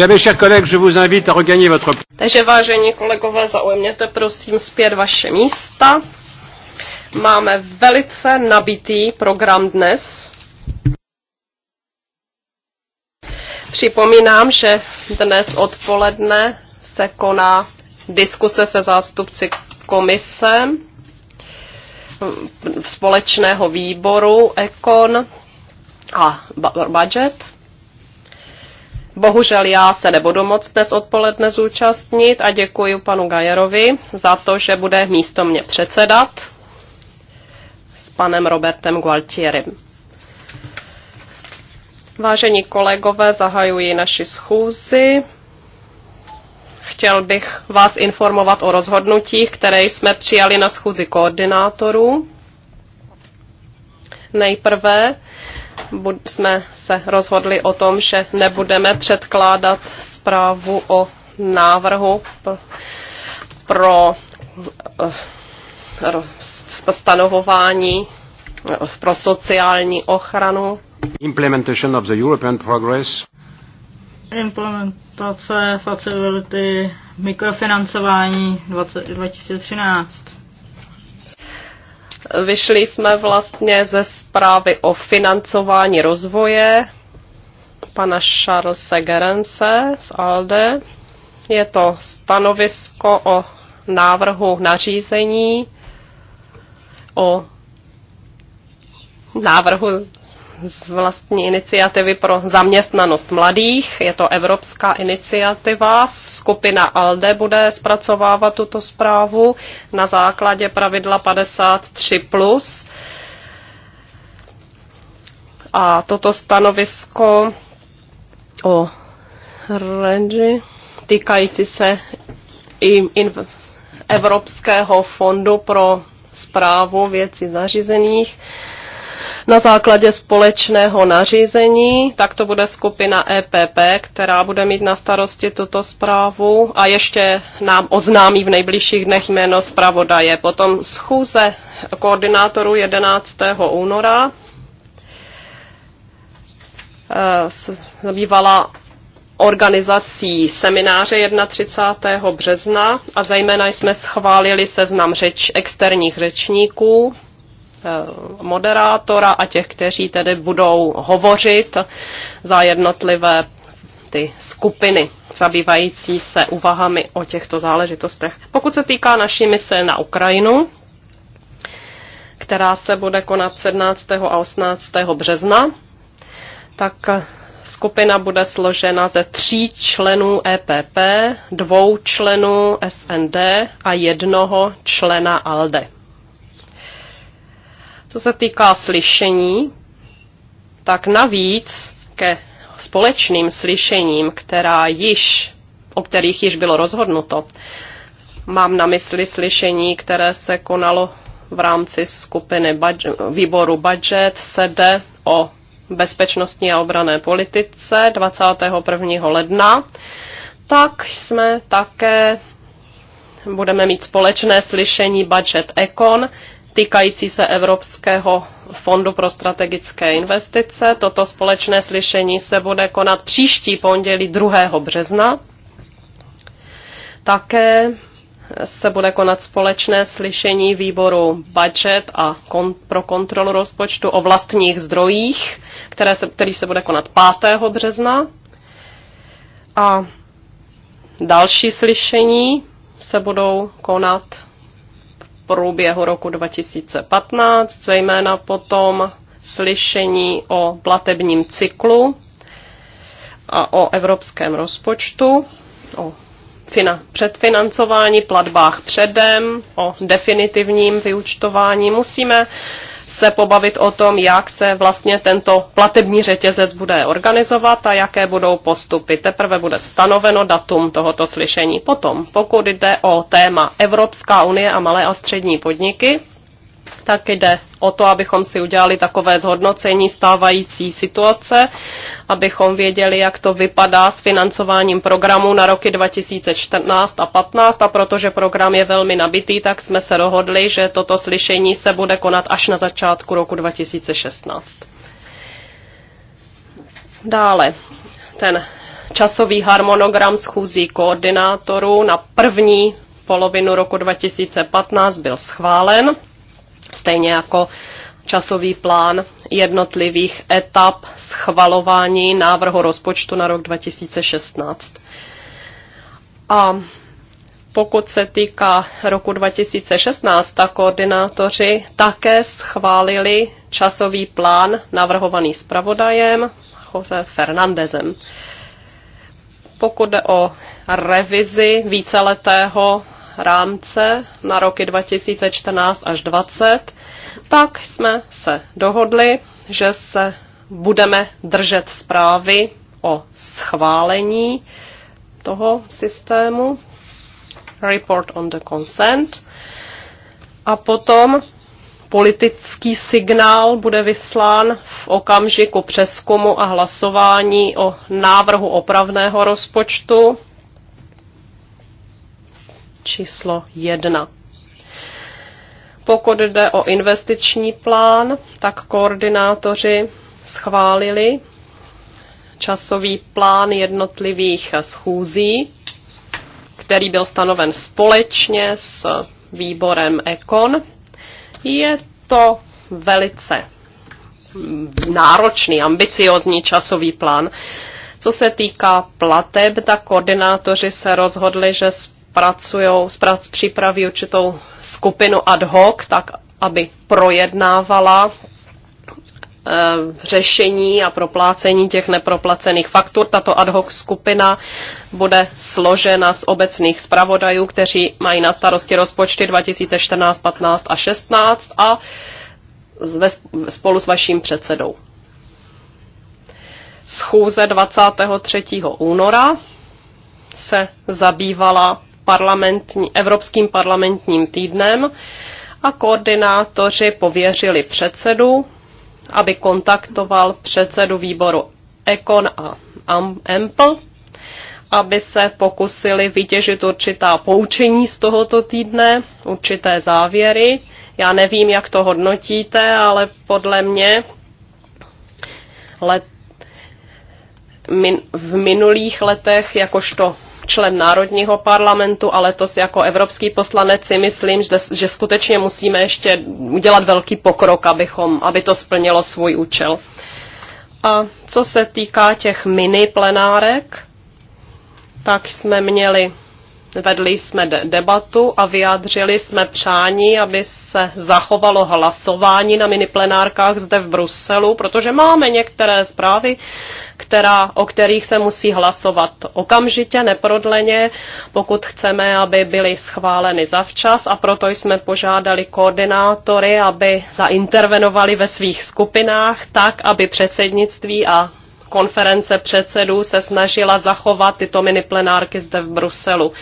Bien, mes chers collègues, je vous invite à regagner votre... Takže vážení kolegové, zaujměte prosím zpět vaše místa. Máme velice nabitý program dnes. Připomínám, že dnes odpoledne se koná diskuse se zástupci komise společného výboru ECON a budget Bohužel já se nebudu moc dnes odpoledne zúčastnit a děkuji panu Gajerovi za to, že bude místo mě předsedat s panem Robertem Gualtierem. Vážení kolegové, zahajuji naši schůzi. Chtěl bych vás informovat o rozhodnutích, které jsme přijali na schůzi koordinátorů. Nejprve jsme se rozhodli o tom, že nebudeme předkládat zprávu o návrhu pro eh, stanovování eh, pro sociální ochranu. Implementation of the European Progress. Implementace facility mikrofinancování 20, 2013. Vyšli jsme vlastně ze zprávy o financování rozvoje pana Charlesa Gerence z ALDE. Je to stanovisko o návrhu nařízení o návrhu z vlastní iniciativy pro zaměstnanost mladých. Je to evropská iniciativa. Skupina ALDE bude zpracovávat tuto zprávu na základě pravidla 53+. A toto stanovisko o range týkající se i Evropského fondu pro zprávu věcí zařízených na základě společného nařízení, tak to bude skupina EPP, která bude mít na starosti tuto zprávu a ještě nám oznámí v nejbližších dnech jméno zpravodaje. Potom schůze koordinátorů 11. února zabývala eh, organizací semináře 31. března a zejména jsme schválili seznam řeč, externích řečníků, Eh, moderátora a těch, kteří tedy budou hovořit za jednotlivé ty skupiny zabývající se uvahami o těchto záležitostech. Pokud se týká naší mise na Ukrajinu, která se bude konat 17. a 18. března, tak skupina bude složena ze tří členů EPP, dvou členů SND a jednoho člena ALDE. Co se týká slyšení, tak navíc ke společným slyšením, která již, o kterých již bylo rozhodnuto, mám na mysli slyšení, které se konalo v rámci skupiny budget, výboru budget, sede o bezpečnostní a obrané politice 21. ledna, tak jsme také budeme mít společné slyšení budget Econ, týkající se Evropského fondu pro strategické investice. Toto společné slyšení se bude konat příští pondělí 2. března. Také se bude konat společné slyšení výboru budget a kon, pro kontrolu rozpočtu o vlastních zdrojích, které se, který se bude konat 5. března. A další slyšení se budou konat průběhu roku 2015, zejména potom slyšení o platebním cyklu a o evropském rozpočtu, o fina- předfinancování, platbách předem, o definitivním vyučtování. Musíme se pobavit o tom, jak se vlastně tento platební řetězec bude organizovat a jaké budou postupy. Teprve bude stanoveno datum tohoto slyšení. Potom, pokud jde o téma Evropská unie a malé a střední podniky, tak jde o to, abychom si udělali takové zhodnocení stávající situace, abychom věděli, jak to vypadá s financováním programu na roky 2014 a 15. A protože program je velmi nabitý, tak jsme se dohodli, že toto slyšení se bude konat až na začátku roku 2016. Dále, ten časový harmonogram schůzí koordinátorů na první polovinu roku 2015 byl schválen stejně jako časový plán jednotlivých etap schvalování návrhu rozpočtu na rok 2016. A pokud se týká roku 2016, tak koordinátoři také schválili časový plán navrhovaný zpravodajem Jose Fernandezem. Pokud jde o revizi víceletého rámce na roky 2014 až 2020, tak jsme se dohodli, že se budeme držet zprávy o schválení toho systému, report on the consent, a potom politický signál bude vyslán v okamžiku přeskumu a hlasování o návrhu opravného rozpočtu číslo 1. Pokud jde o investiční plán, tak koordinátoři schválili časový plán jednotlivých schůzí, který byl stanoven společně s výborem Econ. Je to velice náročný, ambiciozní časový plán. Co se týká plateb, tak koordinátoři se rozhodli, že z pracujou, zprac, připraví určitou skupinu ad hoc, tak aby projednávala eh, řešení a proplácení těch neproplacených faktur. Tato ad hoc skupina bude složena z obecných zpravodajů, kteří mají na starosti rozpočty 2014, 15 a 16 a spolu s vaším předsedou. Schůze 23. února se zabývala parlamentní, Evropským parlamentním týdnem a koordinátoři pověřili předsedu, aby kontaktoval předsedu výboru Econ a Ample, aby se pokusili vytěžit určitá poučení z tohoto týdne, určité závěry. Já nevím, jak to hodnotíte, ale podle mě let, min, v minulých letech jakožto člen Národního parlamentu a letos jako evropský poslanec si myslím, že, že skutečně musíme ještě udělat velký pokrok, abychom, aby to splnilo svůj účel. A co se týká těch mini plenárek, tak jsme měli Vedli jsme debatu a vyjádřili jsme přání, aby se zachovalo hlasování na miniplenárkách zde v Bruselu, protože máme některé zprávy, která, o kterých se musí hlasovat okamžitě, neprodleně, pokud chceme, aby byly schváleny zavčas a proto jsme požádali koordinátory, aby zaintervenovali ve svých skupinách tak, aby předsednictví a konference předsedů se snažila zachovat tyto plenárky zde v Bruselu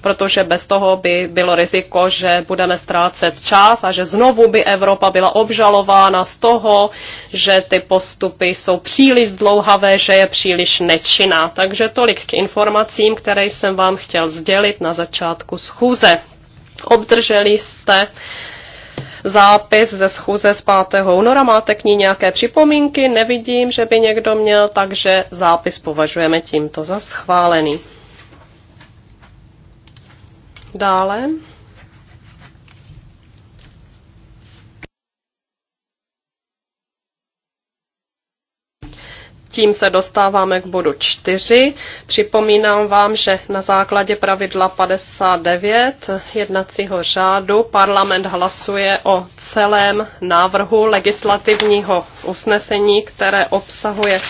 protože bez toho by bylo riziko, že budeme ztrácet čas a že znovu by Evropa byla obžalována z toho, že ty postupy jsou příliš zdlouhavé, že je příliš nečinná. Takže tolik k informacím, které jsem vám chtěl sdělit na začátku schůze. Obdrželi jste zápis ze schůze z 5. února. Máte k ní nějaké připomínky? Nevidím, že by někdo měl, takže zápis považujeme tímto za schválený. Dále. Tím se dostáváme k bodu 4. Připomínám vám, že na základě pravidla 59 jednacího řádu parlament hlasuje o celém návrhu legislativního usnesení, které obsahuje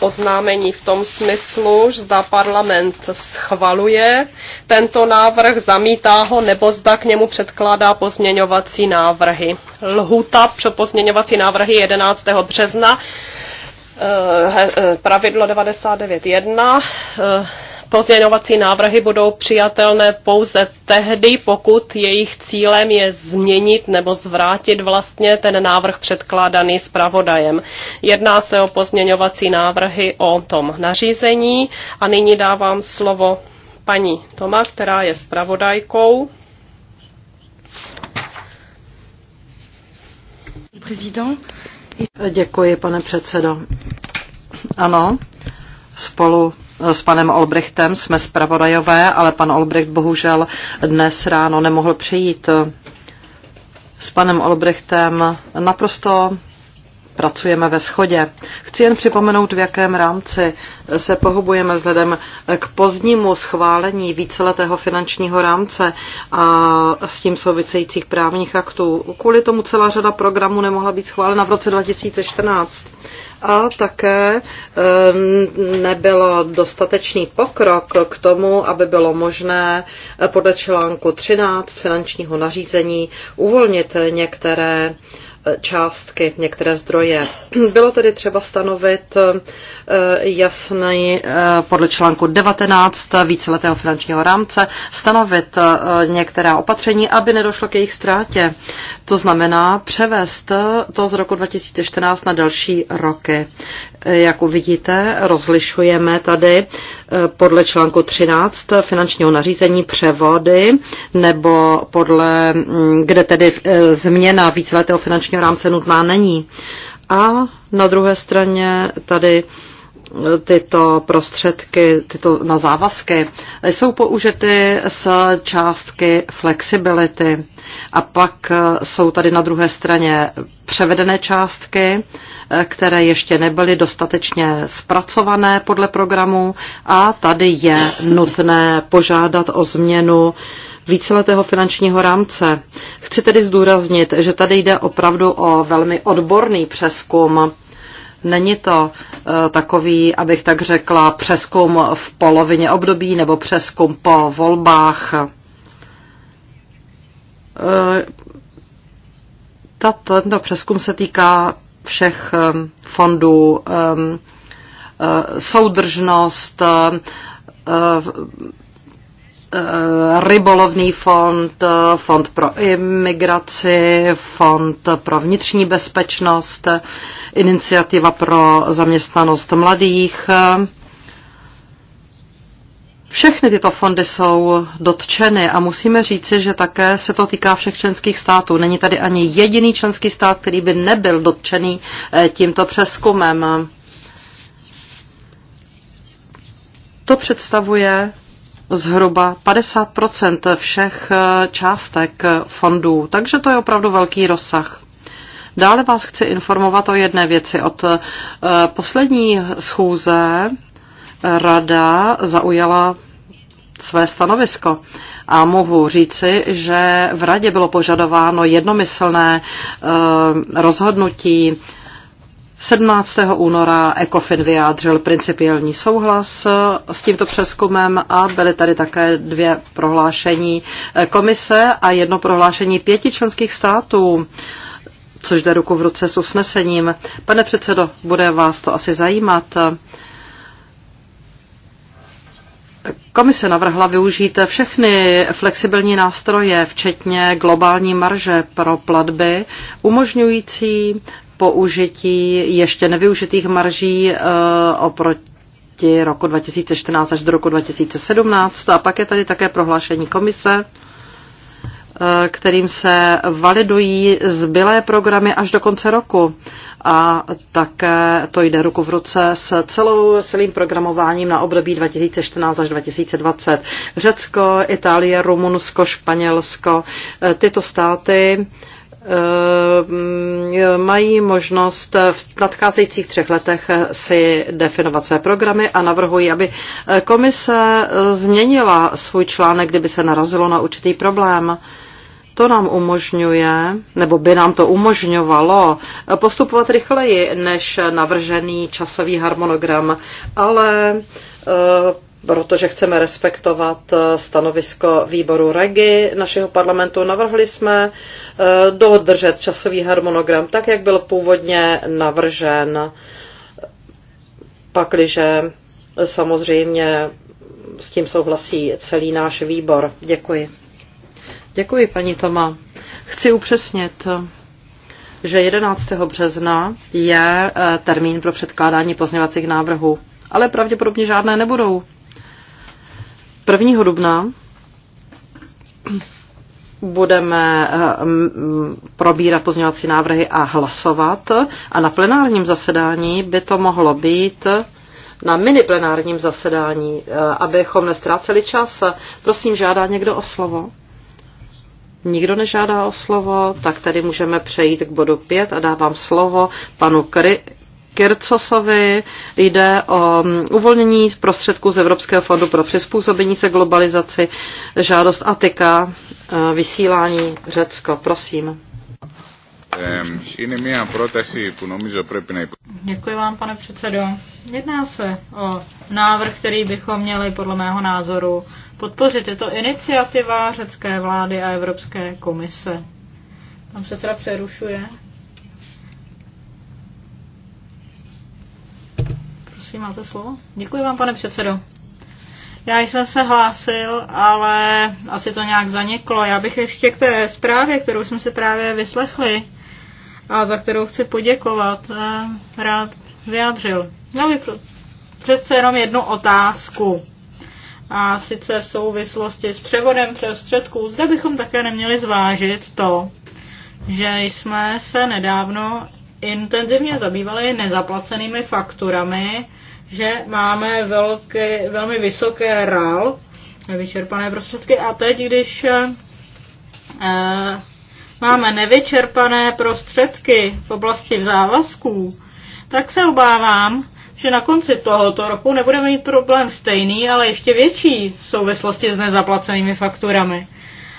oznámení v tom smyslu, že zda parlament schvaluje tento návrh, zamítá ho nebo zda k němu předkládá pozměňovací návrhy. Lhuta pro pozměňovací návrhy 11. března Eh, eh, pravidlo 99.1 eh, pozměňovací návrhy budou přijatelné pouze tehdy, pokud jejich cílem je změnit nebo zvrátit vlastně ten návrh předkládaný zpravodajem. Jedná se o pozměňovací návrhy o tom nařízení a nyní dávám slovo paní Toma, která je zpravodajkou. Président. Děkuji, pane předsedo. Ano, spolu eh, s panem Olbrichtem jsme zpravodajové, ale pan Olbricht bohužel dnes ráno nemohl přijít. S panem Olbrichtem naprosto pracujeme ve schodě. Chci jen připomenout, v jakém rámci se pohybujeme vzhledem k pozdnímu schválení víceletého finančního rámce a s tím souvisejících právních aktů. Kvůli tomu celá řada programů nemohla být schválena v roce 2014 a také eh, nebyl dostatečný pokrok k tomu, aby bylo možné eh, podle článku 13 finančního nařízení uvolnit některé částky, některé zdroje. Bylo tedy třeba stanovit Eh, jasný eh, podle článku 19 víceletého finančního rámce stanovit eh, některá opatření, aby nedošlo k jejich ztrátě. To znamená převést to z roku 2014 na další roky. Jak uvidíte, rozlišujeme tady podle článku 13 finančního nařízení převody nebo podle, mm, kde tedy změna víceletého finančního rámce nutná není. A na druhé straně tady uh, tyto prostředky tyto, na závazky jsou použity z částky flexibility. A pak eh, jsou tady na druhé straně převedené částky, eh, které ještě nebyly dostatečně zpracované podle programu a tady je nutné požádat o změnu víceletého finančního rámce. Chci tedy zdůraznit, že tady jde opravdu o velmi odborný přeskum Není to e, takový, abych tak řekla, přeskum v polovině období nebo přeskum po volbách. E, Tato, tento přeskum se týká všech e, fondů, soudržnost, Eh, rybolovný fond, eh, fond pro imigraci, fond pro vnitřní bezpečnost, iniciativa pro zaměstnanost mladých. Všechny tyto fondy jsou dotčeny a musíme říci, že také se to týká všech členských států. Není tady ani jediný členský stát, který by nebyl dotčený eh, tímto přeskumem. To představuje zhruba 50 všech eh, částek eh, fondů, takže to je opravdu velký rozsah. Dále vás chci informovat o jedné věci. Od eh, poslední schůze rada zaujala své stanovisko. A mohu říci, že v radě bylo požadováno jednomyslné rozhodnutí 17. února ECOFIN vyjádřil principiální souhlas s tímto přeskumem a byly tady také dvě prohlášení komise a jedno prohlášení pěti členských států což jde ruku v ruce s usnesením. Pane předsedo, bude vás to asi zajímat. Komise navrhla využít všechny flexibilní nástroje, včetně globální marže pro platby, umožňující použití ještě nevyužitých marží eh, oproti roku 2014 až do roku 2017. A pak je tady také prohlášení komise, eh, kterým se validují zbylé programy až do konce roku. A také to jde ruku v ruce s celou celým programováním na období 2014 až 2020. Řecko, Itálie, Rumunsko, Španělsko, eh, tyto státy Eh, mají možnost v nadcházejících třech letech si definovat své programy a navrhují, aby komise změnila svůj článek, kdyby se narazilo na určitý problém. To nám umožňuje, nebo by nám to umožňovalo postupovat rychleji než navržený časový harmonogram, ale eh, protože chceme respektovat eh, stanovisko výboru REGI našeho parlamentu, navrhli jsme eh, dodržet časový harmonogram tak, jak byl původně navržen. Pakliže samozřejmě s tím souhlasí celý náš výbor. Děkuji. Děkuji, paní Toma. Chci upřesnit, že 11. března je eh, termín pro předkládání pozněvacích návrhů, ale pravděpodobně žádné nebudou. 1. dubna budeme eh, probírat pozměňovací návrhy a hlasovat. A na plenárním zasedání by to mohlo být na mini plenárním zasedání, eh, abychom nestráceli čas. Prosím, žádá někdo o slovo? Nikdo nežádá o slovo, tak tady můžeme přejít k bodu 5 a dávám slovo panu Kry, Kircosovi. Jde o uvolnění z prostředků z Evropského fondu pro přizpůsobení se globalizaci. Žádost Atika, eh, vysílání Řecko. Prosím. Děkuji vám, pane předsedo. Jedná se o návrh, který bychom měli podle mého názoru podpořit. Je to iniciativa řecké vlády a Evropské komise. Pan předseda přerušuje. Prosím, máte slovo. Děkuji vám, pane předsedo. Já jsem se hlásil, ale asi to nějak zaniklo. Já bych ještě k té zprávě, kterou jsme si právě vyslechli a za kterou chci poděkovat, eh, rád vyjádřil. Měl bych přece jenom jednu otázku. A sice v souvislosti s převodem prostředků, zde bychom také neměli zvážit to, že jsme se nedávno intenzivně zabývali nezaplacenými fakturami že máme velké, velmi vysoké RAL, nevyčerpané prostředky, a teď, když e, máme nevyčerpané prostředky v oblasti závazků, tak se obávám, že na konci tohoto roku nebudeme mít problém stejný, ale ještě větší v souvislosti s nezaplacenými fakturami.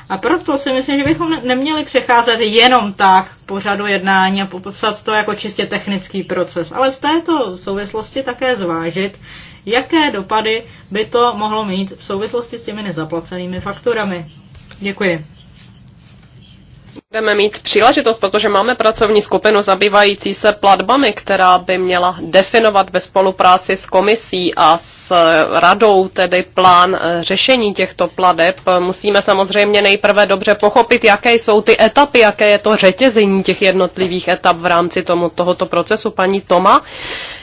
A proto si myslím, že bychom neměli přecházet jenom tak pořadu jednání a popsat to jako čistě technický proces. Ale v této souvislosti také zvážit, jaké dopady by to mohlo mít v souvislosti s těmi nezaplacenými fakturami. Děkuji budeme mít příležitost, protože máme pracovní skupinu zabývající se platbami, která by měla definovat ve spolupráci s komisí a s radou tedy plán eh, řešení těchto pladeb. Musíme samozřejmě nejprve dobře pochopit, jaké jsou ty etapy, jaké je to řetězení těch jednotlivých etap v rámci tomu, tohoto procesu. Paní Toma,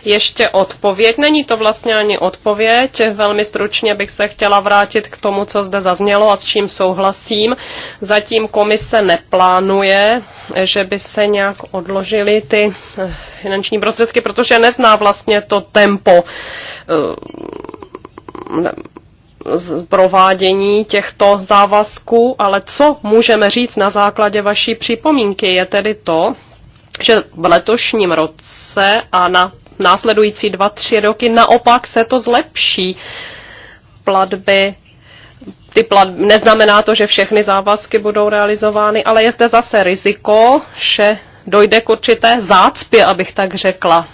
ještě odpověď. Není to vlastně ani odpověď. Velmi stručně bych se chtěla vrátit k tomu, co zde zaznělo a s čím souhlasím. Zatím komise neplá plánuje, že by se nějak odložily ty eh, finanční prostředky, protože nezná vlastně to tempo eh, provádění těchto závazků, ale co můžeme říct na základě vaší připomínky je tedy to, že v letošním roce a na následující dva, tři roky naopak se to zlepší. Platby ty plat, neznamená to, že všechny závazky budou realizovány, ale je zde zase riziko, že dojde k určité zácpě, abych tak řekla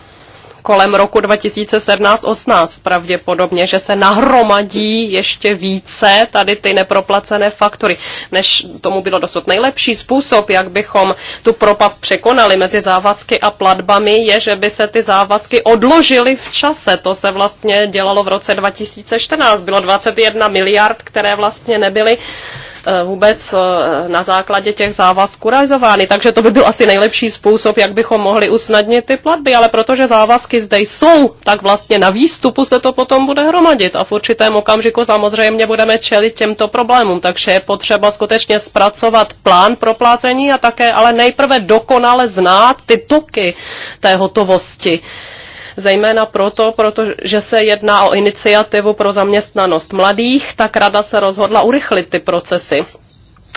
kolem roku 2017-18 pravděpodobně, že se nahromadí ještě více tady ty neproplacené faktory, než tomu bylo dosud. Nejlepší způsob, jak bychom tu propast překonali mezi závazky a platbami, je, že by se ty závazky odložily v čase. To se vlastně dělalo v roce 2014. Bylo 21 miliard, které vlastně nebyly Eh, vůbec eh, na základě těch závazků realizovány. Takže to by byl asi nejlepší způsob, jak bychom mohli usnadnit ty platby, ale protože závazky zde jsou, tak vlastně na výstupu se to potom bude hromadit a v určitém okamžiku samozřejmě budeme čelit těmto problémům, takže je potřeba skutečně zpracovat plán proplácení a také ale nejprve dokonale znát ty toky té hotovosti. Zejména proto, protože se jedná o iniciativu pro zaměstnanost mladých, tak rada se rozhodla urychlit ty procesy.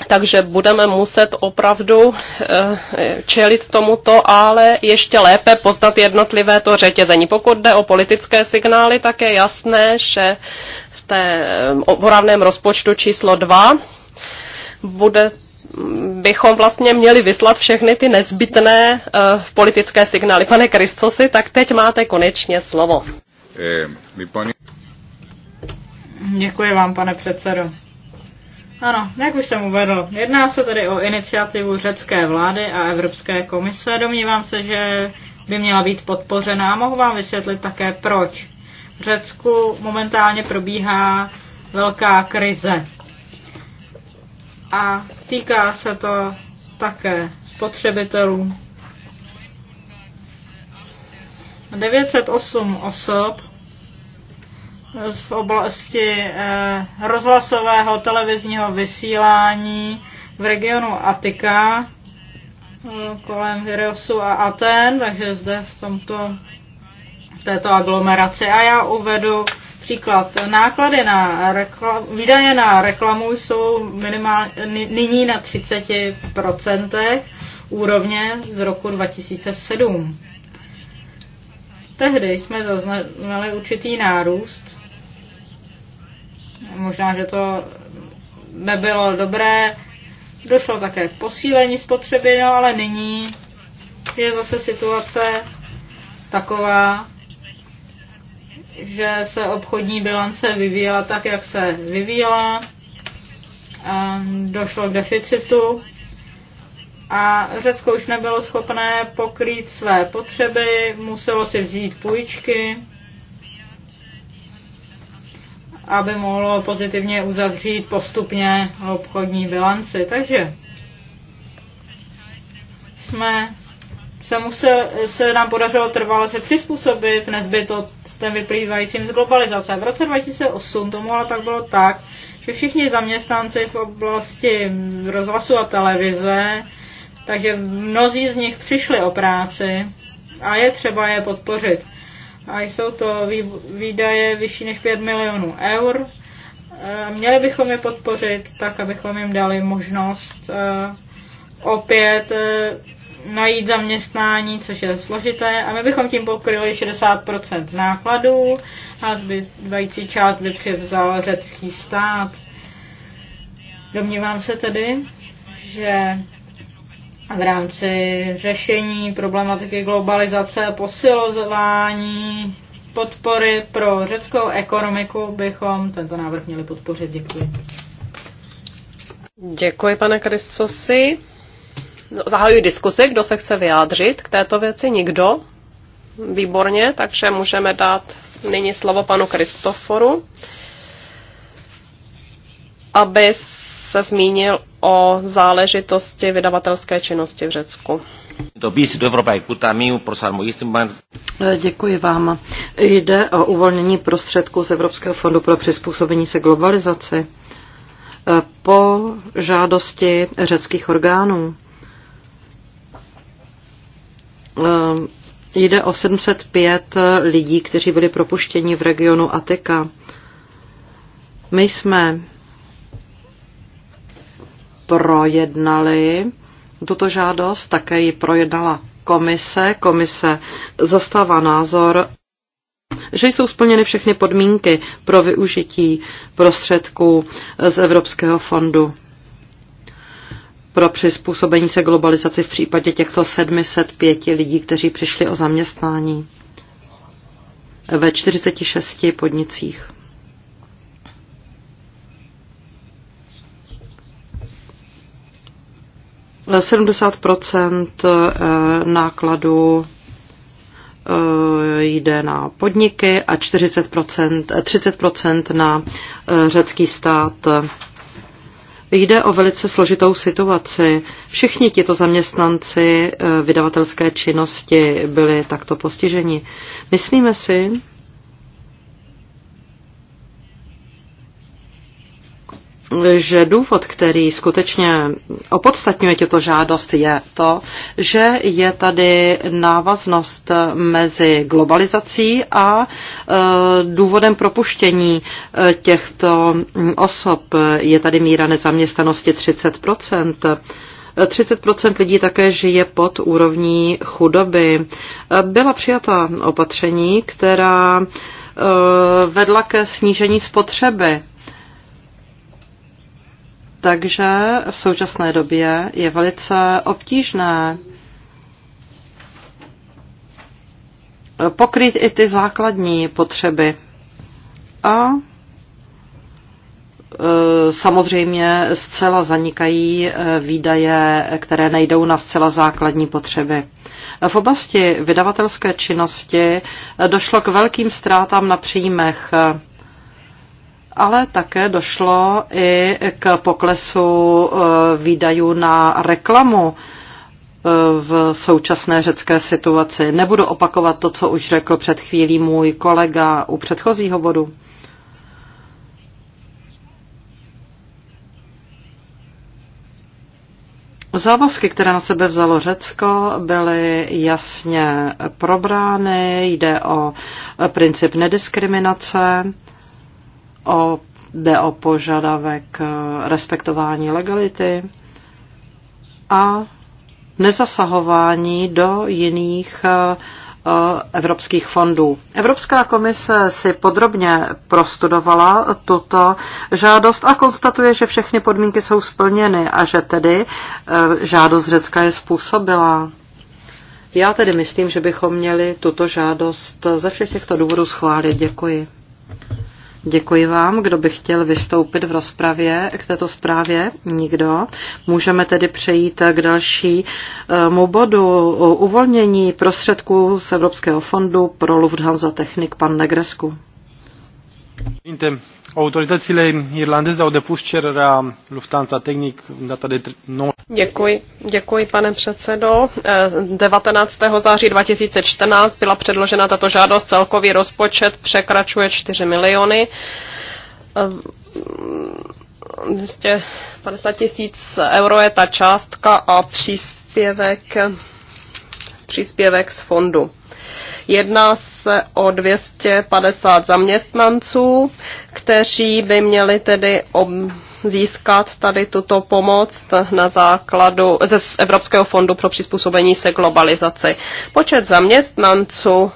Takže budeme muset opravdu eh, čelit tomuto, ale ještě lépe poznat jednotlivé to řetězení. Pokud jde o politické signály, tak je jasné, že v té eh, opravném rozpočtu číslo 2 bude bychom vlastně měli vyslat všechny ty nezbytné uh, politické signály. Pane Kristosi, tak teď máte konečně slovo. Eh, Děkuji vám, pane předsedo. Ano, jak už jsem uvedl, jedná se tedy o iniciativu řecké vlády a Evropské komise. Domnívám se, že by měla být podpořena a mohu vám vysvětlit také proč. V Řecku momentálně probíhá velká krize. A Týká se to také spotřebitelů. 908 osob v oblasti eh, rozhlasového televizního vysílání v regionu Atika eh, kolem Hyriosu a Aten, takže zde v tomto v této aglomeraci. A já uvedu Příklad, náklady na reklam, výdaje na reklamu jsou minimálně, nyní na 30% úrovně z roku 2007. Tehdy jsme zaznamenali určitý nárůst. Možná, že to nebylo dobré. Došlo také k posílení spotřeby, no ale nyní je zase situace taková, že se obchodní bilance vyvíjela tak, jak se vyvíjela. Došlo k deficitu a Řecko už nebylo schopné pokrýt své potřeby, muselo si vzít půjčky, aby mohlo pozitivně uzavřít postupně obchodní bilanci. Takže jsme se, musel, se nám podařilo trvale se přizpůsobit nezbytostem vyplývajícím z globalizace. V roce 2008 tomu ale tak bylo tak, že všichni zaměstnanci v oblasti rozhlasu a televize, takže mnozí z nich přišli o práci a je třeba je podpořit. A jsou to výdaje vyšší než 5 milionů eur. E, měli bychom je podpořit tak, abychom jim dali možnost e, opět e, najít zaměstnání, což je složité, a my bychom tím pokryli 60% nákladů a zbývající část by převzal řecký stát. Domnívám se tedy, že v rámci řešení problematiky globalizace, posilování, podpory pro řeckou ekonomiku bychom tento návrh měli podpořit. Děkuji. Děkuji, pane Kristosi. No, zahajuji diskuzi, kdo se chce vyjádřit k této věci. Nikdo? Výborně, takže můžeme dát nyní slovo panu Kristoforu, aby se zmínil o záležitosti vydavatelské činnosti v Řecku. Děkuji vám. Jde o uvolnění prostředků z Evropského fondu pro přizpůsobení se globalizaci e, po žádosti řeckých orgánů. Ehm, jde o 705 lidí, kteří byli propuštěni v regionu Ateka. My jsme projednali tuto žádost, také ji projednala komise. Komise zastává názor, že jsou splněny všechny podmínky pro využití prostředků z Evropského fondu pro přizpůsobení se globalizaci v případě těchto 705 lidí, kteří přišli o zaměstnání ve 46 podnicích. Na 70 nákladů jde na podniky a 40 30 eh, na eh, řecký stát. Jde o velice složitou situaci. Všichni tito zaměstnanci eh, vydavatelské činnosti byli takto postiženi. Myslíme si, že důvod, který skutečně opodstatňuje tuto žádost, je to, že je tady návaznost mezi globalizací a e, důvodem propuštění e, těchto osob. Je tady míra nezaměstnanosti 30 30 e, lidí také žije pod úrovní chudoby. Byla přijata opatření, která vedla ke snížení spotřeby takže v současné době je velice obtížné pokryt i ty základní potřeby. A e, samozřejmě zcela zanikají e, výdaje, které nejdou na zcela základní potřeby. V oblasti vydavatelské činnosti e, došlo k velkým ztrátám na příjmech ale také došlo i k poklesu e, výdajů na reklamu e, v současné řecké situaci. Nebudu opakovat to, co už řekl před chvílí můj kolega u předchozího bodu. Závazky, které na sebe vzalo Řecko, byly jasně probrány. Jde o princip nediskriminace o, jde o požadavek eh, respektování legality a nezasahování do jiných eh, eh, evropských fondů. Evropská komise si podrobně prostudovala tuto žádost a konstatuje, že všechny podmínky jsou splněny a že tedy žádost Řecka je způsobila. Já tedy myslím, že bychom měli tuto žádost ze všech těchto důvodů schválit. Děkuji. Děkuji vám. Kdo by chtěl vystoupit v rozpravě k této zprávě? Nikdo. Můžeme tedy přejít k dalšímu bodu uvolnění prostředků z Evropského fondu pro Lufthansa Technik pan Negresku. Autoritățile irlandeze au depus cererea Lufthansa Technic în data de 9. Děkuji, děkuji pane předsedo. 19. Eh, září 2014 byla předložena tato žádost, celkový rozpočet překračuje 4 miliony. 250 eh, tisíc euro je ta částka a příspěvek, příspěvek z fondu. Jedná se o 250 zaměstnanců, kteří by měli tedy ob získat tady tuto pomoc na základu ze Evropského fondu pro přizpůsobení se globalizaci. Počet zaměstnanců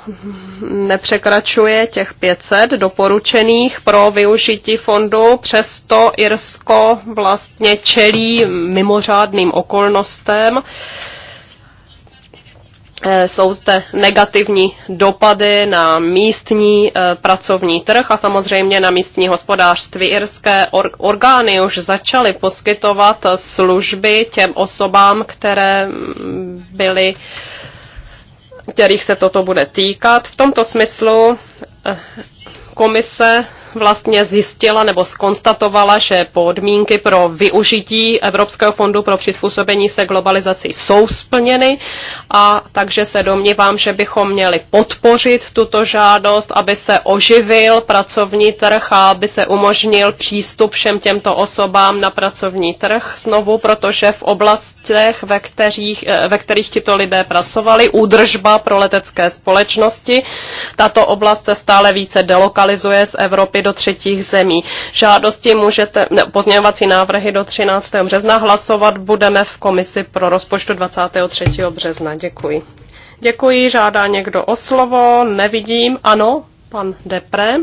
nepřekračuje těch 500 doporučených pro využití fondu, přesto Irsko vlastně čelí mimořádným okolnostem, Eh, jsou zde negativní dopady na místní eh, pracovní trh a samozřejmě na místní hospodářství. Irské orgány už začaly poskytovat eh, služby těm osobám, které mm, byly kterých se toto bude týkat. V tomto smyslu komise vlastně zjistila nebo skonstatovala, že podmínky pro využití Evropského fondu pro přizpůsobení se globalizaci jsou splněny a takže se domnívám, že bychom měli podpořit tuto žádost, aby se oživil pracovní trh a aby se umožnil přístup všem těmto osobám na pracovní trh znovu, protože v oblastech, ve kterých, eh, ve kterých tito lidé pracovali, údržba pro letecké společnosti, tato oblast se stále více delokalizuje z Evropy do třetích zemí. Žádosti můžete, ne, pozměňovací návrhy do 13. března hlasovat budeme v komisi pro rozpočtu 23. března. Děkuji. Děkuji, žádá někdo o slovo, nevidím. Ano, pan Depre.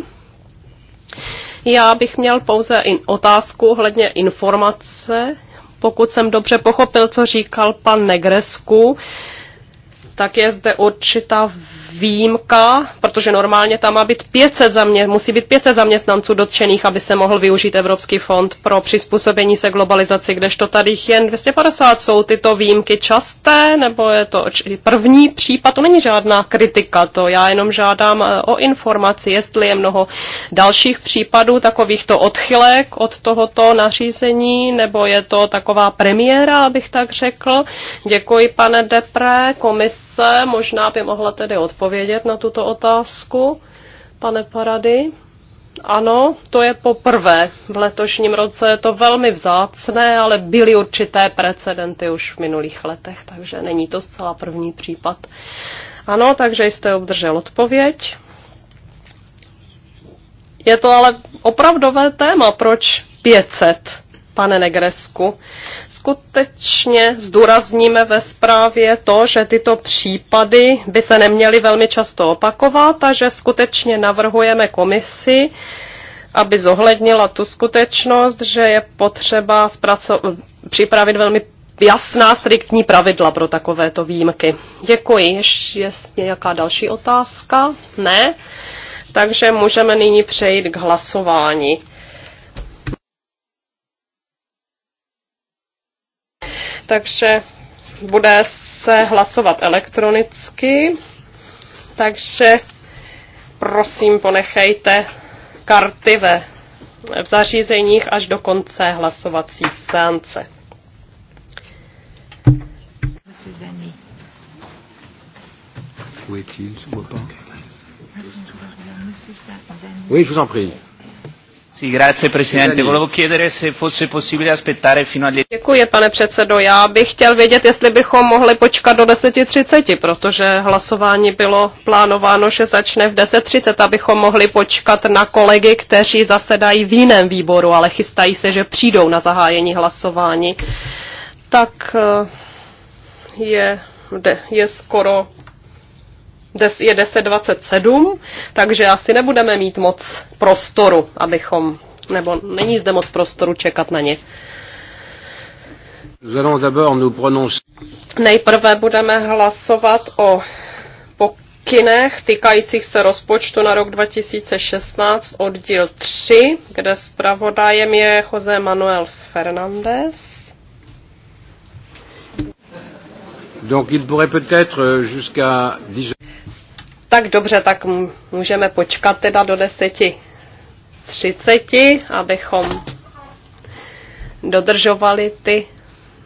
Já bych měl pouze in otázku hledně informace. Pokud jsem dobře pochopil, co říkal pan Negresku, tak je zde určitá výjimka, protože normálně tam má být 500 zamě- musí být 500 zaměstnanců dotčených, aby se mohl využít Evropský fond pro přizpůsobení se globalizaci, kdežto tady jich jen 250. Jsou tyto výjimky časté, nebo je to první případ? To není žádná kritika, to já jenom žádám eh, o informaci, jestli je mnoho dalších případů takovýchto odchylek od tohoto nařízení, nebo je to taková premiéra, abych tak řekl. Děkuji, pane Depre, komise možná by mohla tedy odpovědět odpovědět na tuto otázku, pane Parady? Ano, to je poprvé. V letošním roce je to velmi vzácné, ale byly určité precedenty už v minulých letech, takže není to zcela první případ. Ano, takže jste obdržel odpověď. Je to ale opravdové téma, proč 500, pane Negresku skutečně zdůrazníme ve zprávě to, že tyto případy by se neměly velmi často opakovat a že skutečně navrhujeme komisi, aby zohlednila tu skutečnost, že je potřeba připravit velmi jasná, striktní pravidla pro takovéto výjimky. Děkuji. Ještě je nějaká další otázka? Ne? Takže můžeme nyní přejít k hlasování. takže bude se hlasovat elektronicky, takže prosím ponechejte karty ve v zařízeních až do konce hlasovací sánce. Oui, je vous en prie. Děkuji, pane předsedo. Já bych chtěl vědět, jestli bychom mohli počkat do 10.30, protože hlasování bylo plánováno, že začne v 10.30, abychom mohli počkat na kolegy, kteří zasedají v jiném výboru, ale chystají se, že přijdou na zahájení hlasování. Tak eh, je, je skoro je 10.27, takže asi nebudeme mít moc prostoru, abychom, nebo není zde moc prostoru čekat na ně. Nejprve budeme hlasovat o pokynech týkajících se rozpočtu na rok 2016, oddíl 3, kde zpravodajem je Jose Manuel Fernández. Donc il pourrait peut-être euh, jusqu'à 10 tak dobře, tak můžeme počkat teda do 10.30, abychom dodržovali ty.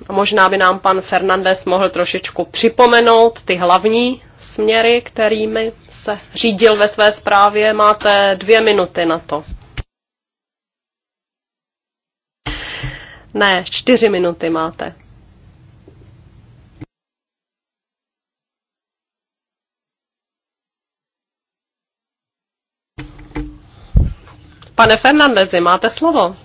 A možná by nám pan Fernandez mohl trošičku připomenout ty hlavní směry, kterými se řídil ve své zprávě. Máte dvě minuty na to. Ne, čtyři minuty máte. Pane Fernandezi, máte slovo.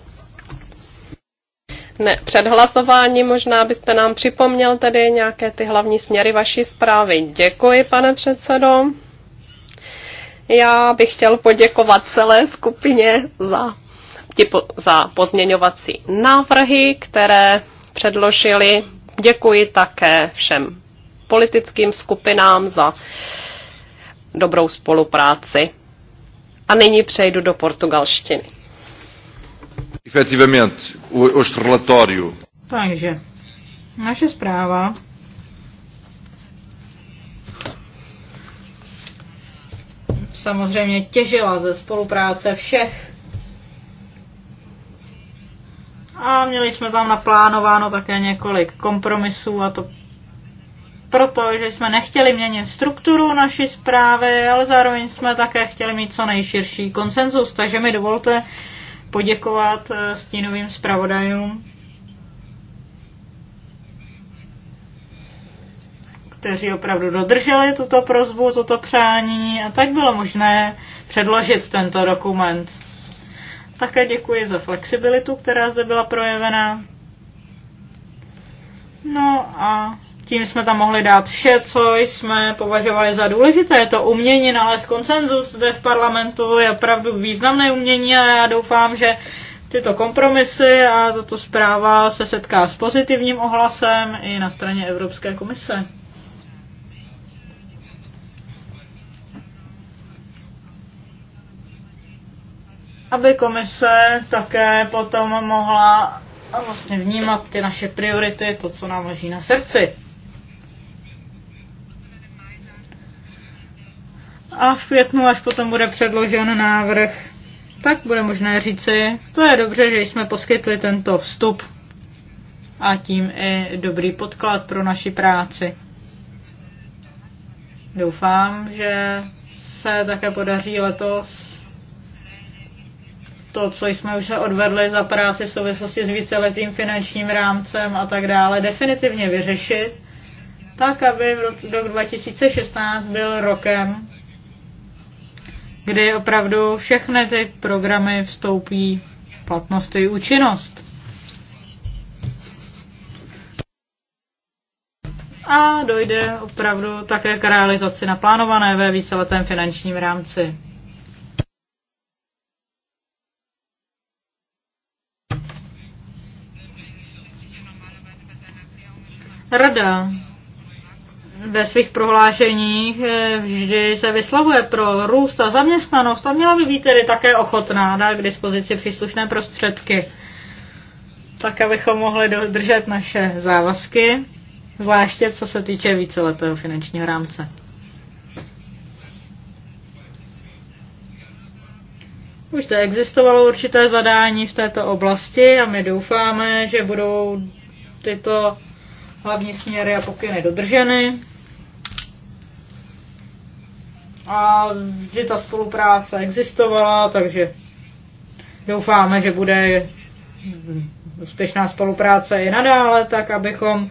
Ne, před hlasováním možná byste nám připomněl tedy nějaké ty hlavní směry vaší zprávy. Děkuji, pane předsedo. Já bych chtěl poděkovat celé skupině za, za pozměňovací návrhy, které předložili. Děkuji také všem politickým skupinám za dobrou spolupráci. A nyní přejdu do portugalštiny. Takže, naše zpráva samozřejmě těžila ze spolupráce všech. A měli jsme tam naplánováno také několik kompromisů a to proto, že jsme nechtěli měnit strukturu naší zprávy, ale zároveň jsme také chtěli mít co nejširší konsenzus. Takže mi dovolte poděkovat eh, stínovým zpravodajům, kteří opravdu dodrželi tuto prozbu, toto přání a tak bylo možné předložit tento dokument. Také děkuji za flexibilitu, která zde byla projevena. No a tím jsme tam mohli dát vše, co jsme považovali za důležité. To umění nalézt koncenzus zde v parlamentu je opravdu významné umění a já doufám, že tyto kompromisy a tato zpráva se setká s pozitivním ohlasem i na straně Evropské komise. aby komise také potom mohla vlastně vnímat ty naše priority, to, co nám leží na srdci. a v květnu, až potom bude předložen návrh, tak bude možné říci, to je dobře, že jsme poskytli tento vstup a tím i dobrý podklad pro naši práci. Doufám, že se také podaří letos to, co jsme už se odvedli za práci v souvislosti s víceletým finančním rámcem a tak dále, definitivně vyřešit, tak aby rok 2016 byl rokem, kdy opravdu všechny ty programy vstoupí platnost i účinnost. A dojde opravdu také k realizaci naplánované ve víceletém finančním rámci. Rada ve svých prohlášeních eh, vždy se vyslavuje pro růst a zaměstnanost a měla by být tedy také ochotná dát k dispozici příslušné prostředky, tak abychom mohli dodržet naše závazky, zvláště co se týče víceletého finančního rámce. Už to existovalo určité zadání v této oblasti a my doufáme, že budou tyto hlavní směry a pokyny dodrženy a vždy ta spolupráce existovala, takže doufáme, že bude úspěšná spolupráce i nadále, tak abychom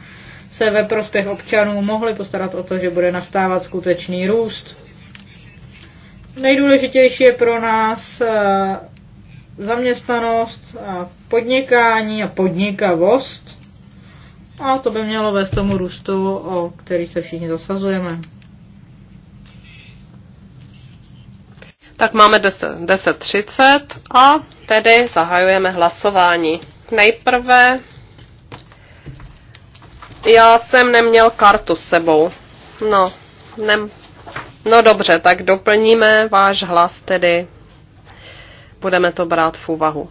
se ve prospěch občanů mohli postarat o to, že bude nastávat skutečný růst. Nejdůležitější je pro nás eh, zaměstnanost a podnikání a podnikavost. A to by mělo vést tomu růstu, o který se všichni zasazujeme. Tak máme 10.30 10, a tedy zahajujeme hlasování. Nejprve já jsem neměl kartu s sebou. No, nem. no dobře, tak doplníme váš hlas tedy. Budeme to brát v úvahu.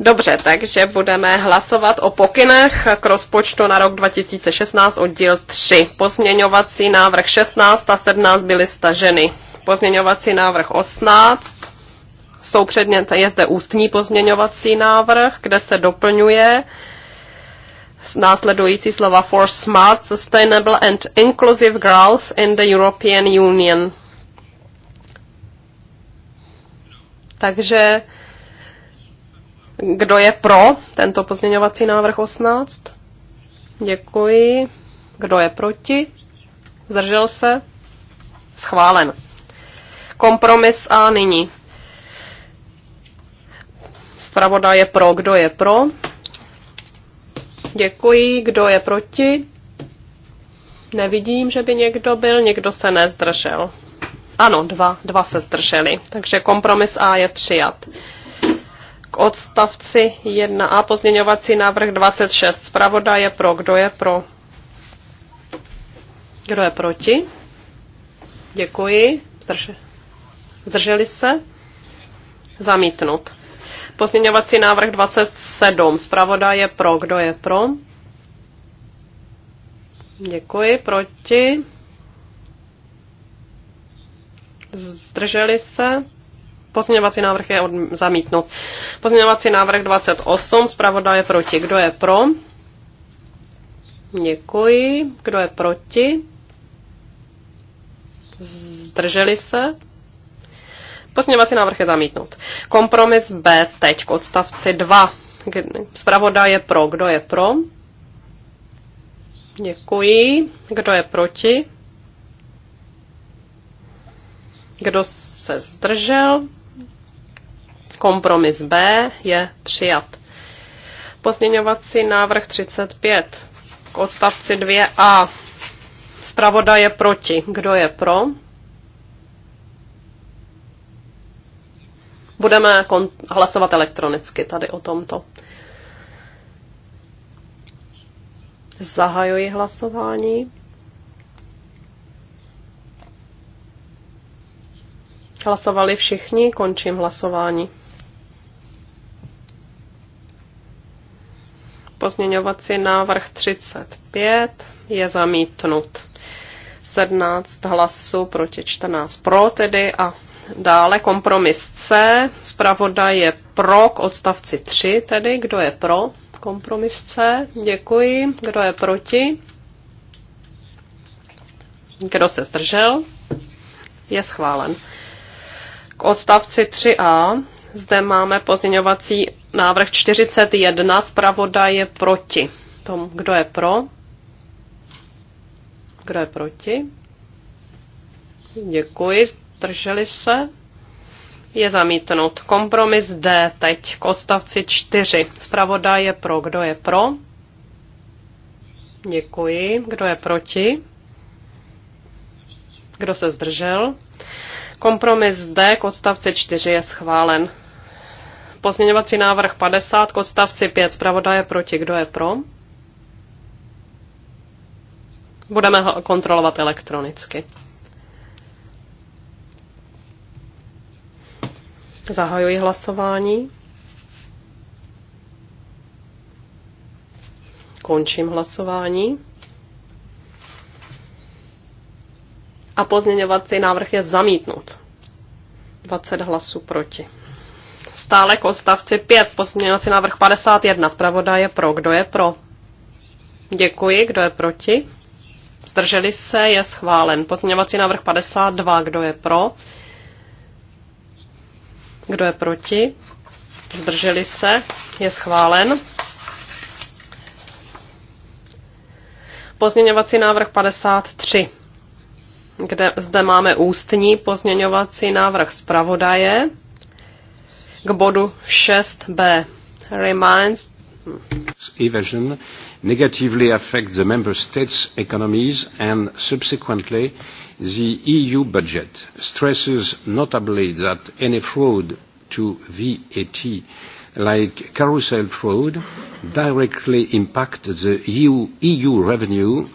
Dobře, takže budeme hlasovat o pokynech k rozpočtu na rok 2016 oddíl 3. Pozměňovací návrh 16 a 17 byly staženy. Pozměňovací návrh 18 jsou předmět, je zde ústní pozměňovací návrh, kde se doplňuje následující slova for smart, sustainable and inclusive girls in the European Union. Takže kdo je pro tento pozměňovací návrh 18? Děkuji. Kdo je proti? Zdržel se? Schválen. Kompromis a nyní. Spravoda je pro. Kdo je pro? Děkuji. Kdo je proti? Nevidím, že by někdo byl. Někdo se nezdržel. Ano, dva, dva se zdrželi. Takže kompromis A je přijat odstavci 1a pozměňovací návrh 26. Zpravoda je pro. Kdo je pro? Kdo je proti? Děkuji. Zdrželi se? Zamítnut. Pozměňovací návrh 27. Zpravoda je pro. Kdo je pro? Děkuji. Proti? Zdrželi se? Pozměňovací návrh je zamítnut. Pozměňovací návrh 28, zpravodaje proti. Kdo je pro? Děkuji. Kdo je proti? Zdrželi se? Pozměňovací návrh je zamítnut. Kompromis B teď k odstavci 2. Zpravoda je pro. Kdo je pro? Děkuji. Kdo je proti? Kdo se zdržel? Kompromis B je přijat. Pozměňovací návrh 35 k odstavci 2a. Zpravoda je proti. Kdo je pro? Budeme hlasovat elektronicky tady o tomto. Zahajuji hlasování. Hlasovali všichni, končím hlasování. Pozměňovací návrh 35 je zamítnut. 17 hlasů proti 14 pro tedy a dále kompromis C. Zpravodaj je pro k odstavci 3 tedy. Kdo je pro kompromis C? Děkuji. Kdo je proti? Kdo se zdržel? Je schválen. K odstavci 3a zde máme pozměňovací Návrh 41, zpravodaj je proti. Tom, kdo je pro? Kdo je proti? Děkuji, drželi se. Je zamítnut. Kompromis D teď k odstavci 4. Zpravodaj je pro. Kdo je pro? Děkuji. Kdo je proti? Kdo se zdržel? Kompromis D k odstavci 4 je schválen. Pozměňovací návrh 50 k odstavci 5. Zpravodaje proti. Kdo je pro? Budeme ho kontrolovat elektronicky. Zahajuji hlasování. Končím hlasování. A pozměňovací návrh je zamítnut. 20 hlasů proti. Stále k odstavci 5, pozměňovací návrh 51, zpravodaj je pro. Kdo je pro? Děkuji, kdo je proti? Zdrželi se, je schválen. Pozměňovací návrh 52, kdo je pro? Kdo je proti? Zdrželi se, je schválen. Pozměňovací návrh 53, kde zde máme ústní pozměňovací návrh zpravodaje k bodu 6b. Reminds This evasion negatively affects the member states' economies and subsequently the EU budget stresses notably that any fraud to VAT like carousel fraud directly impact the EU, EU revenue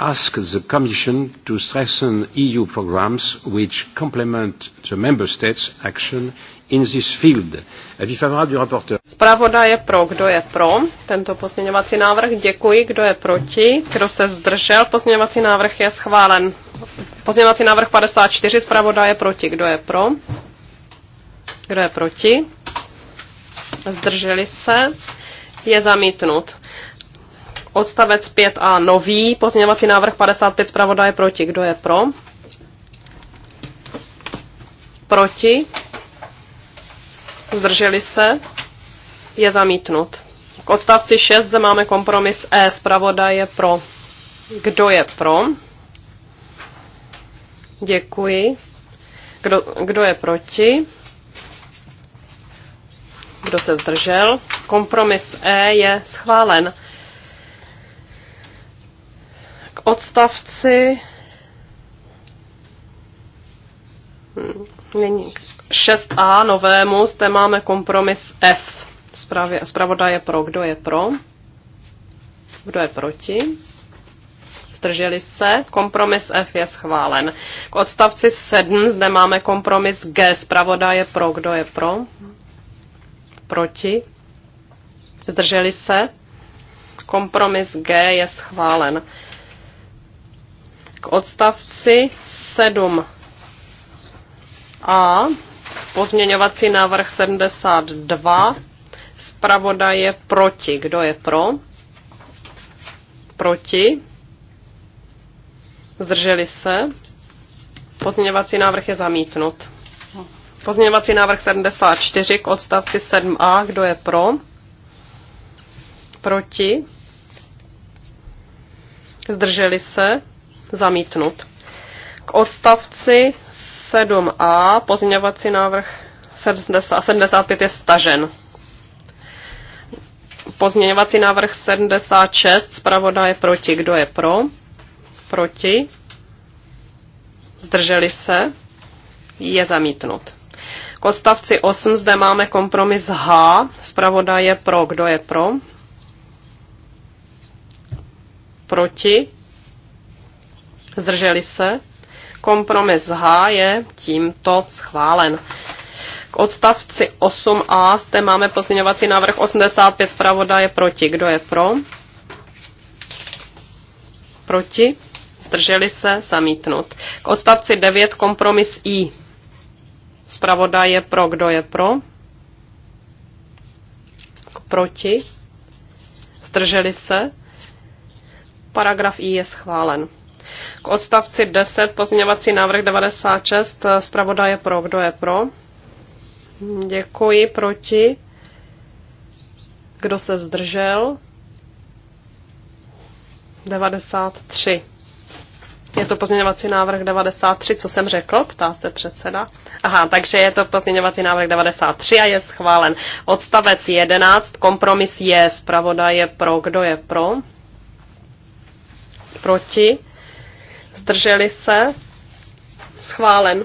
ask the Commission to strengthen EU programs which complement the Member States' action in this field. Avis favorable du rapporteur. Zpravoda je pro. Kdo je pro tento pozměňovací návrh? Děkuji. Kdo je proti? Kdo se zdržel? Pozměňovací návrh je schválen. Pozměňovací návrh 54. Zpravoda je proti. Kdo je pro? Kdo je proti? Zdrželi se? Je zamítnut. Odstavec 5a nový. Pozměňovací návrh 55. Zpravoda je proti. Kdo je pro? Proti? zdrželi se, je zamítnut. K odstavci 6 zde máme kompromis E, je pro. Kdo je pro? Děkuji. Kdo, kdo je proti? Kdo se zdržel? Kompromis E je schválen. K odstavci hmm, Není. 6a novému zde máme kompromis F. Zpravodaj je pro. Kdo je pro? Kdo je proti? Zdrželi se. Kompromis F je schválen. K odstavci 7 zde máme kompromis G. Zpravodaj je pro. Kdo je pro? Proti? Zdrželi se. Kompromis G je schválen. K odstavci 7a Pozměňovací návrh 72. Zpravoda je proti. Kdo je pro? Proti. Zdrželi se. Pozměňovací návrh je zamítnut. Pozměňovací návrh 74 k odstavci 7a. Kdo je pro? Proti. Zdrželi se. Zamítnut. K odstavci 7a, pozměňovací návrh 75 je stažen. Pozměňovací návrh 76, zpravoda je proti. Kdo je pro? Proti. Zdrželi se? Je zamítnut. K odstavci 8 zde máme kompromis H. Zpravoda je pro. Kdo je pro? Proti. Zdrželi se? Kompromis H je tímto schválen. K odstavci 8a zde máme pozměňovací návrh 85 zpravodaje proti. Kdo je pro? Proti? Zdrželi se? Zamítnut. K odstavci 9 kompromis I. Zpravodaje pro. Kdo je pro? Proti? Zdrželi se? Paragraf I je schválen. K odstavci 10 pozměňovací návrh 96 eh, zpravodaje pro. Kdo je pro? Děkuji. Proti? Kdo se zdržel? 93. Je to pozměňovací návrh 93, co jsem řekl, ptá se předseda. Aha, takže je to pozměňovací návrh 93 a je schválen. Odstavec 11, kompromis je, zpravodaj je pro, kdo je pro? Proti? Zdrželi se? Schválen.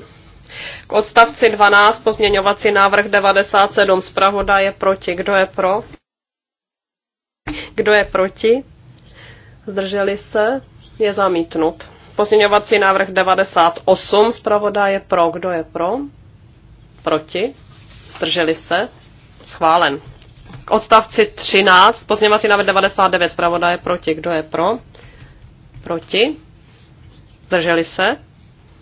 K odstavci 12 pozměňovací návrh 97 zpravoda je proti. Kdo je pro? Kdo je proti? Zdrželi se? Je zamítnut. Pozměňovací návrh 98 zpravoda je pro. Kdo je pro? Proti? Zdrželi se? Schválen. K odstavci 13 pozměňovací návrh 99 zpravoda je proti. Kdo je pro? Proti? Zdrželi se?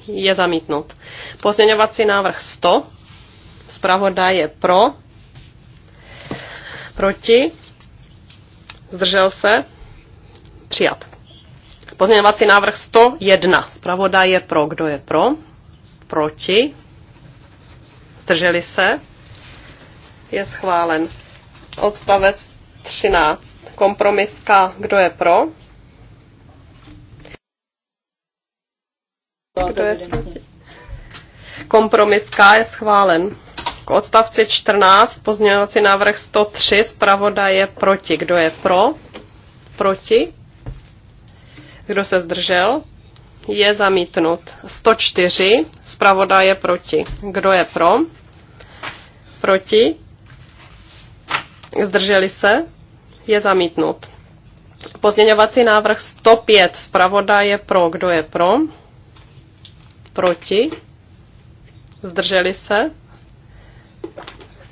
Je zamítnut. Pozměňovací návrh 100. Zpravodaj je pro. Proti? Zdržel se? Přijat. Pozměňovací návrh 101. Zpravodaj je pro. Kdo je pro? Proti? Zdrželi se? Je schválen. Odstavec 13. Kompromiska. Kdo je pro? Kdo je proti? Kompromis K je schválen. K odstavci 14 pozměňovací návrh 103 zpravoda je proti. Kdo je pro? Proti? Kdo se zdržel? Je zamítnut. 104 zpravoda je proti. Kdo je pro? Proti? Zdrželi se? Je zamítnut. Pozměňovací návrh 105 zpravoda je pro. Kdo je pro? proti, zdrželi se,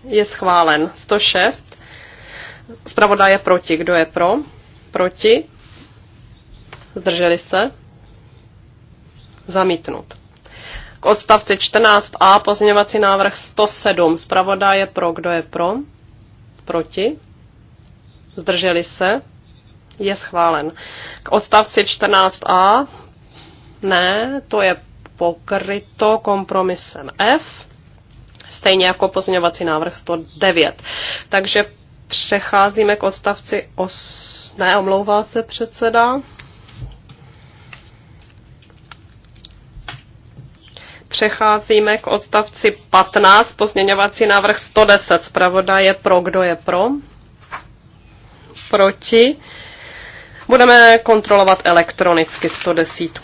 je schválen 106, zpravodaj je proti, kdo je pro, proti, zdrželi se, zamítnut. K odstavci 14a pozměňovací návrh 107, zpravodaj je pro, kdo je pro, proti, zdrželi se, je schválen. K odstavci 14a, ne, to je pokryto kompromisem F, stejně jako pozměňovací návrh 109. Takže přecházíme k odstavci 8. Ne, omlouvá se předseda. Přecházíme k odstavci 15, pozměňovací návrh 110. Zpravoda je pro, kdo je pro? Proti. Budeme kontrolovat elektronicky 110.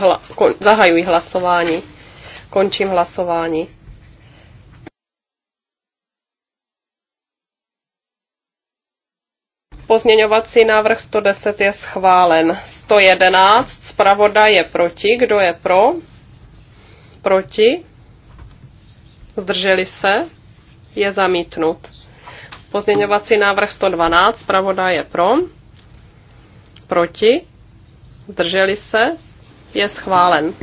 Hla, kon, zahajuji hlasování. Končím hlasování. Pozměňovací návrh 110 je schválen. 111. Zpravoda je proti. Kdo je pro? Proti. Zdrželi se? Je zamítnut. Pozměňovací návrh 112. Zpravoda je pro. Proti. Zdrželi se? je schválen.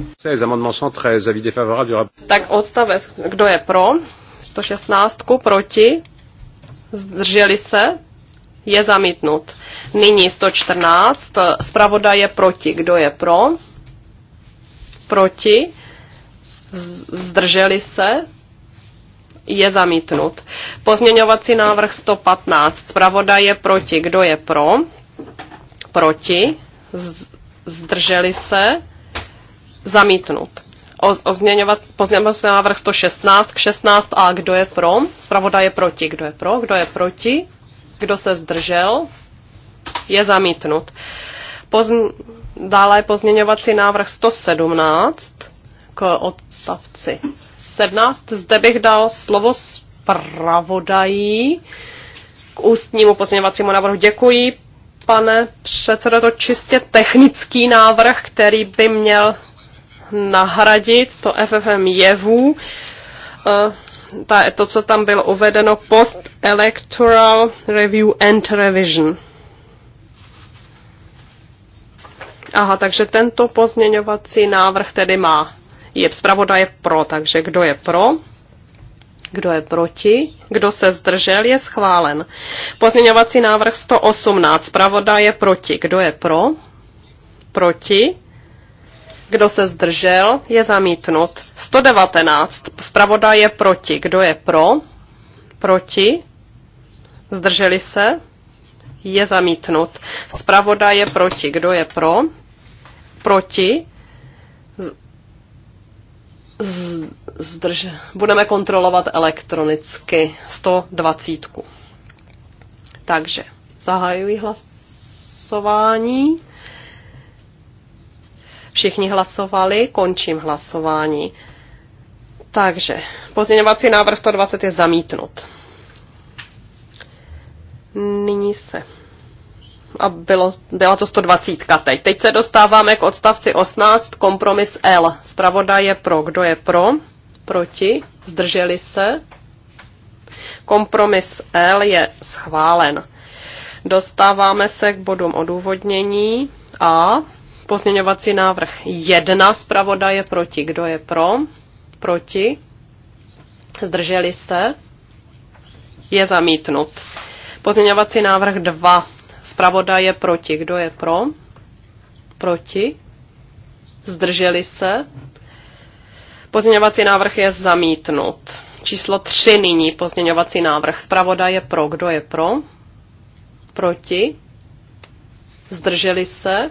Tak odstavec, kdo je pro? 116 proti? Zdrželi se? Je zamítnut. Nyní 114. Zpravodaj je proti. Kdo je pro? Proti? Zdrželi se? Je zamítnut. Pozměňovací návrh 115. Zpravodaj je proti. Kdo je pro? Proti? Zdrželi se? Zamítnut. O, o změňovat, se návrh 116 k 16a. Kdo je pro? Zpravoda je proti. Kdo je pro? Kdo je proti? Kdo se zdržel? Je zamítnut. Pozm, dále pozměňovací návrh 117 k odstavci 17. Zde bych dal slovo zpravodají k ústnímu pozměňovacímu návrhu. Děkuji, pane předsedo, to čistě technický návrh, který by měl nahradit to FFM jevů, eh, to, co tam bylo uvedeno, post-electoral review and revision. Aha, takže tento pozměňovací návrh tedy má, je zpravodaje pro, takže kdo je pro? Kdo je proti? Kdo se zdržel, je schválen. Pozměňovací návrh 118. Zpravoda je proti. Kdo je pro? Proti. Kdo se zdržel, je zamítnut. 119. Zpravoda je proti. Kdo je pro? Proti. Zdrželi se? Je zamítnut. Zpravoda je proti. Kdo je pro? Proti. Zdrž... Budeme kontrolovat elektronicky 120. Takže zahajuji hlasování. Všichni hlasovali, končím hlasování. Takže pozměňovací návrh 120 je zamítnut. Nyní se. A bylo, byla to 120 teď. Teď se dostáváme k odstavci 18, kompromis L. Zpravodaj je pro. Kdo je pro? Proti? Zdrželi se? Kompromis L je schválen. Dostáváme se k bodům odůvodnění A. Pozměňovací návrh 1 zpravodaje proti. Kdo je pro? Proti. Zdrželi se? Je zamítnut. Pozměňovací návrh 2 zpravodaje proti. Kdo je pro? Proti. Zdrželi se? Pozměňovací návrh je zamítnut. Číslo 3 nyní pozměňovací návrh. Zpravodaje pro. Kdo je pro? Proti. Zdrželi se?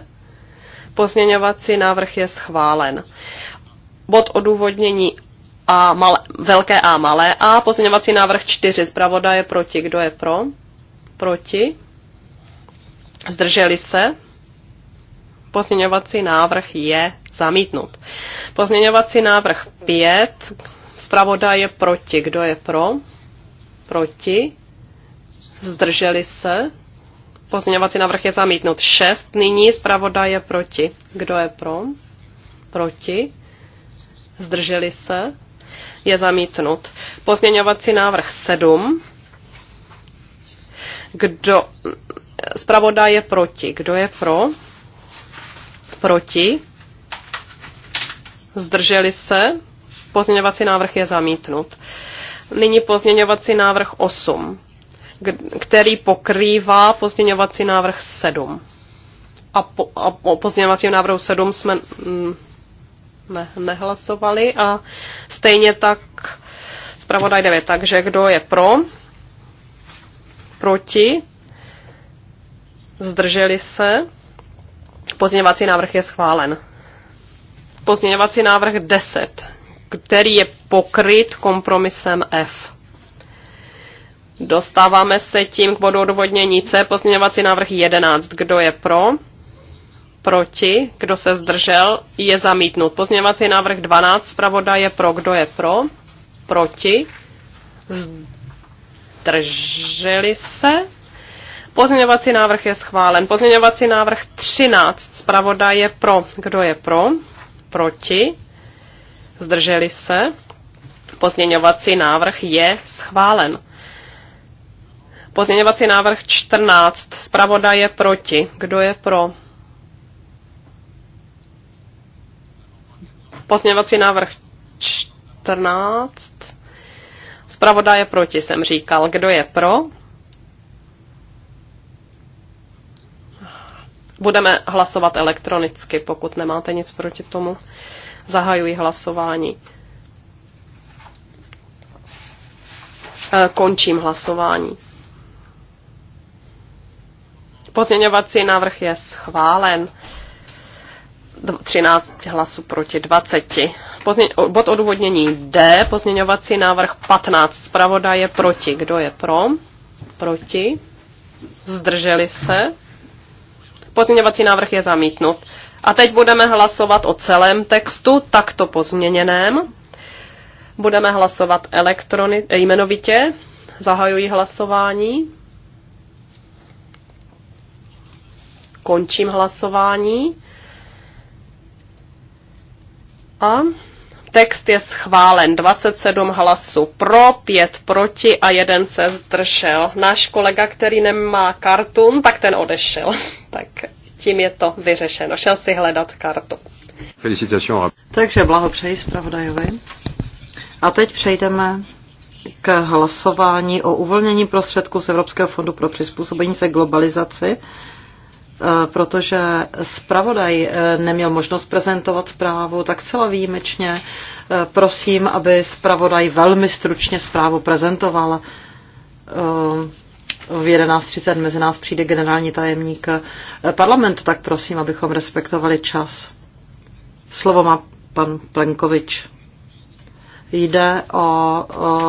Pozměňovací návrh je schválen. Bod odůvodnění a malé, velké A malé A. Pozměňovací návrh 4. Zpravoda je proti. Kdo je pro? Proti. Zdrželi se. Pozměňovací návrh je zamítnut. Pozměňovací návrh 5. Zpravoda je proti. Kdo je pro? Proti. Zdrželi se. Pozměňovací návrh je zamítnut. Šest. Nyní zpravodaj je proti. Kdo je pro? Proti. Zdrželi se? Je zamítnut. Pozměňovací návrh sedm. Kdo... Zpravodaj je proti. Kdo je pro? Proti. Zdrželi se? Pozměňovací návrh je zamítnut. Nyní pozměňovací návrh 8 který pokrývá pozměňovací návrh 7. A, po, a o pozměňovacím návrhu 7 jsme mm, ne, nehlasovali a stejně tak zpravodaj 9. Takže kdo je pro? Proti? Zdrželi se? Pozměňovací návrh je schválen. Pozměňovací návrh 10, který je pokryt kompromisem F. Dostáváme se tím k bodu odvodnění C, pozměňovací návrh 11. Kdo je pro? Proti? Kdo se zdržel? Je zamítnut. Pozměňovací návrh 12. Zpravoda je pro. Kdo je pro? Proti? Zdrželi se? Pozměňovací návrh je schválen. Pozměňovací návrh 13. Zpravoda je pro. Kdo je pro? Proti? Zdrželi se? Pozměňovací návrh je schválen. Pozměňovací návrh 14. Zpravoda je proti. Kdo je pro? Pozměňovací návrh 14. Zpravoda je proti, jsem říkal. Kdo je pro? Budeme hlasovat elektronicky, pokud nemáte nic proti tomu. Zahajuji hlasování. Eh, končím hlasování. Pozměňovací návrh je schválen. 13 hlasů proti 20. Pozměň, bod odůvodnění D, pozměňovací návrh 15. Zpravoda je proti. Kdo je pro? Proti. Zdrželi se. Pozměňovací návrh je zamítnut. A teď budeme hlasovat o celém textu, takto pozměněném. Budeme hlasovat elektroni- eh, jmenovitě. Zahajuji hlasování. Končím hlasování. A text je schválen. 27 hlasů pro, 5 proti a jeden se zdržel. Náš kolega, který nemá kartu, tak ten odešel. tak tím je to vyřešeno. Šel si hledat kartu. Takže blahopřeji zpravodajovi. A teď přejdeme k hlasování o uvolnění prostředků z Evropského fondu pro přizpůsobení se globalizaci Eh, protože zpravodaj eh, neměl možnost prezentovat zprávu, tak celá výjimečně eh, prosím, aby zpravodaj velmi stručně zprávu prezentoval. V 11.30 mezi nás přijde generální tajemník parlamentu, tak prosím, abychom respektovali čas. Slovo má pan Plenkovič. Jde o, o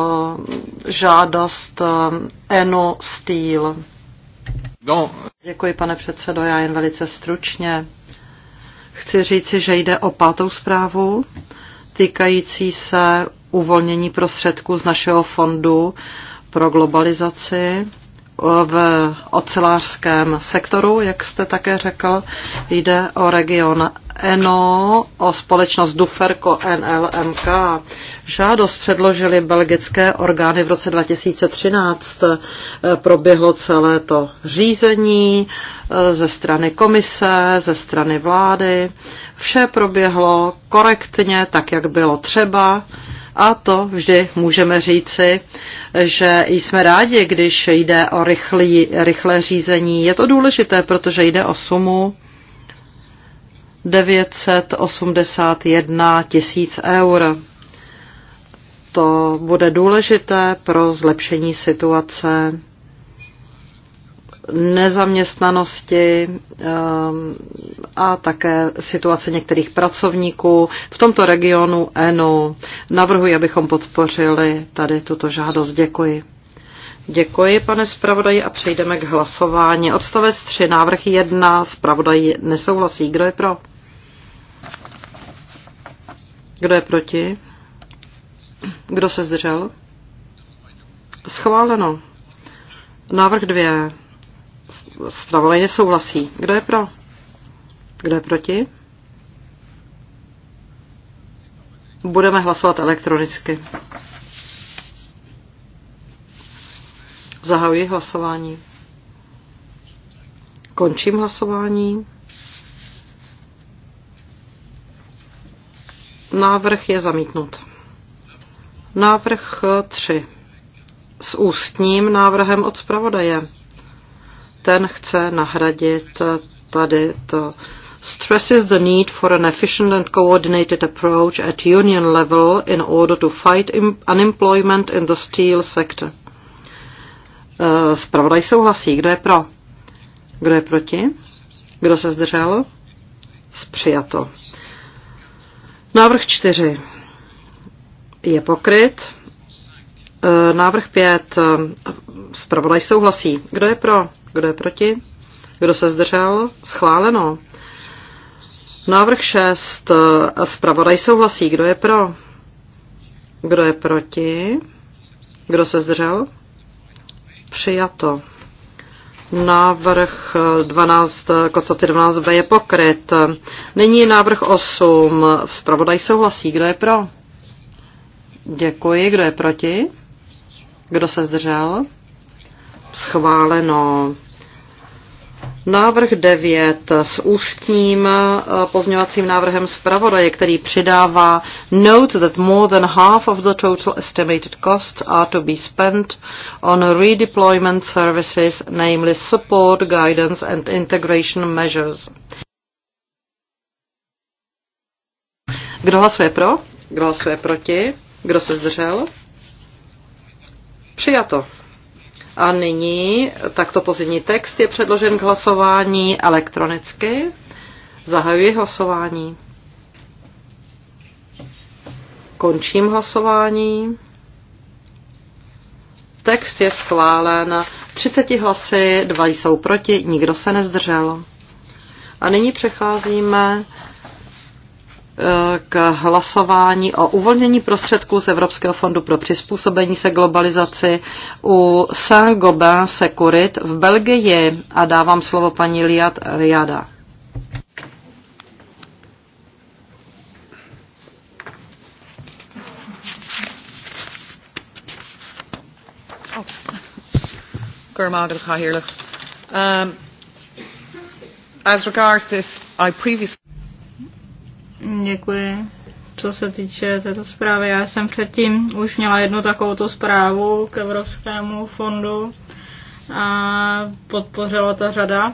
žádost Enu Steel. No. Děkuji, pane předsedo, já jen velice stručně. Chci říci, že jde o pátou zprávu týkající se uvolnění prostředků z našeho fondu pro globalizaci eh, v ocelářském sektoru, jak jste také řekl, jde o region ENO, o společnost Duferko NLMK. Žádost předložili belgické orgány v roce 2013. Proběhlo celé to řízení eh, ze strany komise, ze strany vlády. Vše proběhlo korektně, tak jak bylo třeba. A to vždy můžeme říci, že jsme rádi, když jde o rychlý, rychlé řízení. Je to důležité, protože jde o sumu 981 tisíc eur to bude důležité pro zlepšení situace nezaměstnanosti ehm, a také situace některých pracovníků v tomto regionu ENU. Navrhuji, abychom podpořili tady tuto žádost. Děkuji. Děkuji, pane zpravodaji, a přejdeme k hlasování. Odstavec 3, návrh 1, zpravodaj nesouhlasí. Kdo je pro? Kdo je proti? Kdo se zdržel? Schváleno. Návrh dvě. Spravolejně souhlasí. Kdo je pro? Kdo je proti? Budeme hlasovat elektronicky. Zahajuji hlasování. Končím hlasování. Návrh je zamítnut. Návrh 3 s ústním návrhem od zpravodaje. Ten chce nahradit tady to stresses the need for an efficient and coordinated approach at union level in order to fight unemployment in the steel sector. uh, souhlasí. Kdo je pro? Kdo je proti? Kdo se zdržel? Zpřijato. Návrh čtyři je pokryt. E, návrh 5. E, zpravodaj souhlasí. Kdo je pro? Kdo je proti? Kdo se zdržel? Schváleno. Návrh 6. E, zpravodaj souhlasí. Kdo je pro? Kdo je proti? Kdo se zdržel? Přijato. Návrh 12, konstaty 12b je pokryt. Nyní návrh 8. Zpravodaj souhlasí. Kdo je pro? Děkuji. Kdo je proti? Kdo se zdržel? Schváleno. Návrh 9 s ústním eh, pozměňovacím návrhem zpravodaje, který přidává note that more than half of the total estimated costs are to be spent on redeployment services, namely support, guidance and integration measures. Kdo hlasuje pro? Kdo hlasuje proti? Kdo se zdržel? Přijato. A nyní takto pozivní text je předložen k hlasování elektronicky. Zahajuji hlasování. Končím hlasování. Text je schválen. 30 hlasy, 2 jsou proti, nikdo se nezdržel. A nyní přecházíme k hlasování o uvolnění prostředků z Evropského fondu pro přizpůsobení se globalizaci u Saint-Gobain Securit v Belgii a dávám slovo paní Liad Riada. Oh. as regards this, I previously Děkuji. Co se týče této zprávy, já jsem předtím už měla jednu takovouto zprávu k Evropskému fondu a podpořila to řada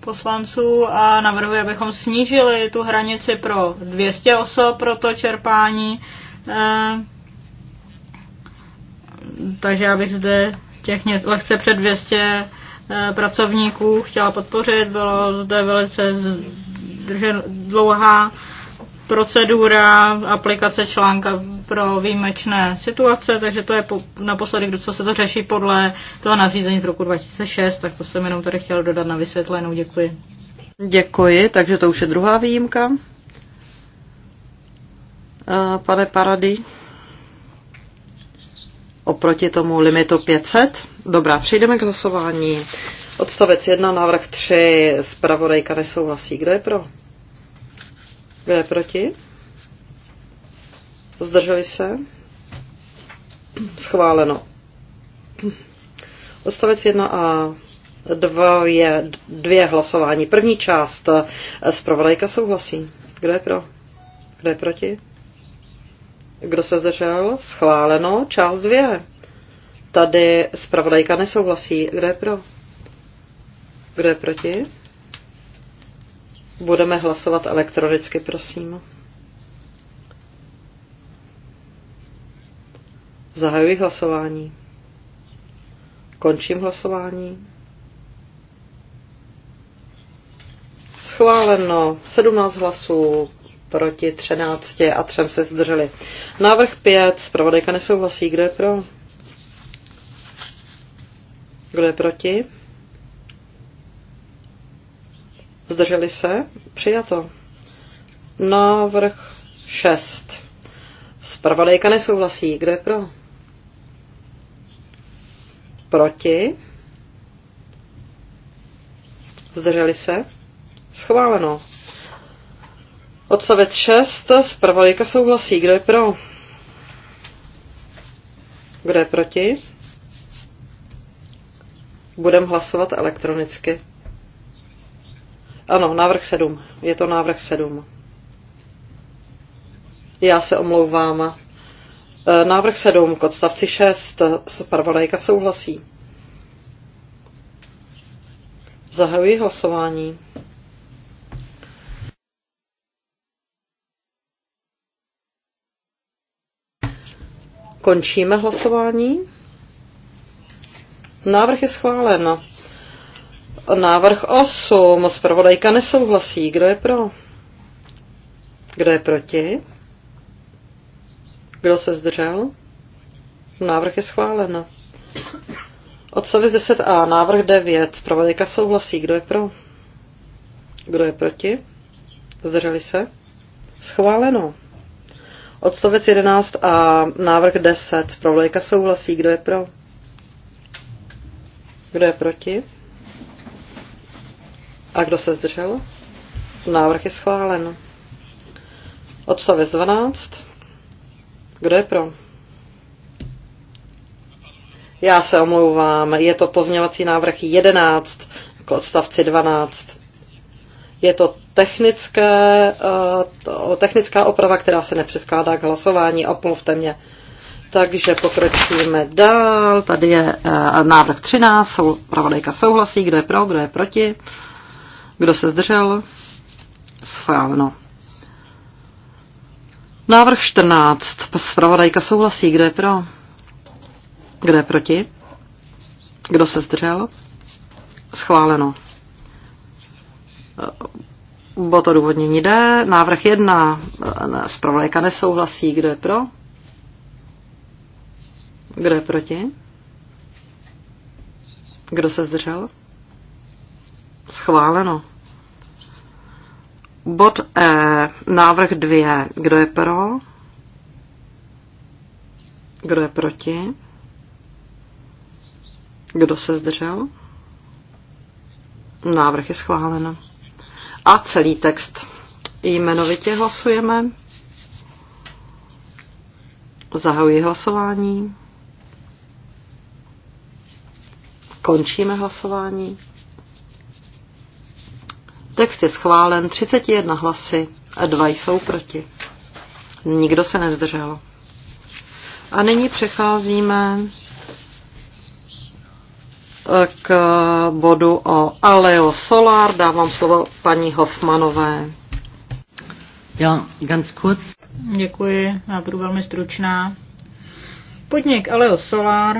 poslanců a navrhuji, abychom snížili tu hranici pro 200 osob pro to čerpání. Eh, takže já bych zde těch lehce před 200 eh, pracovníků chtěla podpořit. Bylo zde velice držen dlouhá procedura aplikace článka pro výjimečné situace, takže to je po, naposledy, co se to řeší podle toho nařízení z roku 2006, tak to jsem jenom tady chtěla dodat na vysvětlenou. Děkuji. Děkuji, takže to už je druhá výjimka. Pane Parady, oproti tomu limitu 500. Dobrá, přejdeme k hlasování. Odstavec 1, návrh 3, zpravodajka nesouhlasí. Kdo je pro? Kdo je proti? Zdrželi se? Schváleno. Odstavec 1 a 2 je dvě hlasování. První část zpravodajka souhlasí. Kdo je pro? Kdo je proti? Kdo se zdržel? Schváleno. Část dvě. Tady zpravodajka nesouhlasí. Kdo je pro? Kdo je proti? Budeme hlasovat elektronicky, prosím. Zahajuji hlasování. Končím hlasování. Schváleno 17 hlasů proti 13 a třem se zdrželi. Návrh 5. Zpravodajka nesouhlasí. Kdo je pro? Kdo je proti? Zdrželi se? Přijato. Návrh 6. Spravodajka nesouhlasí. Kdo je pro? Proti? Zdrželi se? Schváleno. Odstavec 6. Zpravodajka souhlasí. Kdo je pro? Kdo je proti? Budeme hlasovat elektronicky. Ano, návrh 7. Je to návrh 7. Já se omlouvám. E, návrh 7 k odstavci 6. Zpravodajka souhlasí. Zahajuji hlasování. Končíme hlasování. Návrh je schválen. Návrh 8. Zpravodajka nesouhlasí. Kdo je pro? Kdo je proti? Kdo se zdržel? Návrh je schválen. Odstavec 10a, návrh 9. Zpravodajka souhlasí. Kdo je pro? Kdo je proti? Zdrželi se? Schváleno. Odstavec 11 a návrh 10. Zpravodajka souhlasí. Kdo je pro? Kdo je proti? A kdo se zdržel? Návrh je schválen. Odstavec 12. Kdo je pro? Já se omlouvám, je to pozměňovací návrh 11 k odstavci 12. Je to technické, to, eh, technická oprava, která se nepředkládá k hlasování, omluvte mě. Takže pokročíme dál. Tady je eh, návrh 13, pravodajka souhlasí, kdo je pro, kdo je proti. Kdo se zdržel? Schváleno. Návrh 14. Spravodajka souhlasí. Kdo je pro? Kdo je proti? Kdo se zdržel? Schváleno. to důvodnění D. Návrh 1. Spravodajka nesouhlasí. Kdo je pro? Kdo je proti? Kdo se zdržel? Schváleno. Bod E, návrh 2. Kdo je pro? Kdo je proti? Kdo se zdržel? Návrh je schválen. A celý text. Jmenovitě hlasujeme. Zahajuji hlasování. Končíme hlasování. Text je schválen 31 hlasy a dva jsou proti. Nikdo se nezdržel. A nyní přecházíme eh, k bodu o Aleo Solar. Dávám slovo paní Hofmanové. Ja, ganz kurz. Děkuji, já budu velmi stručná. Podnik Aleo Solar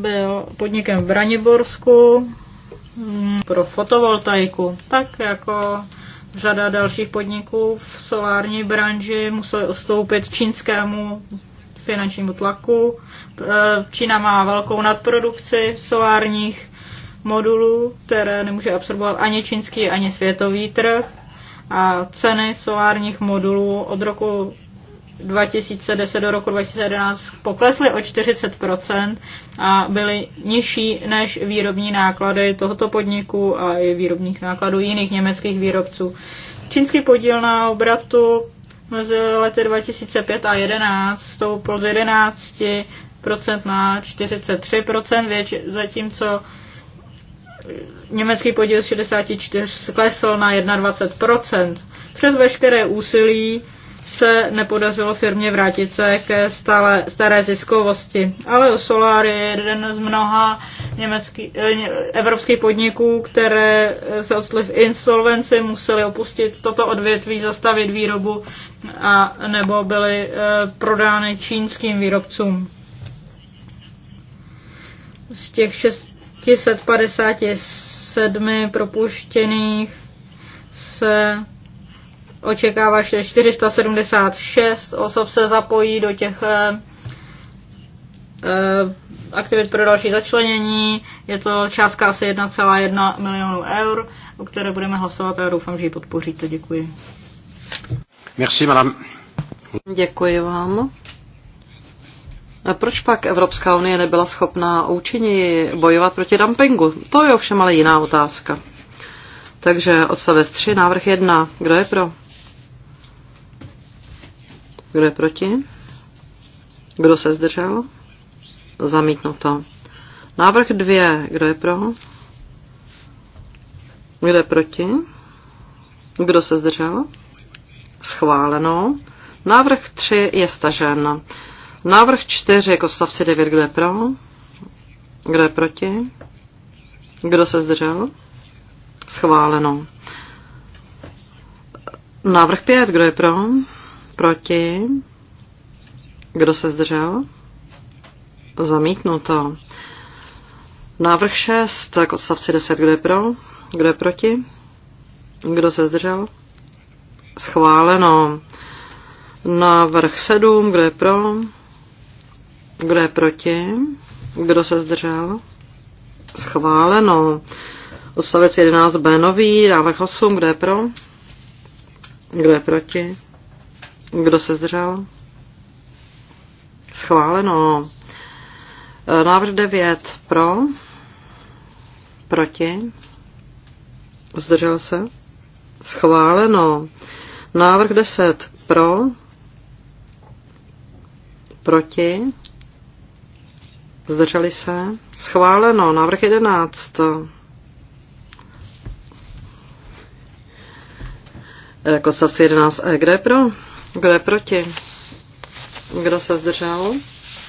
byl podnikem v Braniborsku, Hmm, pro fotovoltaiku, tak jako řada dalších podniků v solární branži museli ustoupit čínskému finančnímu tlaku. Eh, Čína má velkou nadprodukci solárních modulů, které nemůže absorbovat ani čínský, ani světový trh. A ceny solárních modulů od roku 2010 do roku 2011 poklesly o 40% a byly nižší než výrobní náklady tohoto podniku a i výrobních nákladů jiných německých výrobců. Čínský podíl na obratu mezi lety 2005 a 2011 stoupl z 11% na 43%, věč, zatímco německý podíl z 64 klesl na 21%. Přes veškeré úsilí se nepodařilo firmě vrátit se ke stále, staré ziskovosti. Ale Solar je jeden z mnoha německý, eh, evropských podniků, které se odstly v insolvenci, museli opustit toto odvětví, zastavit výrobu a nebo byly eh, prodány čínským výrobcům. Z těch 657 propuštěných se očekává, že 476 osob se zapojí do těch eh, eh, aktivit pro další začlenění. Je to částka asi 1,1 milionu eur, o které budeme hlasovat a já doufám, že ji podpoříte. Děkuji. Merci, madame. Děkuji vám. A proč pak Evropská unie nebyla schopná účinněji bojovat proti dumpingu? To je ovšem ale jiná otázka. Takže odstavec 3, návrh 1. Kdo je pro? Kdo je proti? Kdo se zdržel? Zamítnuto. Návrh dvě. Kdo je pro? Kdo je proti? Kdo se zdržel? Schváleno. Návrh 3 je stažen. Návrh 4 k odstavci 9. Kdo je pro? Kdo je proti? Kdo se zdržel? Schváleno. Návrh 5. Kdo je pro? Proti? Kdo se zdržel? Zamítnuto. Návrh 6 tak odstavci 10. Kdo je pro? Kdo je proti? Kdo se zdržel? Schváleno. Návrh 7. Kdo je pro? Kdo je proti? Kdo se zdržel? Schváleno. Odstavec 11b nový, návrh 8, kdo je pro? Kdo je proti? Kdo se zdržel? Schváleno. E, návrh 9 pro, proti, zdržel se, schváleno. Návrh 10 pro, proti, zdrželi se, schváleno. Návrh 11 Kostavci 11 kde je pro? Kdo je proti? Kdo se zdržel?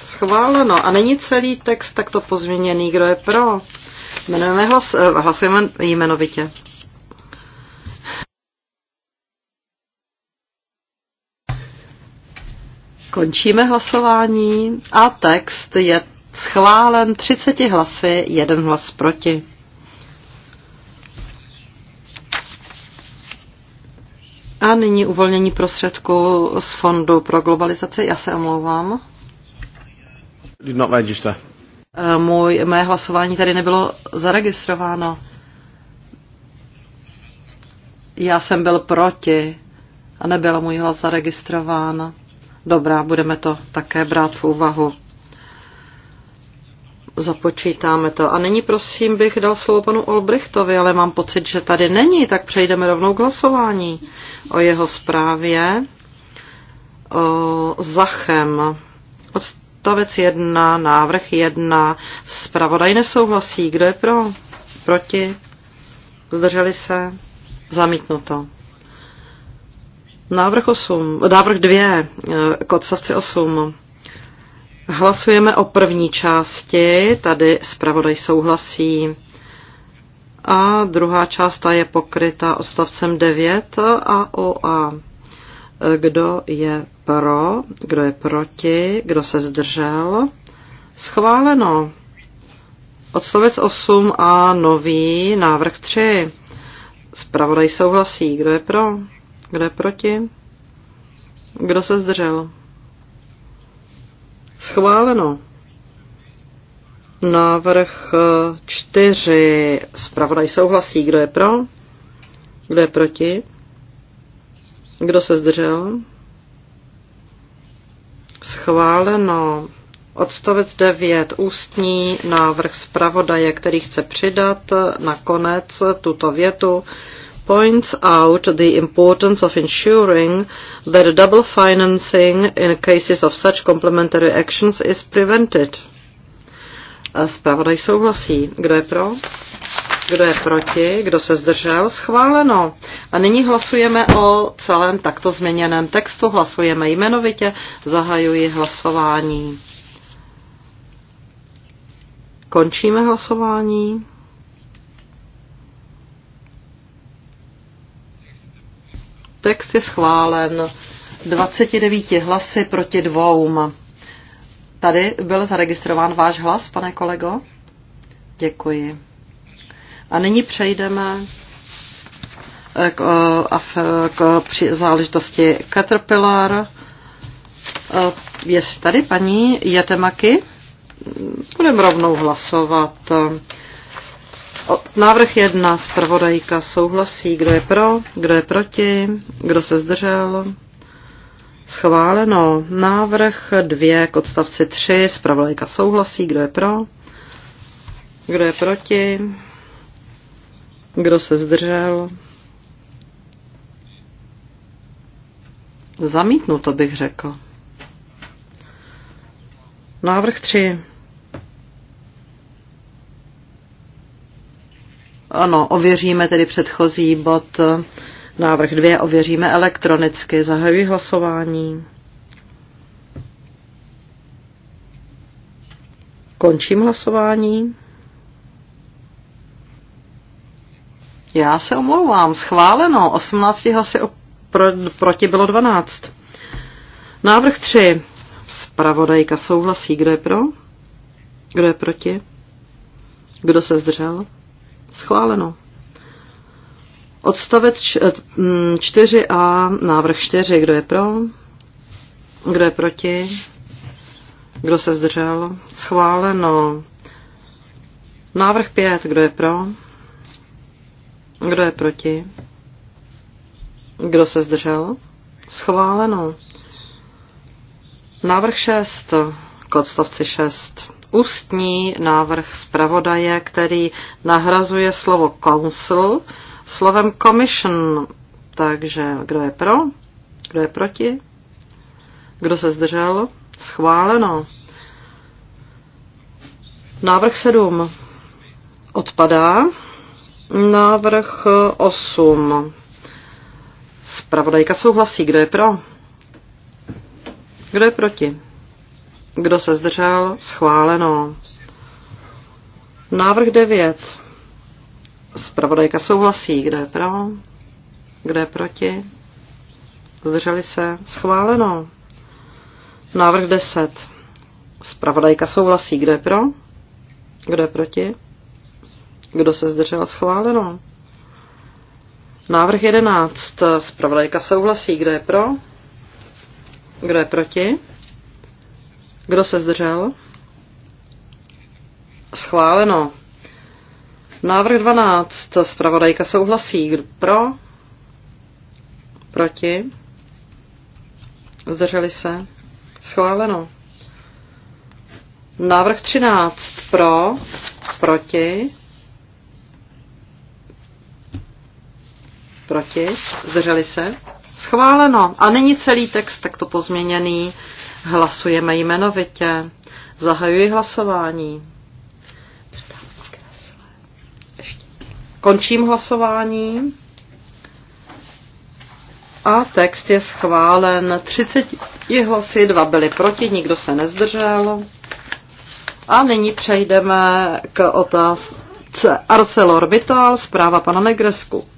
Schváleno. No, a není celý text takto pozměněný. Kdo je pro? Jmenujeme hlas, eh, hlasujeme jmenovitě. Končíme hlasování a text je schválen 30 hlasy, jeden hlas proti. A nyní uvolnění prostředků z Fondu pro globalizaci. Já se omlouvám. Did not register. Eh, můj, mé hlasování tady nebylo zaregistrováno. Já jsem byl proti a nebyl můj hlas zaregistrován. Dobrá, budeme to také brát v úvahu započítáme to. A nyní prosím bych dal slovo panu Olbrichtovi, ale mám pocit, že tady není, tak přejdeme rovnou k hlasování o jeho zprávě. O Zachem. Odstavec 1, návrh 1. Zpravodaj nesouhlasí. Kdo je pro? Proti? Zdrželi se? Zamítnuto. Návrh 8, eh, návrh 2 eh, k odstavci 8. Hlasujeme o první části, tady zpravodaj souhlasí. A druhá část ta je pokryta odstavcem 9 a o a Kdo je pro, kdo je proti, kdo se zdržel? Schváleno. Odstavec 8 a nový návrh 3. Spravodaj souhlasí. Kdo je pro? Kdo je proti? Kdo se zdržel? Schváleno. Návrh eh, čtyři. Zpravodaj souhlasí. Kdo je pro? Kdo je proti? Kdo se zdržel? Schváleno. Odstavec 9. Ústní návrh zpravodaje, který chce přidat na konec tuto větu points out the importance of ensuring that double financing in cases of such complementary actions is prevented. Zpravodaj souhlasí. Kdo je pro? Kdo je proti? Kdo se zdržel? Schváleno. A nyní hlasujeme o celém takto změněném textu. Hlasujeme jmenovitě. Zahajuji hlasování. Končíme hlasování. Text je schválen 29 hlasy proti dvoum. Tady byl zaregistrován váš hlas, pane kolego? Děkuji. A nyní přejdeme k, k, eh, k při záležitosti Caterpillar. Eh, je tady paní Jetemaky? Budeme rovnou hlasovat. Návrh jedna, zpravodajka souhlasí. Kdo je pro, kdo je proti, kdo se zdržel? Schváleno. Návrh dvě k odstavci tři, zpravodajka souhlasí. Kdo je pro, kdo je proti, kdo se zdržel? to bych řekl. Návrh tři. Ano, ověříme tedy předchozí bod. Návrh 2 ověříme elektronicky. Zahajuji hlasování. Končím hlasování. Já se omlouvám, schváleno. 18 hlasy pro, proti bylo 12. Návrh 3. Spravodajka souhlasí. Kdo je pro? Kdo je proti? Kdo se zdržel? Schváleno. Odstavec 4a, eh, mm, návrh 4. Kdo je pro? Kdo je proti? Kdo se zdržel? Schváleno. Návrh 5. Kdo je pro? Kdo je proti? Kdo se zdržel? Schváleno. Návrh 6. K odstavci 6 ústní návrh zpravodaje, který nahrazuje slovo council slovem commission. Takže kdo je pro? Kdo je proti? Kdo se zdržel? Schváleno. Návrh 7 odpadá. Návrh 8. Spravodajka souhlasí. Kdo je pro? Kdo je proti? Kdo se zdržel? Schváleno. Návrh 9. Spravodajka souhlasí. Kdo je pro? Kdo je proti? Zdrželi se? Schváleno. Návrh 10. Spravodajka souhlasí. Kdo je pro? Kdo je proti? Kdo se zdržel? Schváleno. Návrh 11. Spravodajka souhlasí. Kdo je pro? Kdo je proti? Kdo se zdržel? Schváleno. Návrh 12. Zpravodajka souhlasí. pro? Proti? Zdrželi se? Schváleno. Návrh 13. Pro? Proti? Proti? Zdrželi se? Schváleno. A není celý text takto pozměněný. Hlasujeme jmenovitě. Zahajuji hlasování. Končím hlasování. A text je schválen. 30 hlasy, dva byly proti, nikdo se nezdržel. A nyní přejdeme k otázce ArcelorMittal, zpráva pana Negresku.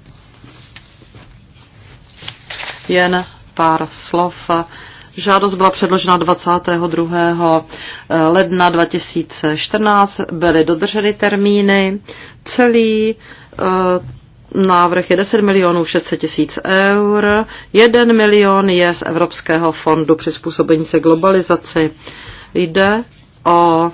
Jen pár slov Žádost byla předložena 22. Eh, ledna 2014, byly dodrženy termíny. Celý eh, návrh je 10 milionů 600 tisíc eur, 1 milion je z Evropského fondu přizpůsobení se globalizaci. Jde o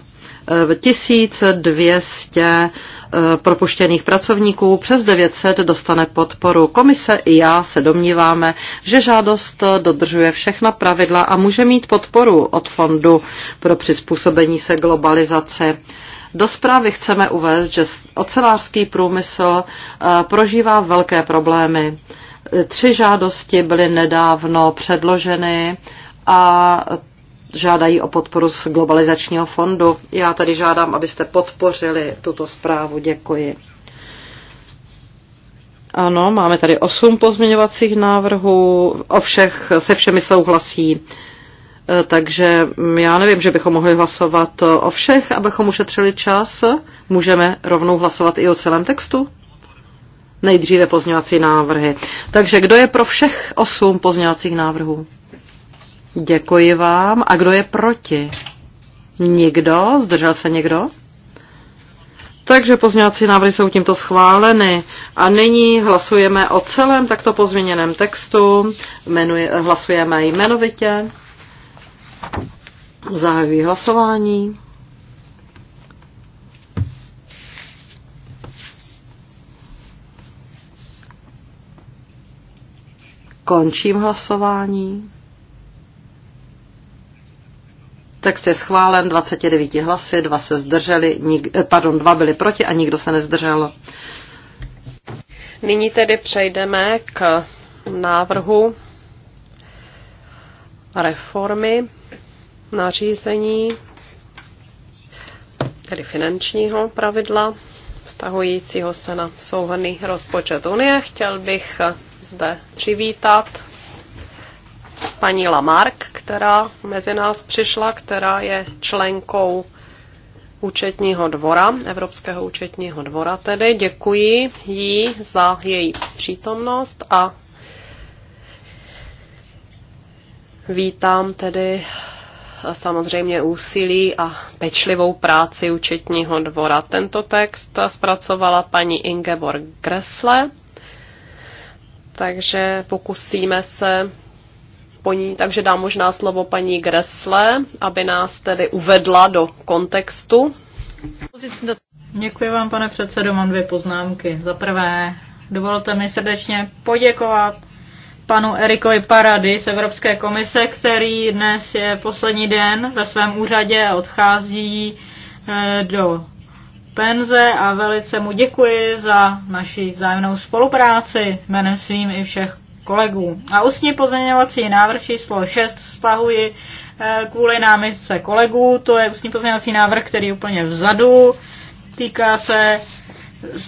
1200 eh, Eh, propuštěných pracovníků přes 900 dostane podporu. Komise i já se domníváme, že žádost dodržuje všechna pravidla a může mít podporu od Fondu pro přizpůsobení se globalizaci. Do zprávy chceme uvést, že ocelářský průmysl eh, prožívá velké problémy. Tři žádosti byly nedávno předloženy a žádají o podporu z globalizačního fondu. Já tady žádám, abyste podpořili tuto zprávu. Děkuji. Ano, máme tady osm pozměňovacích návrhů, o všech, se všemi souhlasí. E, takže já nevím, že bychom mohli hlasovat o všech, abychom ušetřili čas. Můžeme rovnou hlasovat i o celém textu? Nejdříve pozměňovací návrhy. Takže kdo je pro všech osm pozměňovacích návrhů? Děkuji vám. A kdo je proti? Nikdo? Zdržel se někdo? Takže pozměňovací návrhy jsou tímto schváleny. A nyní hlasujeme o celém takto pozměněném textu. Jmenuji, hlasujeme jmenovitě. Zahajuji hlasování. Končím hlasování. Text je schválen 29 hlasy, dva se zdrželi, nik, eh, pardon, dva byli proti a nikdo se nezdržel. Nyní tedy přejdeme k návrhu reformy nařízení, tedy finančního pravidla, vztahujícího se na souhrný rozpočet Unie. Chtěl bych zde přivítat paní Lamark, která mezi nás přišla, která je členkou účetního dvora, Evropského účetního dvora tedy. Děkuji jí za její přítomnost a vítám tedy samozřejmě úsilí a pečlivou práci účetního dvora. Tento text zpracovala paní Ingeborg Gressle, takže pokusíme se po ní, takže dám možná slovo paní Gresle, aby nás tedy uvedla do kontextu. Děkuji vám, pane předsedo, mám dvě poznámky. Za prvé, dovolte mi srdečně poděkovat panu Erikovi Parady z Evropské komise, který dnes je poslední den ve svém úřadě a odchází eh, do penze a velice mu děkuji za naši vzájemnou spolupráci jménem svým i všech kolegů. A ústní pozměňovací návrh číslo 6 vztahuji eh, kvůli námitce kolegů. To je ústní pozměňovací návrh, který je úplně vzadu. Týká se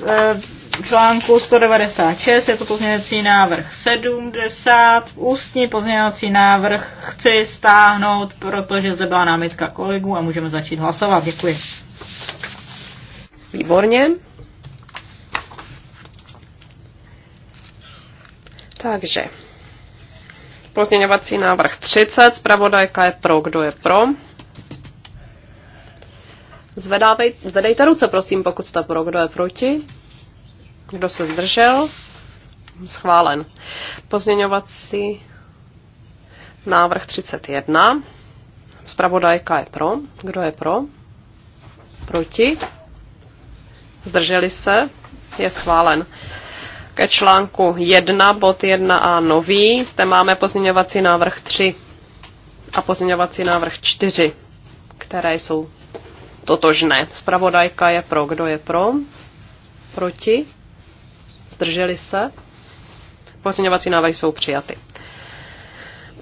eh, článku 196, je to pozměňovací návrh 70. Ústní pozměňovací návrh chci stáhnout, protože zde byla námitka kolegů a můžeme začít hlasovat. Děkuji. Výborně. Takže pozměňovací návrh 30, zpravodajka je pro, kdo je pro. Zvedávej, zvedejte ruce, prosím, pokud jste pro, kdo je proti. Kdo se zdržel? Schválen. Pozměňovací návrh 31. Zpravodajka je pro. Kdo je pro? Proti? Zdrželi se? Je schválen. Ke článku 1, bod 1a nový, zde máme pozměňovací návrh 3 a pozměňovací návrh 4, které jsou totožné. Spravodajka je pro. Kdo je pro? Proti? Zdrželi se? Pozměňovací návrhy jsou přijaty.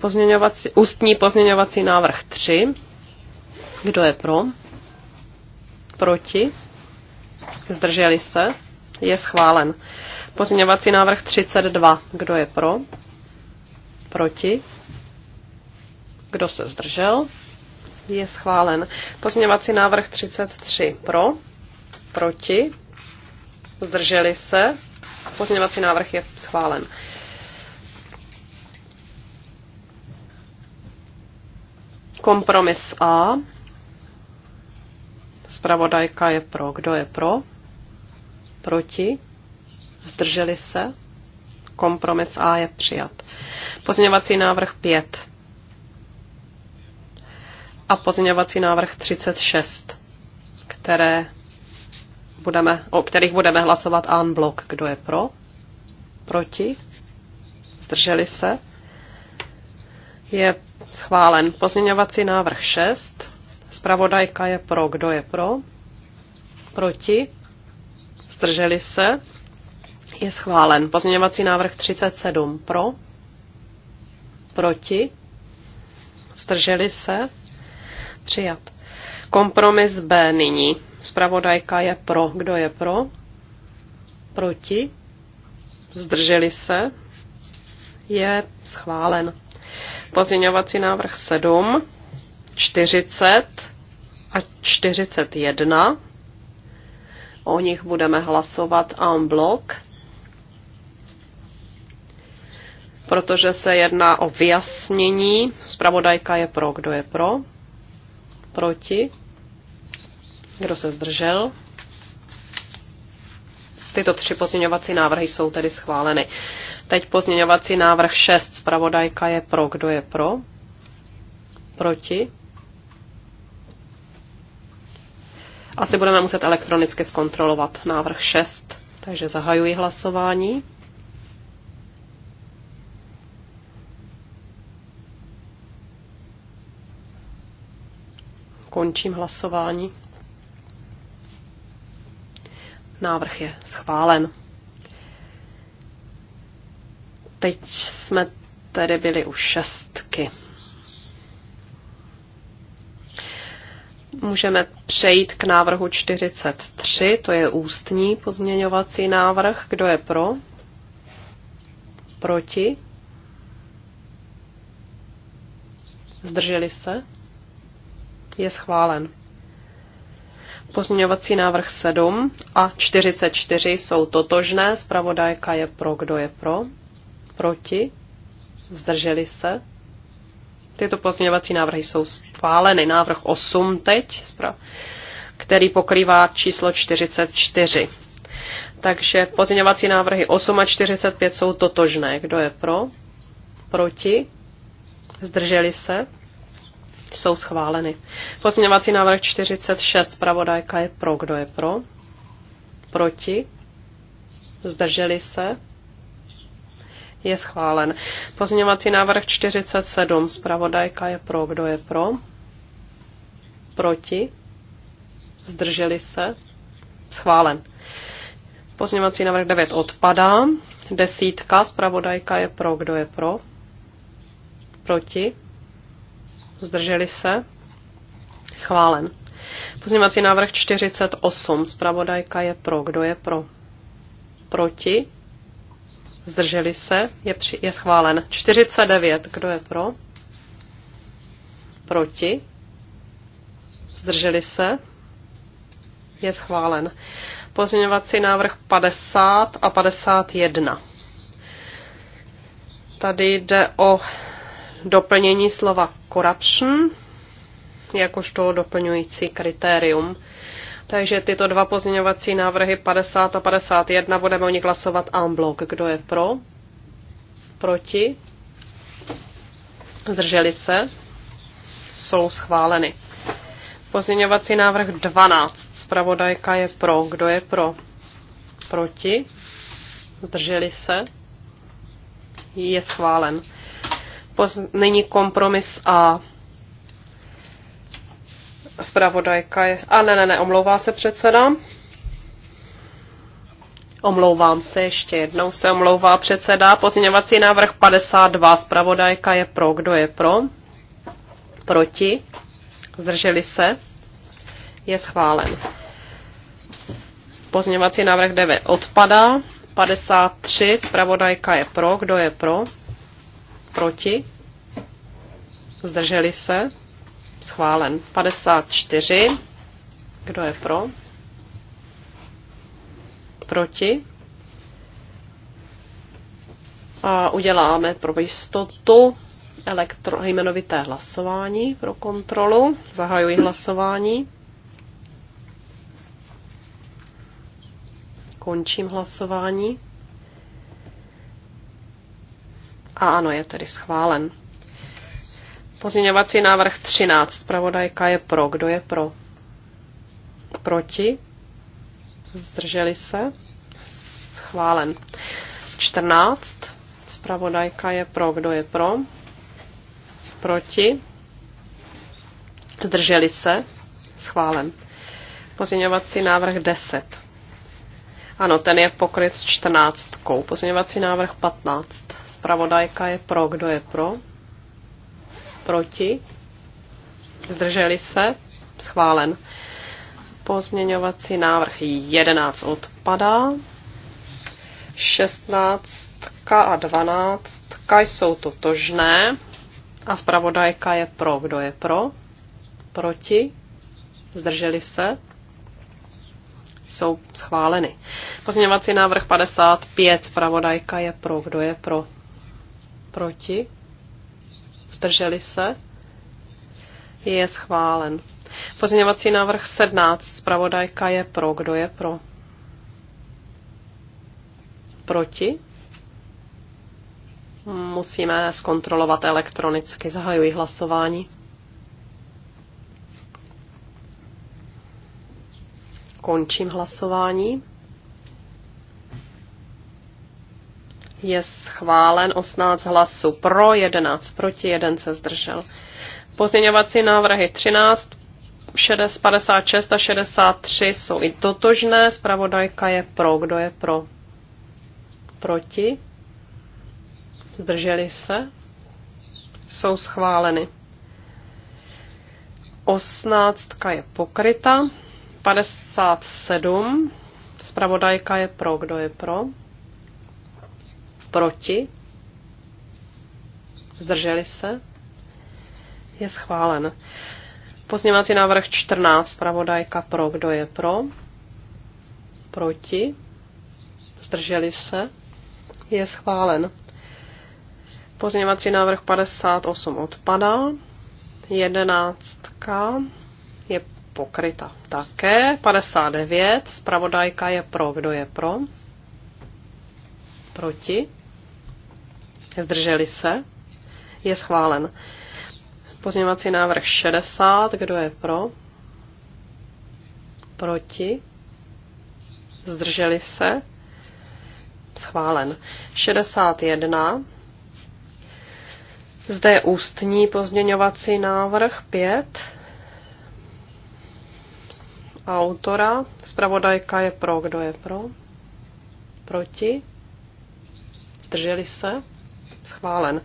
Pozměňovací, ústní pozměňovací návrh 3. Kdo je pro? Proti? Zdrželi se? Je schválen. Pozměňovací návrh 32. Kdo je pro? Proti? Kdo se zdržel? Je schválen. Pozměňovací návrh 33. Pro? Proti? Zdrželi se? Pozměňovací návrh je schválen. Kompromis A. Spravodajka je pro. Kdo je pro? Proti? Zdrželi se? Kompromis A je přijat. Pozměňovací návrh 5 a pozměňovací návrh 36, které budeme, o kterých budeme hlasovat en blok. Kdo je pro? Proti? Zdrželi se? Je schválen pozměňovací návrh 6. Spravodajka je pro. Kdo je pro? Proti? Zdrželi se? je schválen. Pozměňovací návrh 37 pro, proti, zdrželi se, přijat. Kompromis B nyní. Spravodajka je pro. Kdo je pro? Proti? Zdrželi se? Je schválen. Pozměňovací návrh 7, 40 a 41. O nich budeme hlasovat en bloc. protože se jedná o vyjasnění. Zpravodajka je pro, kdo je pro, proti, kdo se zdržel. Tyto tři pozměňovací návrhy jsou tedy schváleny. Teď pozměňovací návrh 6. Zpravodajka je pro. Kdo je pro? Proti? Asi budeme muset elektronicky zkontrolovat návrh 6. Takže zahajuji hlasování. Končím hlasování. Návrh je schválen. Teď jsme tady byli u šestky. Můžeme přejít k návrhu 43, to je ústní pozměňovací návrh. Kdo je pro? Proti? Zdrželi se? je schválen. Pozměňovací návrh 7 a 44 jsou totožné. Zpravodajka je pro, kdo je pro, proti, zdrželi se. Tyto pozměňovací návrhy jsou schváleny. Návrh 8 teď, který pokrývá číslo 44. Takže pozměňovací návrhy 8 a 45 jsou totožné. Kdo je pro? Proti? Zdrželi se? jsou schváleny. Pozměňovací návrh 46, pravodajka je pro. Kdo je pro? Proti? Zdrželi se? Je schválen. Pozměňovací návrh 47, zpravodajka je pro. Kdo je pro? Proti? Zdrželi se? Schválen. Pozměňovací návrh 9 odpadá. Desítka, zpravodajka je pro. Kdo je pro? Proti? zdrželi se, schválen. Pozměňovací návrh 48, zpravodajka je pro, kdo je pro, proti, zdrželi se, je, při, je schválen. 49, kdo je pro, proti, zdrželi se, je schválen. Pozměňovací návrh 50 a 51. Tady jde o doplnění slova corruption jakožto doplňující kritérium. Takže tyto dva pozměňovací návrhy 50 a 51 budeme o nich hlasovat en bloc. Kdo je pro? Proti? Zdrželi se? Jsou schváleny. Pozměňovací návrh 12. Spravodajka je pro. Kdo je pro? Proti? Zdrželi se? Je schválen. Poz, není kompromis A. Spravodajka je... A ne, ne, ne, omlouvá se předseda. Omlouvám se, ještě jednou se omlouvá předseda. Pozměňovací návrh 52. Spravodajka je pro. Kdo je pro? Proti? Zdrželi se? Je schválen. Pozměňovací návrh 9 odpadá. 53. Spravodajka je pro. Kdo je pro? proti, zdrželi se, schválen. 54, kdo je pro, proti. A uděláme pro jistotu elektro, jmenovité hlasování pro kontrolu. Zahajuji hlasování. Končím hlasování. A ano, je tedy schválen. Pozměňovací návrh 13. Spravodajka je pro. Kdo je pro? Proti? Zdrželi se? Schválen. 14. Spravodajka je pro. Kdo je pro? Proti? Zdrželi se? Schválen. Pozměňovací návrh 10. Ano, ten je pokryt 14. Pozměňovací návrh 15 Spravodajka je pro. Kdo je pro? Proti? Zdrželi se? Schválen. Pozměňovací návrh 11 odpadá. 16 a 12 jsou totožné. A zpravodajka je pro. Kdo je pro? Proti? Zdrželi se? Jsou schváleny. Pozměňovací návrh 55. Zpravodajka je pro. Kdo je pro? proti, zdrželi se, je schválen. Pozměňovací návrh 17, zpravodajka je pro, kdo je pro? Proti? Musíme zkontrolovat elektronicky, zahajuji hlasování. Končím hlasování. je schválen 18 hlasů pro, 11 proti, 1 se zdržel. Pozměňovací návrhy 13, 6, 56 a 63 jsou i totožné. Spravodajka je pro. Kdo je pro? Proti? Zdrželi se? Jsou schváleny. 18 je pokryta. 57. Spravodajka je pro. Kdo je pro? Proti? Zdrželi se? Je schválen. Pozněvací návrh 14, pravodajka pro. Kdo je pro? Proti? Zdrželi se? Je schválen. Pozněvací návrh 58 odpadá. Jedenáctka je pokryta také. 59, zpravodajka je pro. Kdo je pro? Proti? Zdrželi se? Je schválen. Pozměňovací návrh 60. Kdo je pro? Proti? Zdrželi se? Schválen. 61. Zde je ústní pozměňovací návrh 5 autora. Spravodajka je pro. Kdo je pro? Proti? Zdrželi se? schválen.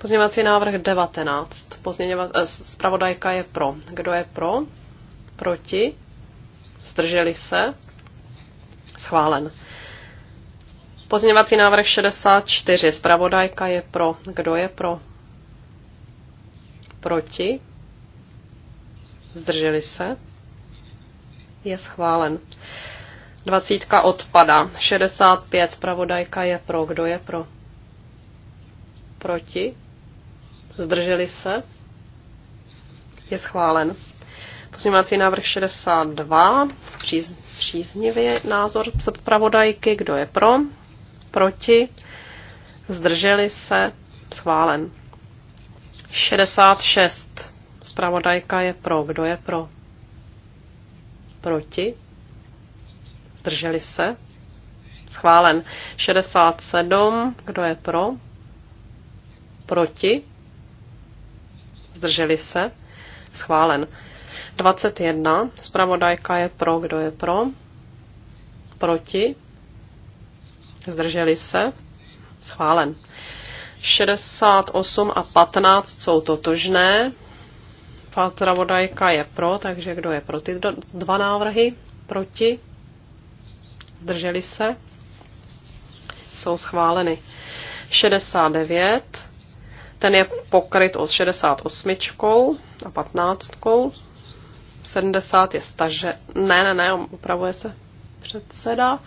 Pozměňovací návrh 19. Eh, zpravodajka Spravodajka je pro. Kdo je pro? Proti? Zdrželi se? Schválen. Pozměňovací návrh 64. Spravodajka je pro. Kdo je pro? Proti? Zdrželi se? Je schválen. Dvacítka odpada. 65. Spravodajka je pro. Kdo je pro? Proti? Zdrželi se? Je schválen. Pozměňovací návrh 62, příz, příznivý názor zpravodajky, kdo je pro, proti, zdrželi se, schválen. 66, zpravodajka je pro, kdo je pro, proti, zdrželi se, schválen. 67, kdo je pro, proti, zdrželi se, schválen. 21, zpravodajka je pro, kdo je pro, proti, zdrželi se, schválen. 68 a 15 jsou totožné. Zpravodajka je pro, takže kdo je pro ty dva návrhy? Proti? Zdrželi se? Jsou schváleny. 69 ten je pokryt od 68 a 15. 70 je staže... Ne, ne, ne, upravuje se předseda.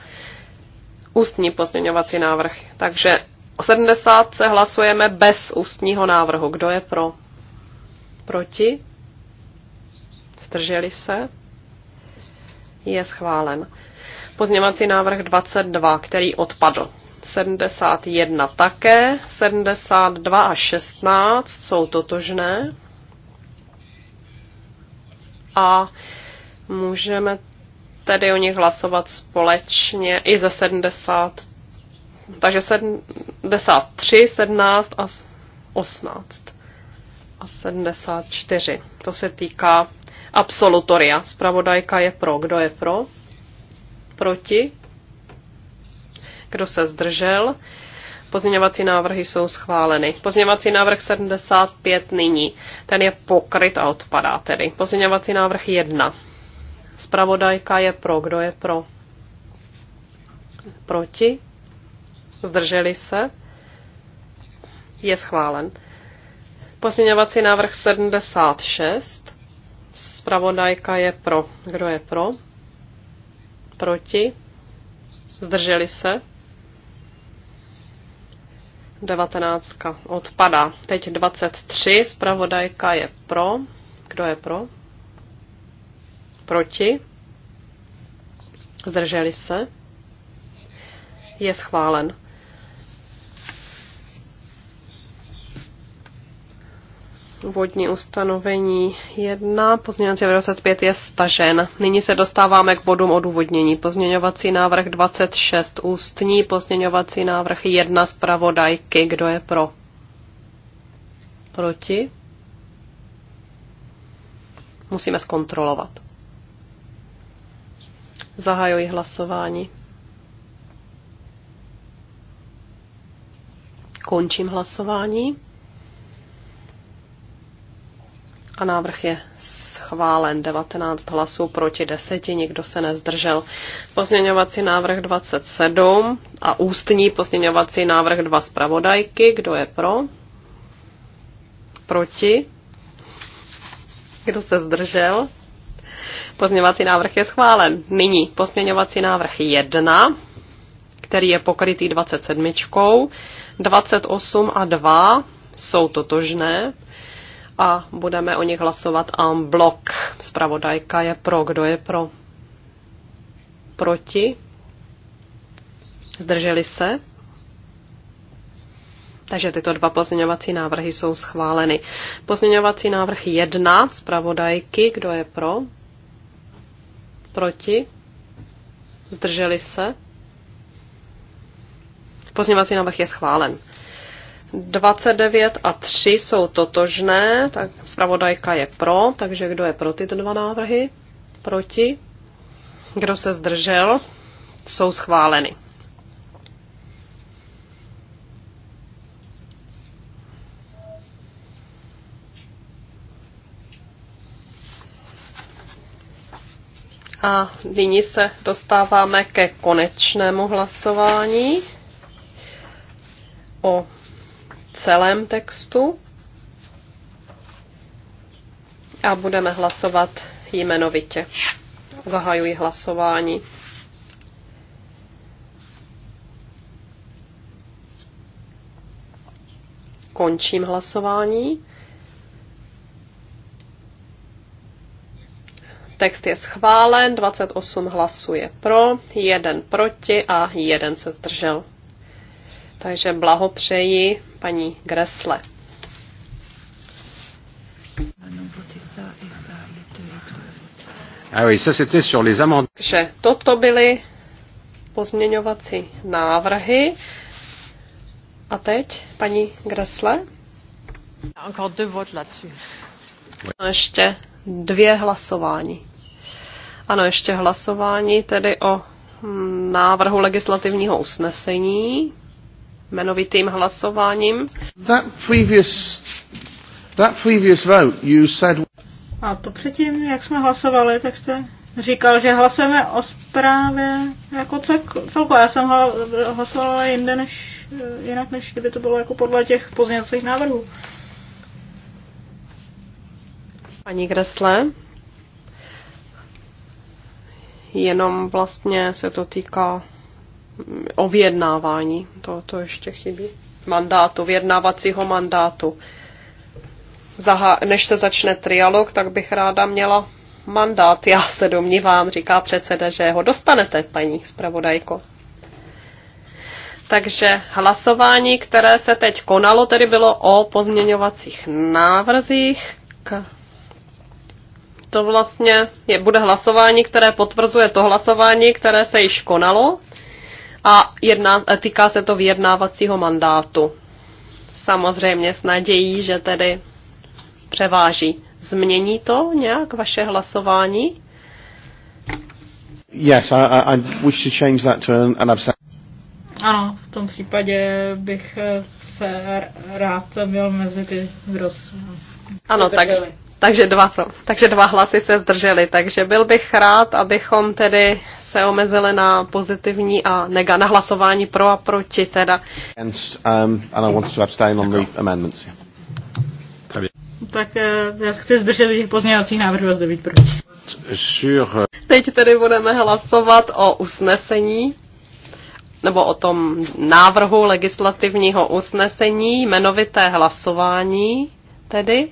Ústní pozměňovací návrh. Takže o 70 se hlasujeme bez ústního návrhu. Kdo je pro? Proti? Zdrželi se? Je schválen. Pozměňovací návrh 22, který odpadl. 71 také, 72 a 16 jsou totožné. A můžeme tedy o nich hlasovat společně i ze 70. Takže 73, 17 a 18 a 74. To se týká absolutoria. Spravodajka je pro. Kdo je pro? Proti? Kdo se zdržel? Pozměňovací návrhy jsou schváleny. Pozměňovací návrh 75 nyní. Ten je pokryt a odpadá tedy. Pozměňovací návrh 1. Spravodajka je pro. Kdo je pro? Proti? Zdrželi se? Je schválen. Pozměňovací návrh 76. Spravodajka je pro. Kdo je pro? Proti? Zdrželi se? 19 odpadá. Teď 23, zpravodajka je pro. Kdo je pro? Proti? Zdrželi se? Je schválen. Vodní ustanovení 1, pozměňovací 25 je stažen. Nyní se dostáváme k bodům odůvodnění. Pozměňovací návrh 26 ústní, pozměňovací návrh 1 zpravodajky. Kdo je pro? Proti? Musíme zkontrolovat. Zahajuji hlasování. Končím hlasování. a návrh je schválen. 19 hlasů proti 10, nikdo se nezdržel. Pozměňovací návrh 27 a ústní pozměňovací návrh 2 zpravodajky. Kdo je pro? Proti? Kdo se zdržel? Pozměňovací návrh je schválen. Nyní pozměňovací návrh 1, který je pokrytý 27. 28 a 2 jsou totožné a budeme o nich hlasovat en blok. Zpravodajka je pro. Kdo je pro? Proti? Zdrželi se? Takže tyto dva pozměňovací návrhy jsou schváleny. Pozměňovací návrh 1 zpravodajky, kdo je pro? Proti? Zdrželi se? Pozměňovací návrh je schválen. 29 a 3 jsou totožné, tak zpravodajka je pro, takže kdo je pro tyto dva návrhy? Proti? Kdo se zdržel? Jsou schváleny. A nyní se dostáváme ke konečnému hlasování o celém textu a budeme hlasovat jmenovitě. Zahajuji hlasování. Končím hlasování. Text je schválen, 28 hlasuje pro, 1 proti a 1 se zdržel. Takže blahopřeji paní Gresle. Ah oui, ça c'était sur les toto byly pozměňovací návrhy. A teď paní Gresle. Encore deux votes là-dessus. Ještě dvě hlasování. Ano, ještě hlasování tedy o hm, návrhu legislativního usnesení jmenovitým hlasováním. That previous, that previous vote you said... A to předtím, jak jsme hlasovali, tak jste říkal, že hlasujeme o zprávě jako celku. Já jsem hlasovala jinde než, eh, jinak, než kdyby to bylo jako podle těch pozměňovacích návrhů. Paní Gresle, jenom vlastně se to týká o vyjednávání. To, to ještě chybí. Mandátu, vyjednávacího mandátu. Zaha, než se začne trialog, tak bych ráda měla mandát. Já se domnívám, říká předseda, že ho dostanete, paní zpravodajko. Takže hlasování, které se teď konalo, tedy bylo o pozměňovacích návrzích. K... To vlastně je, bude hlasování, které potvrzuje to hlasování, které se již konalo a jedná, týká se to vyjednávacího mandátu. Samozřejmě s nadějí, že tedy převáží. Změní to nějak vaše hlasování? Yes, I, I, I wish to change that to an, an Ano, v tom případě bych se rád měl mezi ty, kdo Ano, tak, takže dva, takže dva hlasy se zdrželi. Takže byl bych rád, abychom tedy se omezili na pozitivní a nega, na hlasování pro a proti teda. Um, tak eh, já chci zdržet těch pozměňovacích návrhů a zde být proti. Teď tedy budeme hlasovat o usnesení nebo o tom návrhu legislativního usnesení, jmenovité hlasování tedy.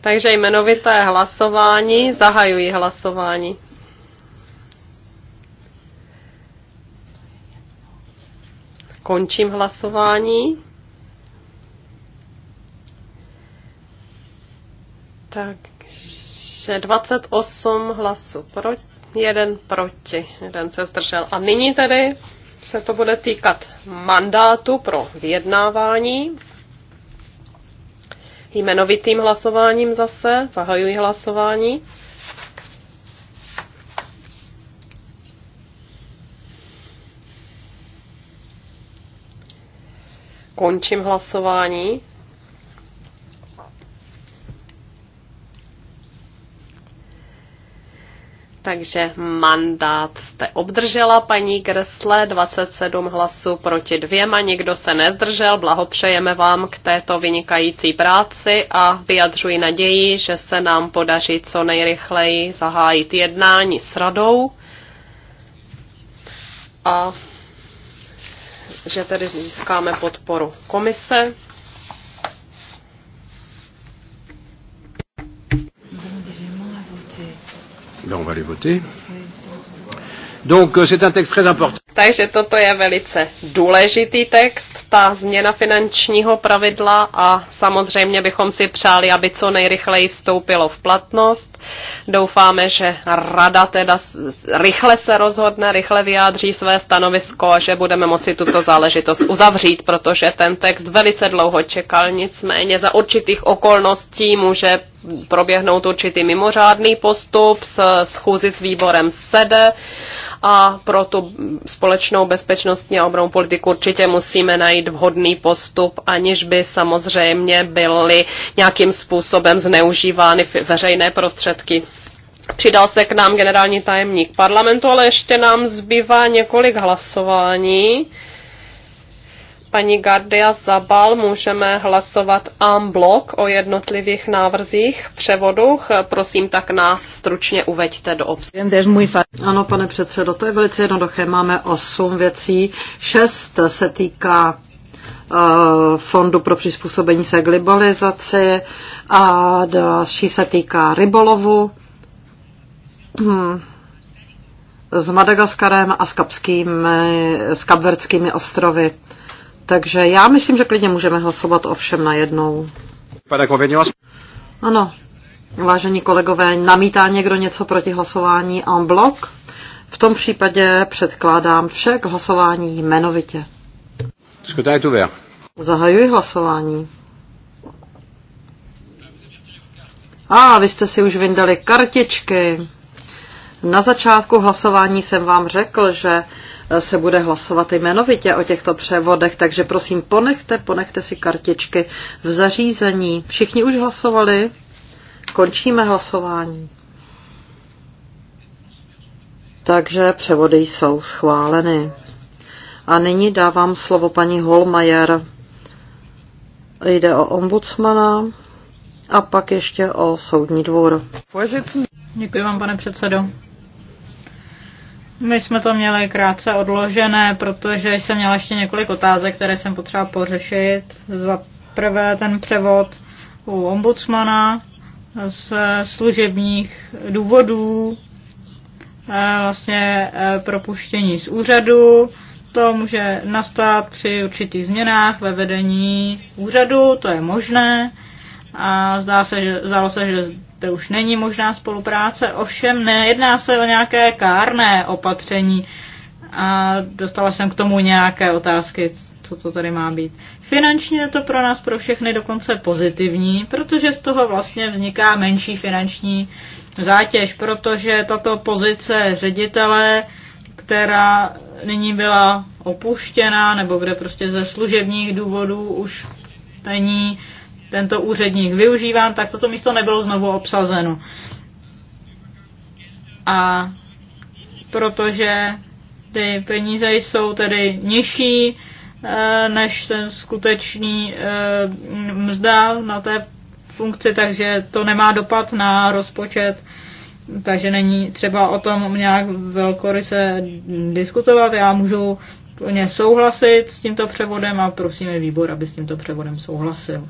Takže jmenovité hlasování, zahajuji hlasování. Končím hlasování. Takže 28 hlasů pro, jeden proti, jeden se zdržel. A nyní tedy se to bude týkat mandátu pro vyjednávání jmenovitým hlasováním zase. Zahajuji hlasování. Končím hlasování. Takže mandát jste obdržela, paní Gresle, 27 hlasů proti dvěma, nikdo se nezdržel, blahopřejeme vám k této vynikající práci a vyjadřuji naději, že se nám podaří co nejrychleji zahájit jednání s radou a že tedy získáme podporu komise. Ben, on va les voter. Donc, euh, c'est un texte très important. Takže toto je velice důležitý text, ta změna finančního pravidla a samozřejmě bychom si přáli, aby co nejrychleji vstoupilo v platnost. Doufáme, že rada teda rychle se rozhodne, rychle vyjádří své stanovisko a že budeme moci tuto záležitost uzavřít, protože ten text velice dlouho čekal, nicméně za určitých okolností může proběhnout určitý mimořádný postup s schůzi s výborem SEDE a pro tu společnou bezpečnostní a obrnou politiku určitě musíme najít vhodný postup, aniž by samozřejmě byly nějakým způsobem zneužívány veřejné prostředky. Přidal se k nám generální tajemník parlamentu, ale ještě nám zbývá několik hlasování. Paní Gardia Zabal, můžeme hlasovat en blok o jednotlivých návrzích převodu. Prosím, tak nás stručně uveďte do obsahu. Ano, pane předsedo, to je velice jednoduché. Máme osm věcí. Šest se týká eh, Fondu pro přizpůsobení se globalizaci a další se týká rybolovu hmm. s Madagaskarem a s, kapskými, s kapverskými ostrovy. Takže já myslím, že klidně můžeme hlasovat o všem najednou. Pane vás... Ano, vážení kolegové, namítá někdo něco proti hlasování en bloc? V tom případě předkládám vše k hlasování jmenovitě. Zahajuji hlasování. A, vy jste si už vyndali kartičky. Na začátku hlasování jsem vám řekl, že eh, se bude hlasovat jmenovitě o těchto převodech, takže prosím ponechte, ponechte si kartičky v zařízení. Všichni už hlasovali? Končíme hlasování. Takže převody jsou schváleny. A nyní dávám slovo paní Holmajer. Jde o ombudsmana a pak ještě o soudní dvůr. Děkuji vám, pane předsedo. My jsme to měli krátce odložené, protože jsem měla ještě několik otázek, které jsem potřeba pořešit. Za prvé ten převod u ombudsmana z služebních důvodů, eh, vlastně eh, propuštění z úřadu. To může nastat při určitých změnách ve vedení úřadu, to je možné. A zdá se, že, zdálo se, že to už není možná spolupráce, ovšem nejedná se o nějaké kárné opatření. A dostala jsem k tomu nějaké otázky, co to tady má být. Finančně je to pro nás pro všechny dokonce pozitivní, protože z toho vlastně vzniká menší finanční zátěž, protože tato pozice ředitele, která nyní byla opuštěna, nebo kde prostě ze služebních důvodů už není, tento úředník využíván, tak toto místo nebylo znovu obsazeno. A protože ty peníze jsou tedy nižší eh, než ten skutečný eh, mzda na té funkci, takže to nemá dopad na rozpočet, takže není třeba o tom nějak velkoryse diskutovat. Já můžu plně souhlasit s tímto převodem a prosím výbor, aby s tímto převodem souhlasil.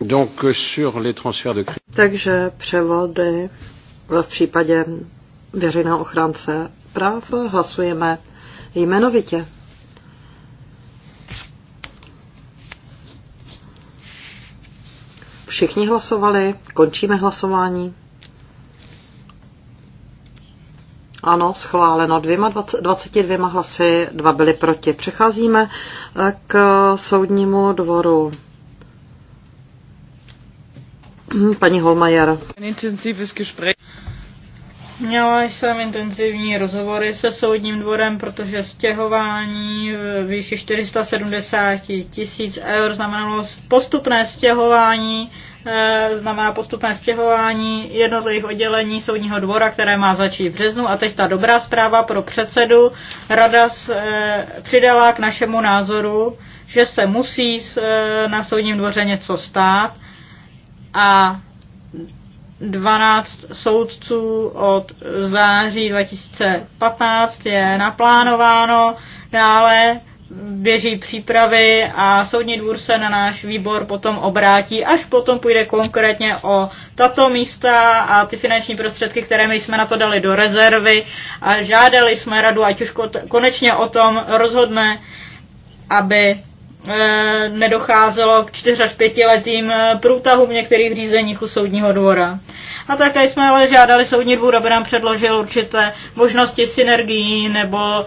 Donc, sur les transferts de Takže převody v případě veřejného ochránce práv hlasujeme jmenovitě. Všichni hlasovali, končíme hlasování. Ano, schváleno dvěma, 22 hlasy, dva byly proti. Přecházíme k soudnímu dvoru. Hm, paní Holmajer. Měla jsem intenzivní rozhovory se soudním dvorem, protože stěhování v výši 470 tisíc eur znamenalo postupné stěhování, eh, znamená postupné stěhování jednotlivých oddělení soudního dvora, které má začít v březnu. A teď ta dobrá zpráva pro předsedu. Rada eh, přidala k našemu názoru, že se musí eh, na soudním dvoře něco stát a 12 soudců od září 2015 je naplánováno. Dále běží přípravy a soudní dvůr se na náš výbor potom obrátí, až potom půjde konkrétně o tato místa a ty finanční prostředky, které my jsme na to dali do rezervy a žádali jsme radu, ať už konečně o tom rozhodne, aby Eh, nedocházelo k čtyř až pětiletým eh, průtahům některých řízeních u soudního dvora. A také jsme ale žádali soudní dvůr, aby nám předložil určité možnosti synergií nebo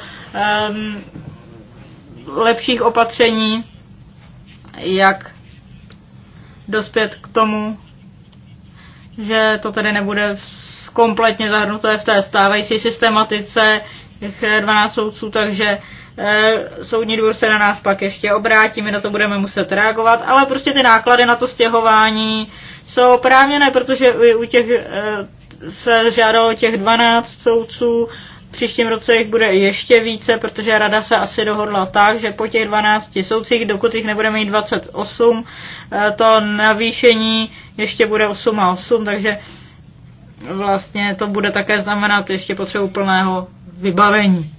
um, lepších opatření, jak dospět k tomu, že to tedy nebude kompletně zahrnuté v té stávající systematice těch 12 soudců, takže Eh, soudní dvůr se na nás pak ještě obrátí, my na to budeme muset reagovat, ale prostě ty náklady na to stěhování jsou oprávněné, protože u těch eh, se žádalo těch 12 soudců, příštím roce jich bude ještě více, protože rada se asi dohodla tak, že po těch 12 soudcích, dokud jich nebudeme mít 28, eh, to navýšení ještě bude 8 a 8, takže vlastně to bude také znamenat ještě potřebu plného vybavení.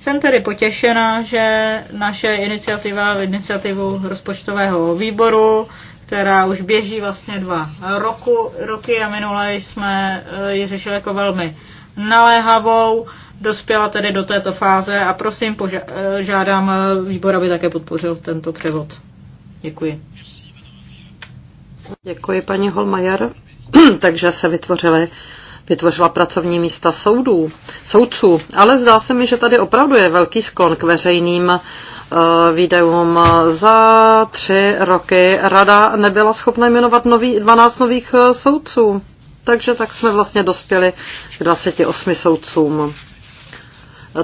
Jsem tedy potěšena, že naše iniciativa v iniciativu rozpočtového výboru, která už běží vlastně dva roku, roky a minule jsme eh, ji řešili jako velmi naléhavou, dospěla tedy do této fáze a prosím, eh, žádám eh, výbor, aby také podpořil tento převod. Děkuji. Děkuji, paní Holmajer. Takže se vytvořily vytvořila pracovní místa soudů, soudců. Ale zdá se mi, že tady opravdu je velký sklon k veřejným eh, výdajům. Za tři roky rada nebyla schopna jmenovat nový, 12 nových eh, soudců. Takže tak jsme vlastně dospěli k 28 soudcům.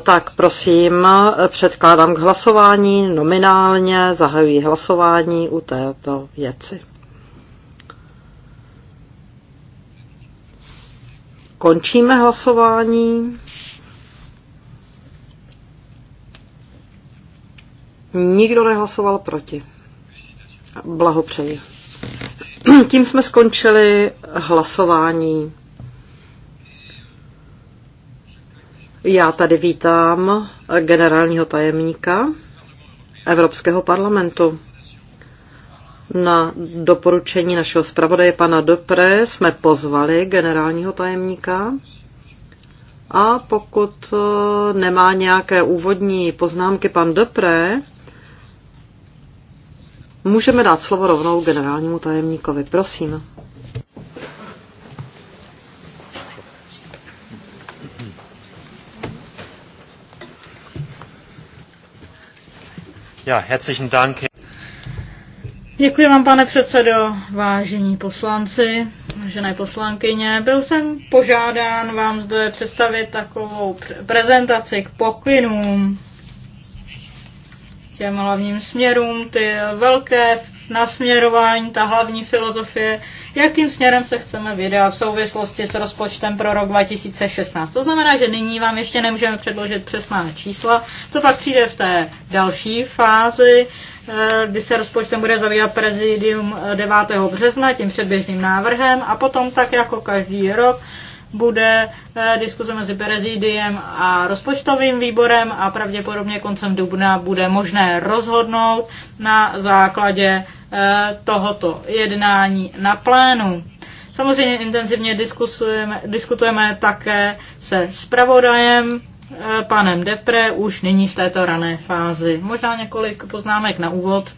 Tak prosím, předkládám k hlasování nominálně, zahajuji hlasování u této věci. Končíme hlasování. Nikdo nehlasoval proti. Blahopřeji. Tím jsme skončili hlasování. Já tady vítám generálního tajemníka Evropského parlamentu. Na doporučení našeho zpravodaje pana Dopre jsme pozvali generálního tajemníka a pokud e, nemá nějaké úvodní poznámky pan Dopre, můžeme dát slovo rovnou generálnímu tajemníkovi. Prosím. Ja, herzlichen Dank, Děkuji vám, pane předsedo, vážení poslanci, vážené poslankyně. Byl jsem požádán vám zde představit takovou prezentaci k pokynům, těm hlavním směrům, ty velké nasměrování, ta hlavní filozofie, jakým směrem se chceme vydat v souvislosti s rozpočtem pro rok 2016. To znamená, že nyní vám ještě nemůžeme předložit přesná čísla, to pak přijde v té další fázi, Eh, kdy se rozpočtem bude zabývat prezidium 9. Eh, března tím předběžným návrhem a potom tak jako každý rok bude eh, diskuze mezi prezidiem a rozpočtovým výborem a pravděpodobně koncem dubna bude možné rozhodnout na základě tohoto jednání na plénu. Samozřejmě intenzivně diskutujeme také se spravodajem Eh, panem Depre už nyní v této rané fázi. Možná několik poznámek na úvod.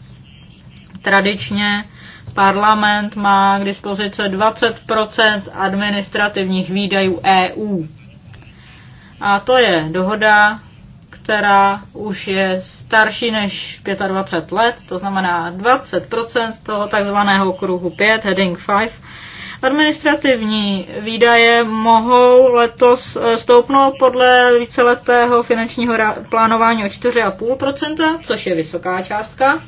Tradičně parlament má k dispozici 20 administrativních výdajů EU. A to je dohoda, která už je starší než 25 let, to znamená 20 toho takzvaného kruhu 5, heading 5, Administrativní výdaje mohou letos eh, stoupnout podle víceletého finančního plánování o 4,5%, což je vysoká částka.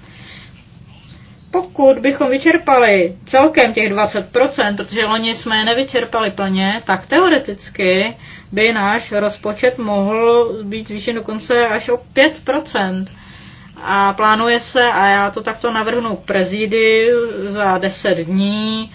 Pokud bychom vyčerpali celkem těch 20%, protože loni jsme je nevyčerpali plně, tak teoreticky by náš rozpočet mohl být zvýšen dokonce až o 5% a plánuje se, a já to takto navrhnu prezídy za 10 dní,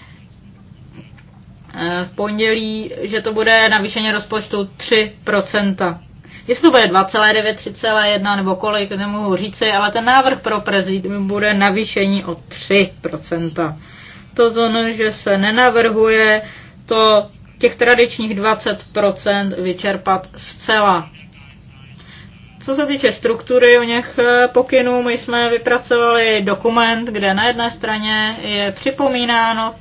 Eh, v pondělí, že to bude navýšení rozpočtu 3%. Jestli to bude 2,9, 3,1 nebo kolik, nemohu říci, ale ten návrh pro prezidium bude navýšení o 3%. To znamená, že se nenavrhuje to těch tradičních 20% vyčerpat zcela. Co se týče struktury o něch eh, pokynů, my jsme vypracovali dokument, kde na jedné straně je připomínáno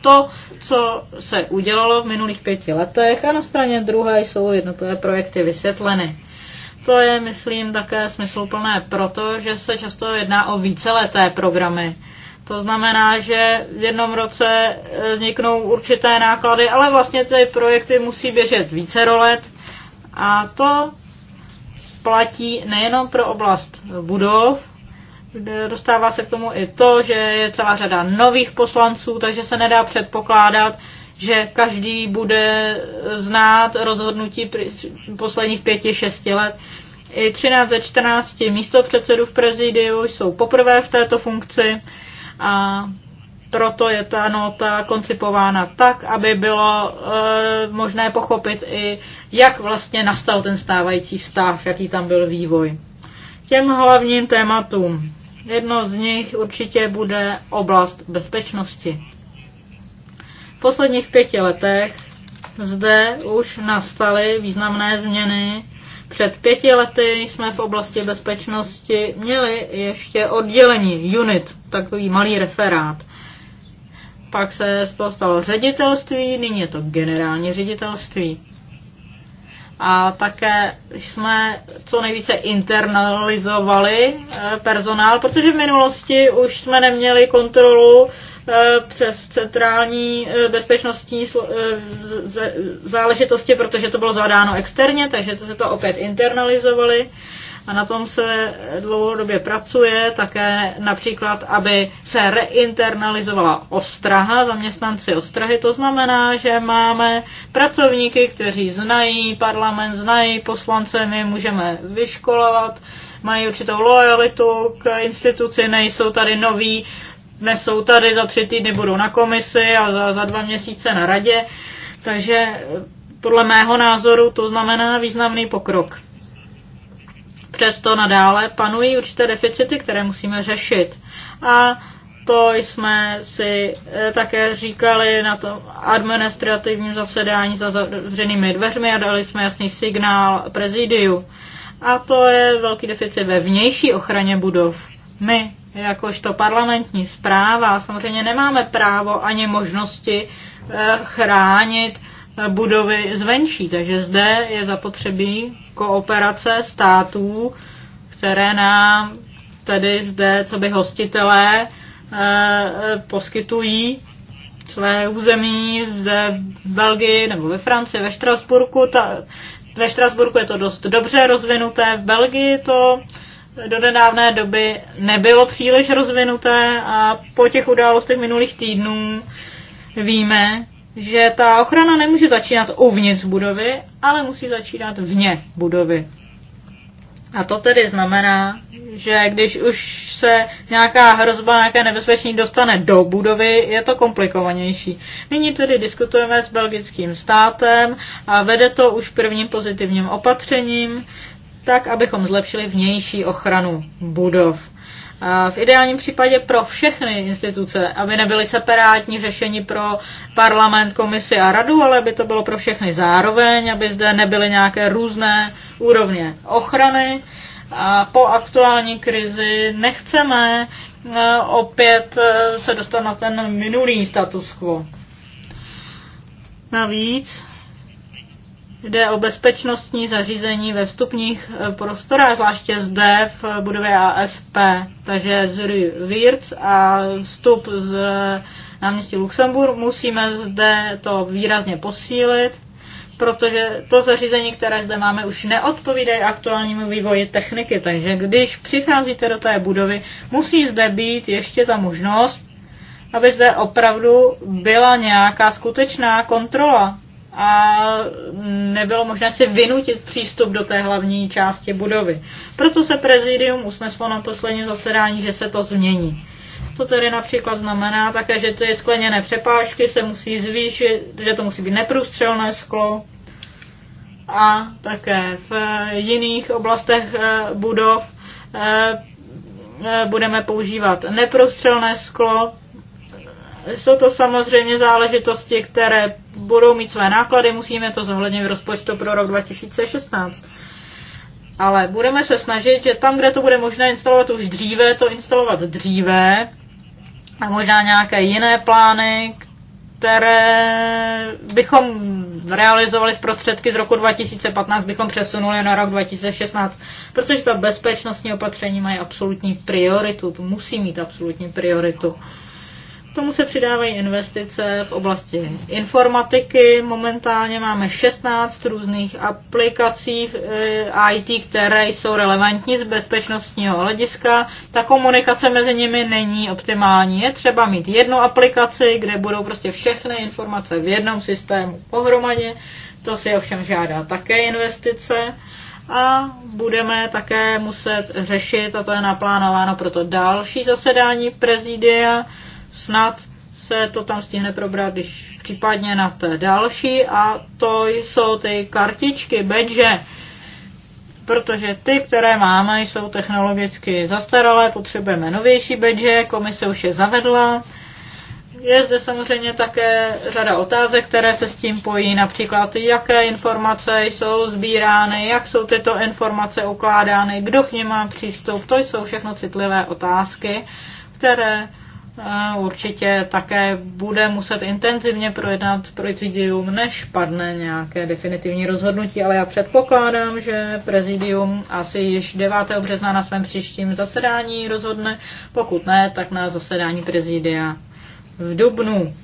to, co se udělalo v minulých pěti letech a na straně druhé jsou jednotlivé projekty vysvětleny. To je, myslím, také smysluplné, že se často jedná o víceleté programy. To znamená, že v jednom roce e, vzniknou určité náklady, ale vlastně ty projekty musí běžet více let a to platí nejenom pro oblast budov, Dostává se k tomu i to, že je celá řada nových poslanců, takže se nedá předpokládat, že každý bude znát rozhodnutí posledních pěti, šesti let. I 13 ze 14 místo předsedů v prezidiu jsou poprvé v této funkci a proto je ta nota koncipována tak, aby bylo e, možné pochopit i, jak vlastně nastal ten stávající stav, jaký tam byl vývoj. Těm hlavním tématům. Jedno z nich určitě bude oblast bezpečnosti. V posledních pěti letech zde už nastaly významné změny. Před pěti lety jsme v oblasti bezpečnosti měli ještě oddělení, unit, takový malý referát. Pak se z toho stalo ředitelství, nyní je to generální ředitelství. A také jsme co nejvíce internalizovali eh, personál, protože v minulosti už jsme neměli kontrolu eh, přes centrální eh, bezpečnostní záležitosti, protože to bylo zadáno externě, takže to to opět internalizovali a na tom se dlouhodobě pracuje, také například, aby se reinternalizovala ostraha, zaměstnanci ostrahy. To znamená, že máme pracovníky, kteří znají parlament, znají poslance, my můžeme vyškolovat, mají určitou lojalitu k instituci, nejsou tady noví, nesou tady, za tři týdny budou na komisi a za, za dva měsíce na radě. Takže podle mého názoru to znamená významný pokrok. Přesto nadále panují určité deficity, které musíme řešit. A to jsme si eh, také říkali na tom administrativním zasedání za zavřenými dveřmi a dali jsme jasný signál prezidiu. A to je velký deficit ve vnější ochraně budov. My, jakožto parlamentní zpráva, samozřejmě nemáme právo ani možnosti eh, chránit budovy zvenčí. Takže zde je zapotřebí kooperace států, které nám tedy zde, co by hostitelé, eh, poskytují své území zde v Belgii nebo ve Francii, ve Štrasburku. Ta, ve Štrasburku je to dost dobře rozvinuté, v Belgii to do nedávné doby nebylo příliš rozvinuté a po těch událostech minulých týdnů víme, že ta ochrana nemůže začínat uvnitř budovy, ale musí začínat vně budovy. A to tedy znamená, že když už se nějaká hrozba, nějaké nebezpečí dostane do budovy, je to komplikovanější. Nyní tedy diskutujeme s belgickým státem a vede to už prvním pozitivním opatřením, tak abychom zlepšili vnější ochranu budov v ideálním případě pro všechny instituce, aby nebyly separátní řešení pro parlament, komisi a radu, ale aby to bylo pro všechny zároveň, aby zde nebyly nějaké různé úrovně ochrany. A po aktuální krizi nechceme e, opět e, se dostat na ten minulý status quo. Navíc Jde o bezpečnostní zařízení ve vstupních eh, prostorách, zvláště zde v eh, budově ASP, takže z Wirtz a vstup z eh, náměstí Luxemburg. Musíme zde to výrazně posílit, protože to zařízení, které zde máme, už neodpovídá aktuálnímu vývoji techniky, takže když přicházíte do té budovy, musí zde být ještě ta možnost, aby zde opravdu byla nějaká skutečná kontrola a nebylo možné si vynutit přístup do té hlavní části budovy. Proto se prezidium usneslo na posledním zasedání, že se to změní. To tedy například znamená také, že ty skleněné přepážky se musí zvýšit, že to musí být neprůstřelné sklo a také v jiných oblastech eh, budov eh, eh, budeme používat neprostřelné sklo jsou to samozřejmě záležitosti, které budou mít své náklady, musíme to zohlednit v rozpočtu pro rok 2016. Ale budeme se snažit, že tam, kde to bude možné instalovat už dříve, to instalovat dříve. A možná nějaké jiné plány, které bychom realizovali z prostředky z roku 2015, bychom přesunuli na rok 2016, protože ta bezpečnostní opatření mají absolutní prioritu, musí mít absolutní prioritu tomu se přidávají investice v oblasti informatiky. Momentálně máme 16 různých aplikací eh, IT, které jsou relevantní z bezpečnostního hlediska. Ta komunikace mezi nimi není optimální. Je třeba mít jednu aplikaci, kde budou prostě všechny informace v jednom systému pohromadě. To si ovšem žádá také investice. A budeme také muset řešit, a to je naplánováno pro to další zasedání prezidia, Snad se to tam stihne probrat, když případně na té další a to jsou ty kartičky, badge, protože ty, které máme, jsou technologicky zastaralé, potřebujeme novější badge, komise už je zavedla. Je zde samozřejmě také řada otázek, které se s tím pojí, například jaké informace jsou sbírány, jak jsou tyto informace ukládány, kdo k ním má přístup, to jsou všechno citlivé otázky, které určitě také bude muset intenzivně projednat prezidium, než padne nějaké definitivní rozhodnutí, ale já předpokládám, že prezidium asi již 9. března na svém příštím zasedání rozhodne, pokud ne, tak na zasedání prezidia v Dubnu.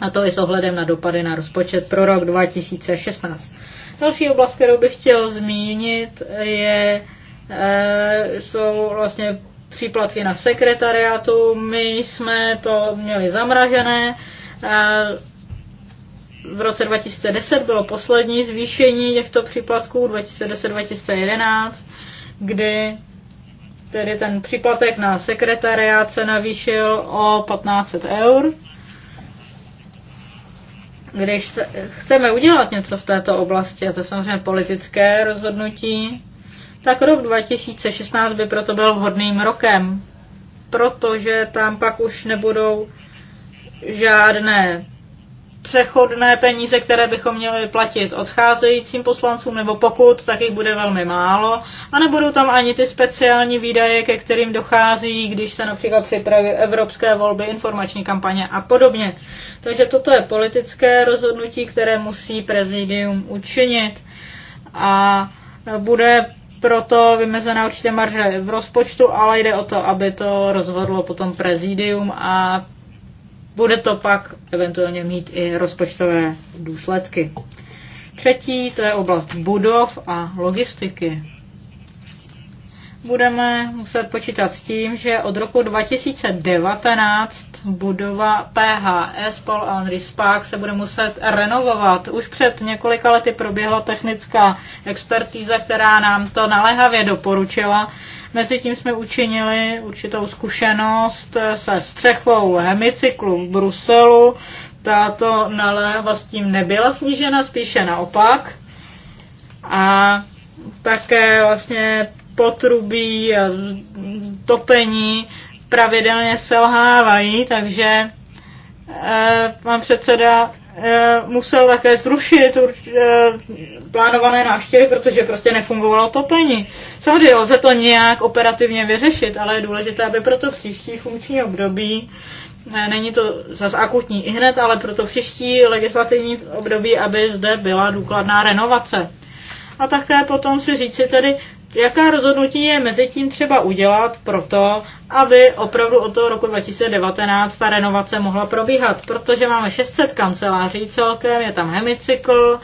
A to i s ohledem na dopady na rozpočet pro rok 2016. Další oblast, kterou bych chtěl zmínit, je, eh, jsou vlastně příplatky na sekretariátu. My jsme to měli zamražené. V roce 2010 bylo poslední zvýšení těchto příplatků 2010-2011, kdy tedy ten příplatek na sekretariát se navýšil o 1500 eur. Když se, chceme udělat něco v této oblasti, a to je samozřejmě politické rozhodnutí, tak rok 2016 by proto byl vhodným rokem, protože tam pak už nebudou žádné přechodné peníze, které bychom měli platit odcházejícím poslancům, nebo pokud, tak jich bude velmi málo. A nebudou tam ani ty speciální výdaje, ke kterým dochází, když se například připraví evropské volby, informační kampaně a podobně. Takže toto je politické rozhodnutí, které musí prezidium učinit. A bude proto vymezená určitě marže v rozpočtu, ale jde o to, aby to rozhodlo potom prezidium a bude to pak eventuálně mít i rozpočtové důsledky. Třetí, to je oblast budov a logistiky budeme muset počítat s tím, že od roku 2019 budova PHS Paul Henry Spark se bude muset renovovat. Už před několika lety proběhla technická expertíza, která nám to naléhavě doporučila. Mezitím jsme učinili určitou zkušenost se střechou hemicyklu v Bruselu. Tato naléhava s tím nebyla snížena, spíše naopak. A také vlastně potrubí a topení pravidelně selhávají, takže eh, pan předseda eh, musel také zrušit eh, plánované návštěvy, protože prostě nefungovalo topení. Samozřejmě lze to nějak operativně vyřešit, ale je důležité, aby proto příští funkční období, není to zase akutní i hned, ale proto příští legislativní období, aby zde byla důkladná renovace. A také potom si říci tedy, jaká rozhodnutí je mezi tím třeba udělat proto, aby opravdu od toho roku 2019 ta renovace mohla probíhat, protože máme 600 kanceláří celkem, je tam hemicykl,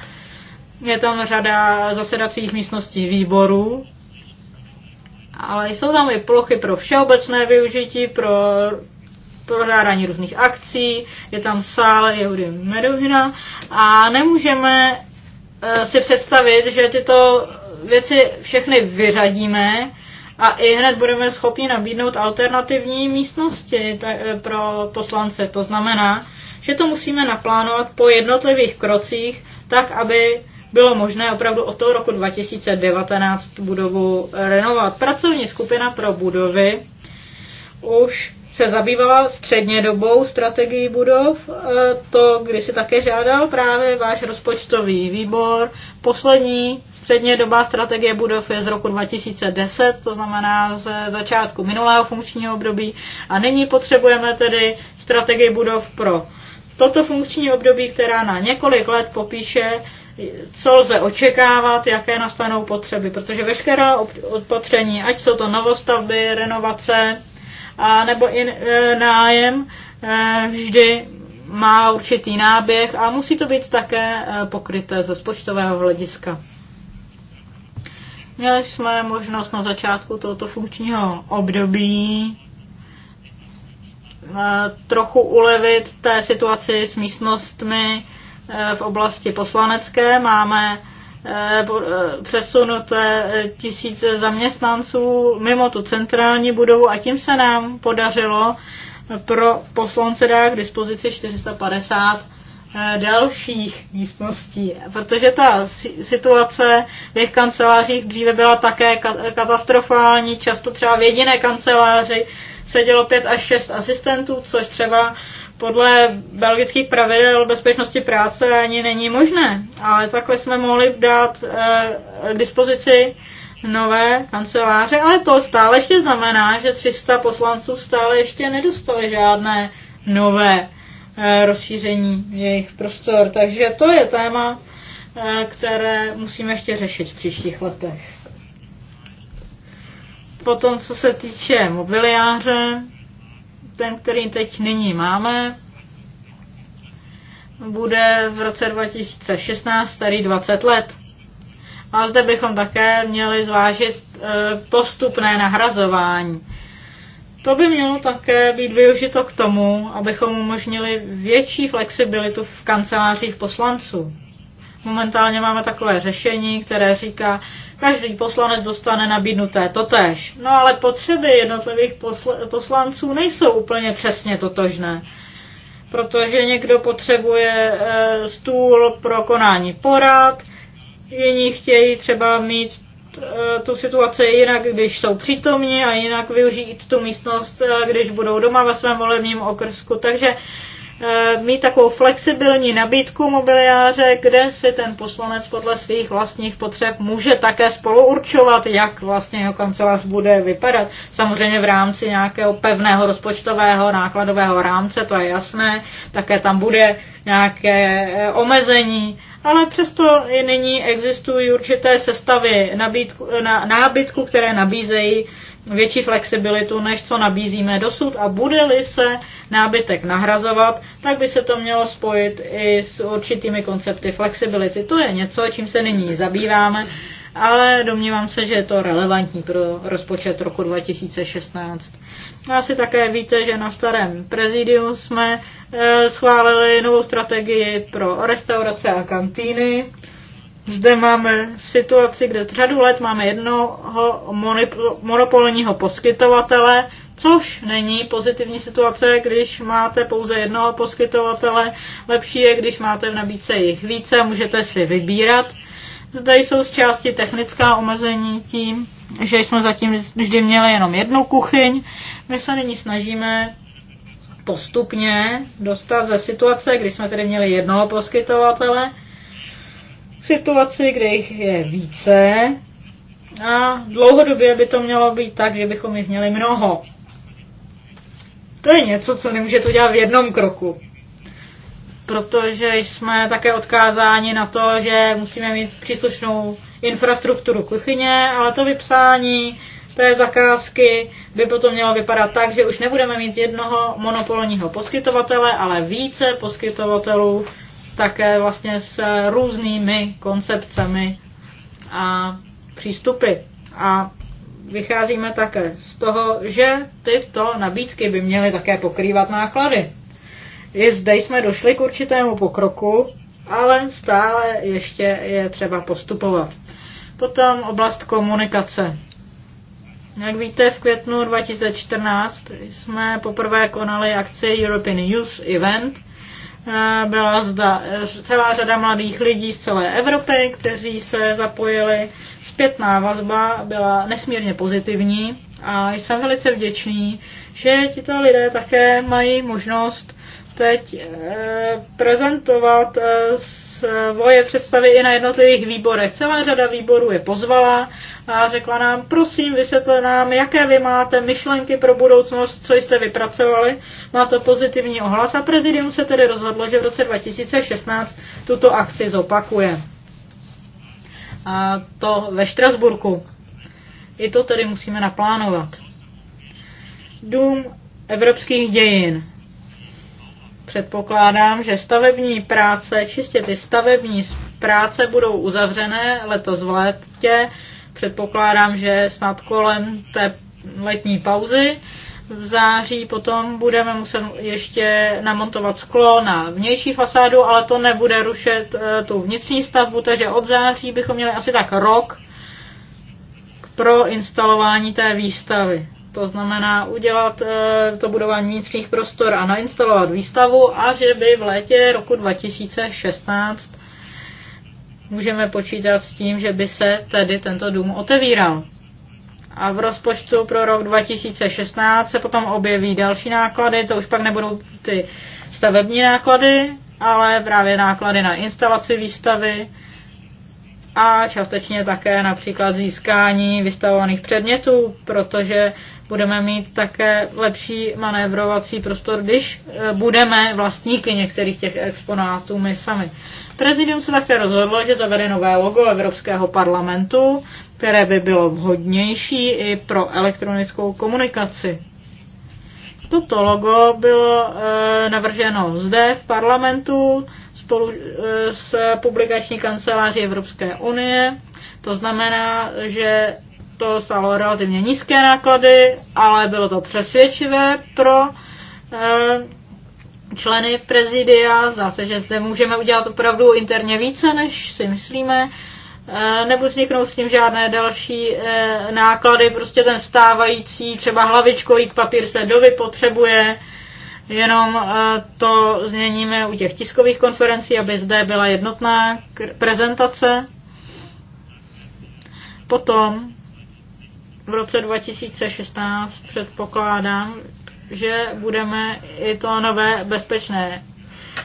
je tam řada zasedacích místností výborů, ale jsou tam i plochy pro všeobecné využití, pro pořádání různých akcí, je tam sál Jehudy Meduhina a nemůžeme eh, si představit, že tyto věci všechny vyřadíme a i hned budeme schopni nabídnout alternativní místnosti pro poslance. To znamená, že to musíme naplánovat po jednotlivých krocích, tak aby bylo možné opravdu od toho roku 2019 budovu renovat. Pracovní skupina pro budovy už se zabývala dobou strategií budov. E, to, kdy si také žádal právě váš rozpočtový výbor. Poslední středně doba strategie budov je z roku 2010, to znamená z začátku minulého funkčního období. A nyní potřebujeme tedy strategii budov pro toto funkční období, která na několik let popíše, co lze očekávat, jaké nastanou potřeby, protože veškerá opatření, ať jsou to novostavby, renovace, a nebo i e, nájem e, vždy má určitý náběh a musí to být také e, pokryté ze spočtového hlediska. Měli jsme možnost na začátku tohoto funkčního období e, trochu ulevit té situaci s místnostmi e, v oblasti poslanecké. Máme Eh, eh, přesunuté eh, tisíc zaměstnanců mimo tu centrální budovu a tím se nám podařilo pro poslance dát k dispozici 450 dalších místností, protože ta situace v těch kancelářích dříve byla také katastrofální, často třeba v jediné kanceláři sedělo pět až šest asistentů, což třeba podle belgických pravidel bezpečnosti práce ani není možné. Ale takhle jsme mohli dát k eh, dispozici nové kanceláře, ale to stále ještě znamená, že 300 poslanců stále ještě nedostali žádné nové eh, rozšíření jejich prostor. Takže to je téma, eh, které musíme ještě řešit v příštích letech. Potom, co se týče mobiliáře, ten, který teď nyní máme, bude v roce 2016 starý 20 let. A zde bychom také měli zvážit eh, postupné nahrazování. To by mělo také být využito k tomu, abychom umožnili větší flexibilitu v kancelářích poslanců. Momentálně máme takové řešení, které říká, Každý poslanec dostane nabídnuté totéž. No ale potřeby jednotlivých posl- poslanců nejsou úplně přesně totožné. Protože někdo potřebuje e, stůl pro konání porad, jiní chtějí třeba mít e, tu situaci jinak, když jsou přítomní a jinak využít tu místnost, e, když budou doma ve svém volebním okrsku. Takže Eh, mít takovou flexibilní nabídku mobiliáře, kde si ten poslanec podle svých vlastních potřeb může také spolu určovat, jak vlastně jeho kancelář bude vypadat. Samozřejmě v rámci nějakého pevného rozpočtového nákladového rámce, to je jasné, také tam bude nějaké eh, omezení, ale přesto i nyní existují určité sestavy nabídku, na, nábytku, které nabízejí větší flexibilitu, než co nabízíme dosud a bude-li se nábytek nahrazovat, tak by se to mělo spojit i s určitými koncepty flexibility. To je něco, čím se nyní zabýváme, ale domnívám se, že je to relevantní pro rozpočet roku 2016. Asi také víte, že na starém prezidiu jsme eh, schválili novou strategii pro restaurace a kantýny. Zde máme situaci, kde řadu let máme jednoho monopolního poskytovatele, což není pozitivní situace, když máte pouze jednoho poskytovatele. Lepší je, když máte v nabídce jich více, můžete si vybírat. Zde jsou z části technická omezení tím, že jsme zatím vždy měli jenom jednu kuchyň. My se nyní snažíme postupně dostat ze situace, kdy jsme tedy měli jednoho poskytovatele, situaci, kde jich je více a dlouhodobě by to mělo být tak, že bychom jich měli mnoho. To je něco, co nemůžete udělat v jednom kroku. Protože jsme také odkázáni na to, že musíme mít příslušnou infrastrukturu kuchyně, ale to vypsání té zakázky by potom mělo vypadat tak, že už nebudeme mít jednoho monopolního poskytovatele, ale více poskytovatelů také vlastně s různými koncepcemi a přístupy. A vycházíme také z toho, že tyto nabídky by měly také pokrývat náklady. I zde jsme došli k určitému pokroku, ale stále ještě je třeba postupovat. Potom oblast komunikace. Jak víte, v květnu 2014 jsme poprvé konali akci European Youth Event – byla zda celá řada mladých lidí z celé Evropy, kteří se zapojili. Zpětná vazba byla nesmírně pozitivní a jsem velice vděčný, že tito lidé také mají možnost teď eh, prezentovat eh, svoje představy i na jednotlivých výborech. Celá řada výborů je pozvala a řekla nám, prosím, vysvětlete nám, jaké vy máte myšlenky pro budoucnost, co jste vypracovali. Má to pozitivní ohlas a prezidium se tedy rozhodlo, že v roce 2016 tuto akci zopakuje. A to ve Štrasburku. I to tedy musíme naplánovat. Dům evropských dějin Předpokládám, že stavební práce, čistě ty stavební práce budou uzavřené letos v létě. Předpokládám, že snad kolem té letní pauzy v září potom budeme muset ještě namontovat sklo na vnější fasádu, ale to nebude rušet eh, tu vnitřní stavbu, takže od září bychom měli asi tak rok pro instalování té výstavy. To znamená udělat eh, to budování vnitřních prostor a nainstalovat výstavu a že by v létě roku 2016 můžeme počítat s tím, že by se tedy tento dům otevíral. A v rozpočtu pro rok 2016 se potom objeví další náklady, to už pak nebudou ty stavební náklady, ale právě náklady na instalaci výstavy a částečně také například získání vystavovaných předmětů, protože budeme mít také lepší manévrovací prostor, když eh, budeme vlastníky některých těch exponátů my sami. Prezidium se také rozhodlo, že zavede nové logo Evropského parlamentu, které by bylo vhodnější i pro elektronickou komunikaci. Toto logo bylo e, navrženo zde v parlamentu spolu e, s publikační kanceláří Evropské unie. To znamená, že to stalo relativně nízké náklady, ale bylo to přesvědčivé pro eh, členy prezidia. zase, že zde můžeme udělat opravdu interně více, než si myslíme. Eh, nebo vzniknou s tím žádné další eh, náklady, prostě ten stávající třeba hlavičkový papír se dovypotřebuje, jenom to změníme u těch tiskových konferencí, aby zde byla jednotná prezentace. Potom v roce 2016 předpokládám, že budeme i to nové bezpečné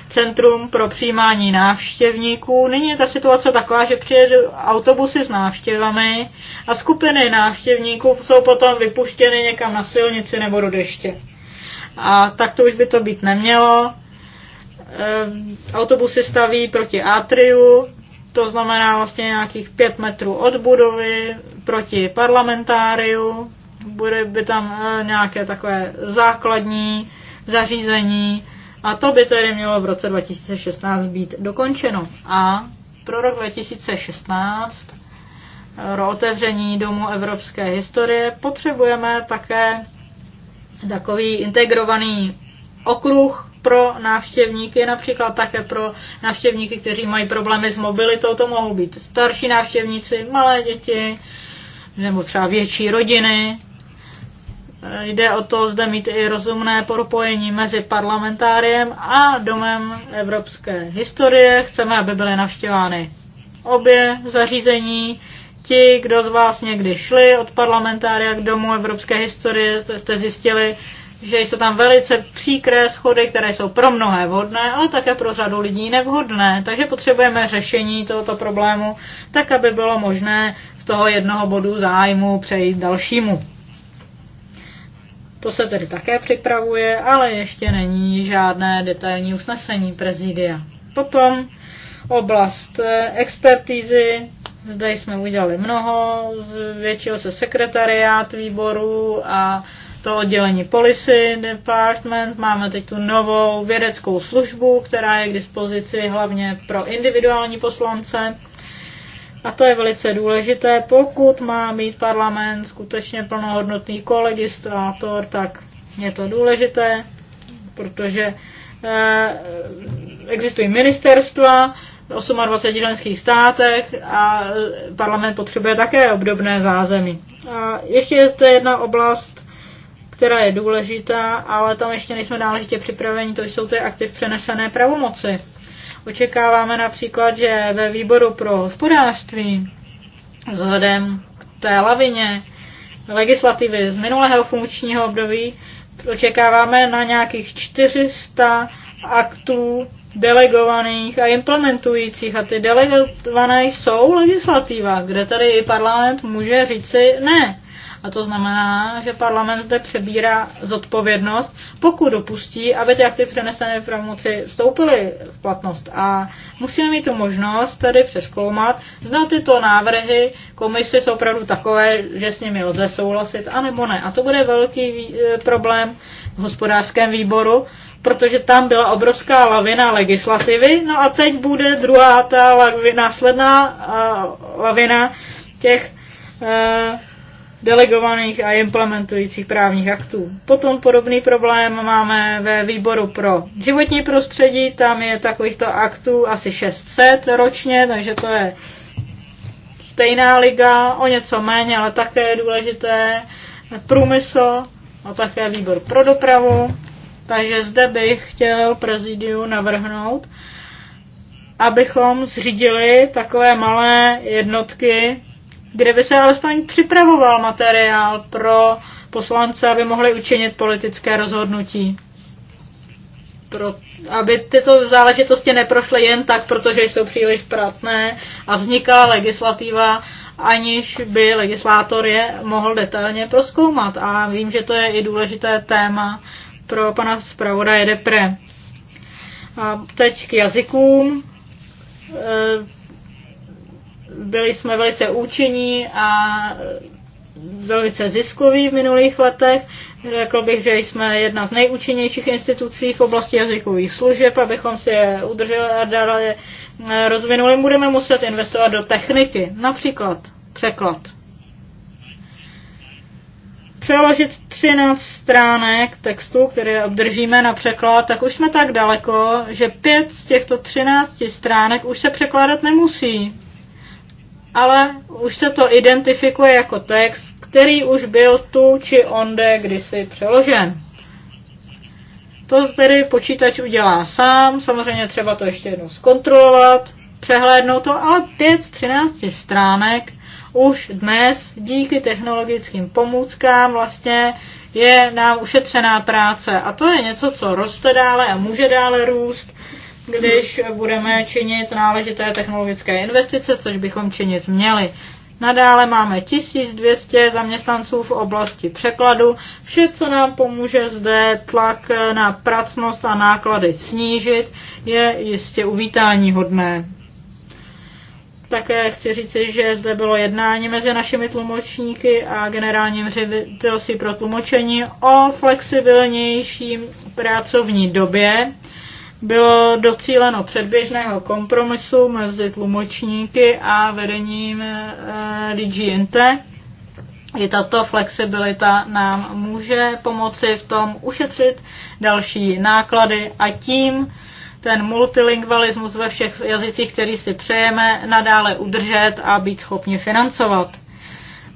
centrum pro přijímání návštěvníků. Nyní je ta situace taková, že přijedou autobusy s návštěvami a skupiny návštěvníků jsou potom vypuštěny někam na silnici nebo do deště. A tak to už by to být nemělo. Ehm, autobusy staví proti atriu, to znamená vlastně nějakých pět metrů od budovy proti parlamentáriu, bude by tam e, nějaké takové základní zařízení a to by tedy mělo v roce 2016 být dokončeno. A pro rok 2016 e, pro otevření Domu evropské historie potřebujeme také takový integrovaný okruh pro návštěvníky, například také pro návštěvníky, kteří mají problémy s mobilitou, to mohou být starší návštěvníci, malé děti, nebo třeba větší rodiny. Jde o to zde mít i rozumné propojení mezi parlamentáriem a domem evropské historie. Chceme, aby byly navštěvány obě zařízení. Ti, kdo z vás někdy šli od parlamentária k domu evropské historie, jste zjistili, že jsou tam velice příkré schody, které jsou pro mnohé vhodné, ale také pro řadu lidí nevhodné. Takže potřebujeme řešení tohoto problému, tak aby bylo možné z toho jednoho bodu zájmu přejít dalšímu. To se tedy také připravuje, ale ještě není žádné detailní usnesení prezidia. Potom oblast expertízy, zde jsme udělali mnoho, zvětšil se sekretariát výboru a to oddělení Policy Department. Máme teď tu novou vědeckou službu, která je k dispozici hlavně pro individuální poslance. A to je velice důležité, pokud má mít parlament skutečně plnohodnotný kolegistrátor, tak je to důležité, protože eh, existují ministerstva 28 členských státech a parlament potřebuje také obdobné zázemí. A ještě je zde jedna oblast, která je důležitá, ale tam ještě nejsme náležitě připraveni, to jsou ty aktiv přenesené pravomoci. Očekáváme například, že ve výboru pro hospodářství vzhledem k té lavině legislativy z minulého funkčního období očekáváme na nějakých 400 aktů delegovaných a implementujících. A ty delegované jsou legislativa, kde tady parlament může říci ne. A to znamená, že parlament zde přebírá zodpovědnost, pokud dopustí, aby ty akty přenesené pravomoci vstoupily v platnost. A musíme mít tu možnost tedy přeskoumat, zda tyto návrhy komise jsou opravdu takové, že s nimi lze souhlasit, anebo ne. A to bude velký eh, problém v hospodářském výboru, protože tam byla obrovská lavina legislativy, no a teď bude druhá ta lavina, následná uh, lavina těch uh, delegovaných a implementujících právních aktů. Potom podobný problém máme ve výboru pro životní prostředí, tam je takovýchto aktů asi 600 ročně, takže to je stejná liga, o něco méně, ale také je důležité průmysl a také výbor pro dopravu. Takže zde bych chtěl prezidiu navrhnout, abychom zřídili takové malé jednotky kde by se alespoň připravoval materiál pro poslance, aby mohli učinit politické rozhodnutí. Pro, aby tyto záležitosti neprošly jen tak, protože jsou příliš pratné a vzniká legislativa, aniž by legislátor je mohl detailně proskoumat. A vím, že to je i důležité téma pro pana zpravodaje Depre. A teď k jazykům. E byli jsme velice účinní a velice ziskoví v minulých letech. Řekl bych, že jsme jedna z nejúčinnějších institucí v oblasti jazykových služeb, abychom si je udrželi a dále e, rozvinuli. Budeme muset investovat do techniky, například překlad. Přeložit 13 stránek textu, které obdržíme na překlad, tak už jsme tak daleko, že pět z těchto 13 stránek už se překládat nemusí ale už se to identifikuje jako text, který už byl tu či onde kdysi přeložen. To tedy počítač udělá sám, samozřejmě třeba to ještě jednou zkontrolovat, přehlédnout to, ale 5 z 13 stránek už dnes díky technologickým pomůckám vlastně je nám ušetřená práce. A to je něco, co roste dále a může dále růst když budeme činit náležité technologické investice, což bychom činit měli. Nadále máme 1200 zaměstnanců v oblasti překladu. Vše, co nám pomůže zde tlak na pracnost a náklady snížit, je jistě uvítání hodné. Také chci říci, že zde bylo jednání mezi našimi tlumočníky a generálním ředitelství pro tlumočení o flexibilnější pracovní době bylo docíleno předběžného kompromisu mezi tlumočníky a vedením e, eh, DGNT. I tato flexibilita nám může pomoci v tom ušetřit další náklady a tím ten multilingualismus ve všech jazycích, který si přejeme, nadále udržet a být schopni financovat.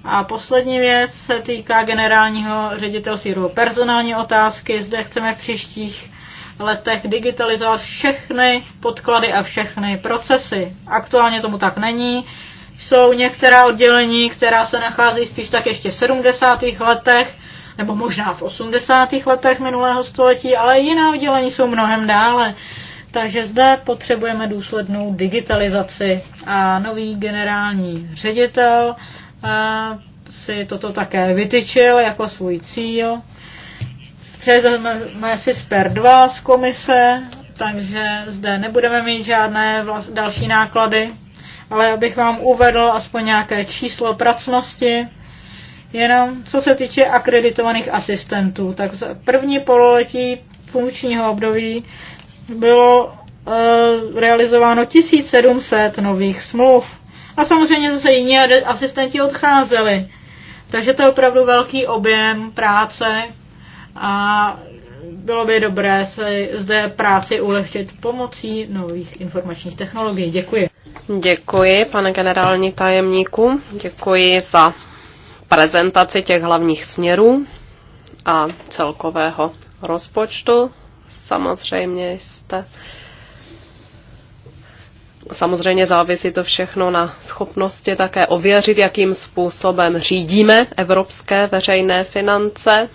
A poslední věc se týká generálního ředitelství personální otázky. Zde chceme v příštích letech digitalizovat všechny podklady a všechny procesy. Aktuálně tomu tak není. Jsou některá oddělení, která se nachází spíš tak ještě v 70. letech, nebo možná v 80. letech minulého století, ale jiná oddělení jsou mnohem dále. Takže zde potřebujeme důslednou digitalizaci a nový generální ředitel eh, si toto také vytyčil jako svůj cíl jsme si SPER 2 z komise, takže zde nebudeme mít žádné vlast, další náklady, ale abych vám uvedl aspoň nějaké číslo pracnosti. Jenom co se týče akreditovaných asistentů, tak za první pololetí funkčního období bylo e, realizováno 1700 nových smluv. A samozřejmě zase jiní asistenti odcházeli. Takže to je opravdu velký objem práce, a bylo by dobré se zde práci ulehčit pomocí nových informačních technologií. Děkuji. Děkuji, pane generální tajemníku. Děkuji za prezentaci těch hlavních směrů a celkového rozpočtu. Samozřejmě jste Samozřejmě závisí to všechno na schopnosti také ověřit, jakým způsobem řídíme evropské veřejné finance,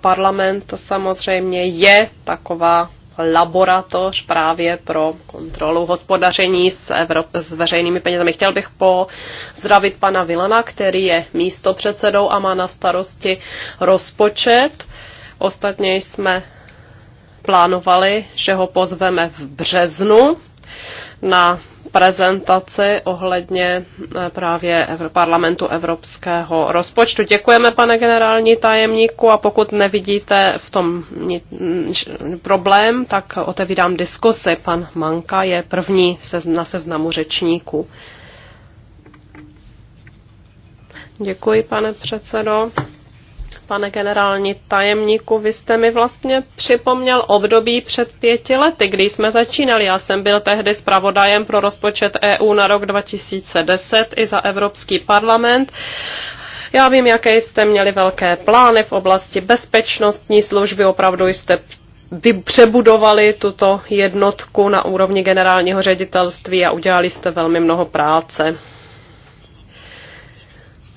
parlament samozřejmě je taková laboratoř právě pro kontrolu hospodaření s, Evrop- s veřejnými penězami. Chtěl bych pozdravit pana Vilana, který je místopředsedou a má na starosti rozpočet. Ostatně jsme plánovali, že ho pozveme v březnu na prezentaci ohledně eh, právě parlamentu evropského rozpočtu. Děkujeme, pane generální tajemníku, a pokud nevidíte v tom problém, tak otevírám diskusy. Pan Manka je první na seznamu řečníků. Děkuji, pane předsedo. Pane generální tajemníku, vy jste mi vlastně připomněl období před pěti lety, kdy jsme začínali. Já jsem byl tehdy zpravodajem pro rozpočet EU na rok 2010 i za Evropský parlament. Já vím, jaké jste měli velké plány v oblasti bezpečnostní služby, opravdu jste vy přebudovali tuto jednotku na úrovni generálního ředitelství a udělali jste velmi mnoho práce.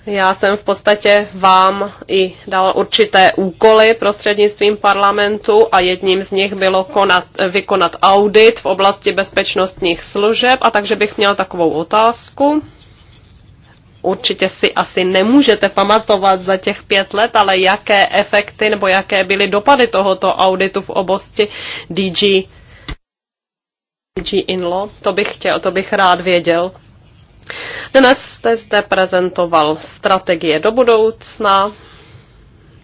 Já jsem v podstatě vám i dal určité úkoly prostřednictvím parlamentu a jedním z nich bylo konat, vykonat audit v oblasti bezpečnostních služeb a takže bych měl takovou otázku. Určitě si asi nemůžete pamatovat za těch pět let, ale jaké efekty nebo jaké byly dopady tohoto auditu v oblasti DG, DG Inlo, to bych chtěl, to bych rád věděl. Dnes jste zde prezentoval strategie do budoucna,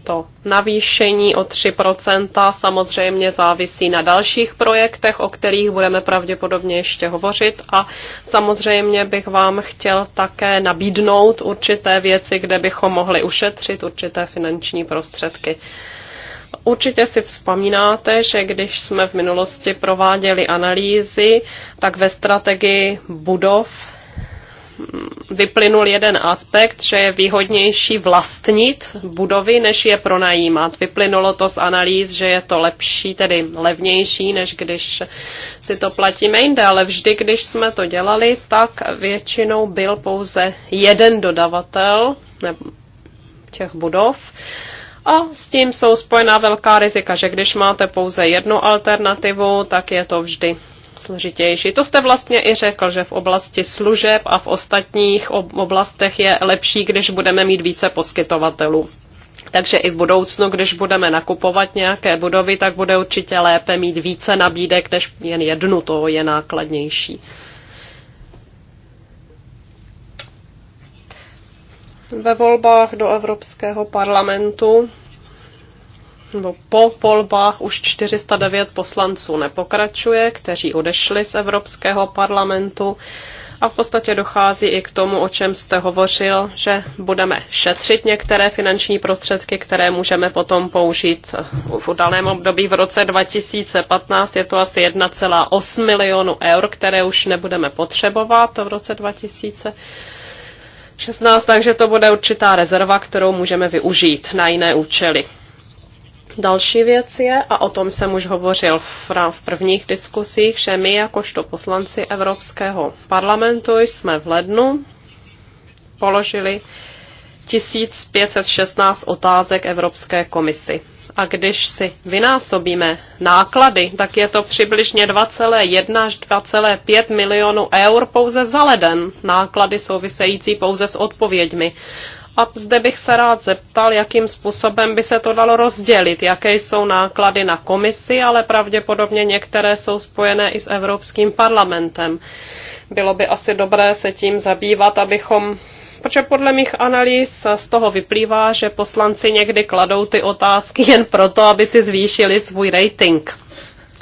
to navýšení o 3% samozřejmě závisí na dalších projektech, o kterých budeme pravděpodobně ještě hovořit a samozřejmě bych vám chtěl také nabídnout určité věci, kde bychom mohli ušetřit určité finanční prostředky. Určitě si vzpomínáte, že když jsme v minulosti prováděli analýzy, tak ve strategii budov vyplynul jeden aspekt, že je výhodnější vlastnit budovy, než je pronajímat. Vyplynulo to z analýz, že je to lepší, tedy levnější, než když si to platíme jinde, ale vždy, když jsme to dělali, tak většinou byl pouze jeden dodavatel těch budov. A s tím jsou spojená velká rizika, že když máte pouze jednu alternativu, tak je to vždy složitější. To jste vlastně i řekl, že v oblasti služeb a v ostatních oblastech je lepší, když budeme mít více poskytovatelů. Takže i v budoucnu, když budeme nakupovat nějaké budovy, tak bude určitě lépe mít více nabídek než jen jednu, to je nákladnější. Ve volbách do Evropského parlamentu nebo po volbách už 409 poslanců nepokračuje, kteří odešli z Evropského parlamentu a v podstatě dochází i k tomu, o čem jste hovořil, že budeme šetřit některé finanční prostředky, které můžeme potom použít v daném období v roce 2015. Je to asi 1,8 milionu eur, které už nebudeme potřebovat v roce 2016, takže to bude určitá rezerva, kterou můžeme využít na jiné účely. Další věc je, a o tom jsem už hovořil v, v prvních diskusích, že my jakožto poslanci Evropského parlamentu jsme v lednu položili 1516 otázek Evropské komisi. A když si vynásobíme náklady, tak je to přibližně 2,1 až 2,5 milionů eur pouze za leden. Náklady související pouze s odpověďmi. A zde bych se rád zeptal, jakým způsobem by se to dalo rozdělit, jaké jsou náklady na komisi, ale pravděpodobně některé jsou spojené i s Evropským parlamentem. Bylo by asi dobré se tím zabývat, abychom protože podle mých analýz z toho vyplývá, že poslanci někdy kladou ty otázky jen proto, aby si zvýšili svůj rating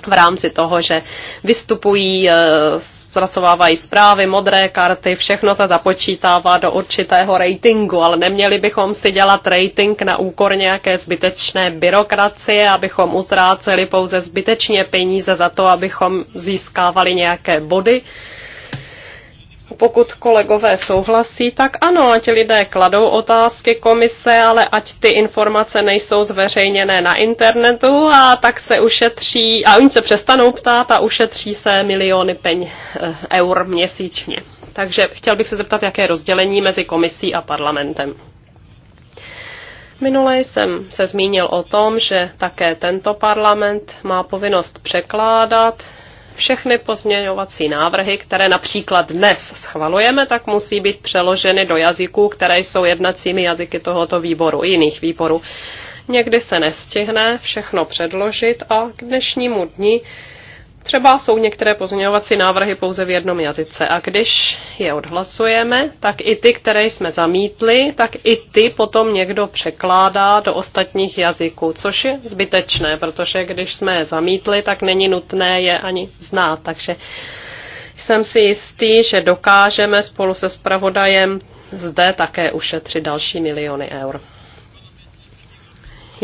v rámci toho, že vystupují, eh, zpracovávají zprávy, modré karty, všechno se započítává do určitého ratingu, ale neměli bychom si dělat rating na úkor nějaké zbytečné byrokracie, abychom utráceli pouze zbytečně peníze za to, abychom získávali nějaké body pokud kolegové souhlasí, tak ano, ať lidé kladou otázky komise, ale ať ty informace nejsou zveřejněné na internetu a tak se ušetří, a oni se přestanou ptát a ušetří se miliony peň, eh, eur měsíčně. Takže chtěl bych se zeptat, jaké je rozdělení mezi komisí a parlamentem. Minule jsem se zmínil o tom, že také tento parlament má povinnost překládat všechny pozměňovací návrhy, které například dnes schvalujeme, tak musí být přeloženy do jazyků, které jsou jednacími jazyky tohoto výboru, jiných výborů. Někdy se nestihne všechno předložit a k dnešnímu dni Třeba jsou některé pozměňovací návrhy pouze v jednom jazyce a když je odhlasujeme, tak i ty, které jsme zamítli, tak i ty potom někdo překládá do ostatních jazyků, což je zbytečné, protože když jsme je zamítli, tak není nutné je ani znát. Takže jsem si jistý, že dokážeme spolu se spravodajem zde také ušetřit další miliony eur.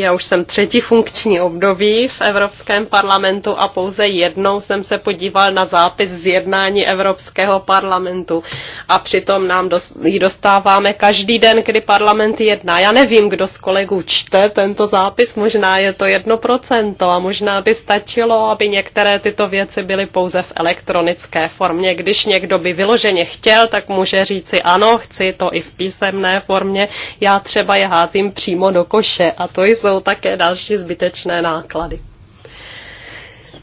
Já už jsem třetí funkční období v Evropském parlamentu a pouze jednou jsem se podíval na zápis z jednání Evropského parlamentu. A přitom nám ji dostáváme každý den, kdy parlament jedná. Já nevím, kdo z kolegů čte tento zápis, možná je to jedno procento a možná by stačilo, aby některé tyto věci byly pouze v elektronické formě. Když někdo by vyloženě chtěl, tak může říci ano, chci to i v písemné formě. Já třeba je házím přímo do koše a to jsou jsou také další zbytečné náklady.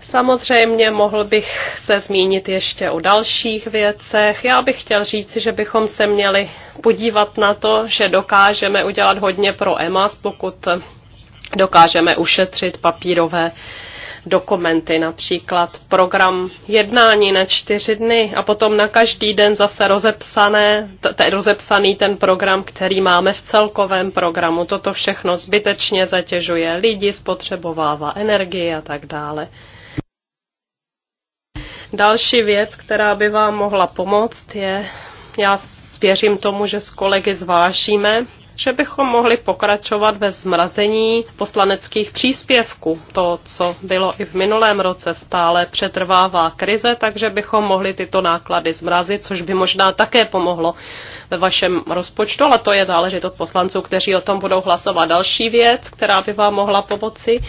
Samozřejmě mohl bych se zmínit ještě o dalších věcech. Já bych chtěl říci, že bychom se měli podívat na to, že dokážeme udělat hodně pro EMAS, pokud dokážeme ušetřit papírové dokumenty, například program jednání na čtyři dny a potom na každý den zase rozepsané, t- rozepsaný ten program, který máme v celkovém programu. Toto všechno zbytečně zatěžuje lidi, spotřebovává energii a tak dále. Další věc, která by vám mohla pomoct, je, já věřím tomu, že s kolegy zvážíme, že bychom mohli pokračovat ve zmrazení poslaneckých příspěvků. To, co bylo i v minulém roce, stále přetrvává krize, takže bychom mohli tyto náklady zmrazit, což by možná také pomohlo ve vašem rozpočtu, ale to je záležitost poslanců, kteří o tom budou hlasovat. Další věc, která by vám mohla pomoci,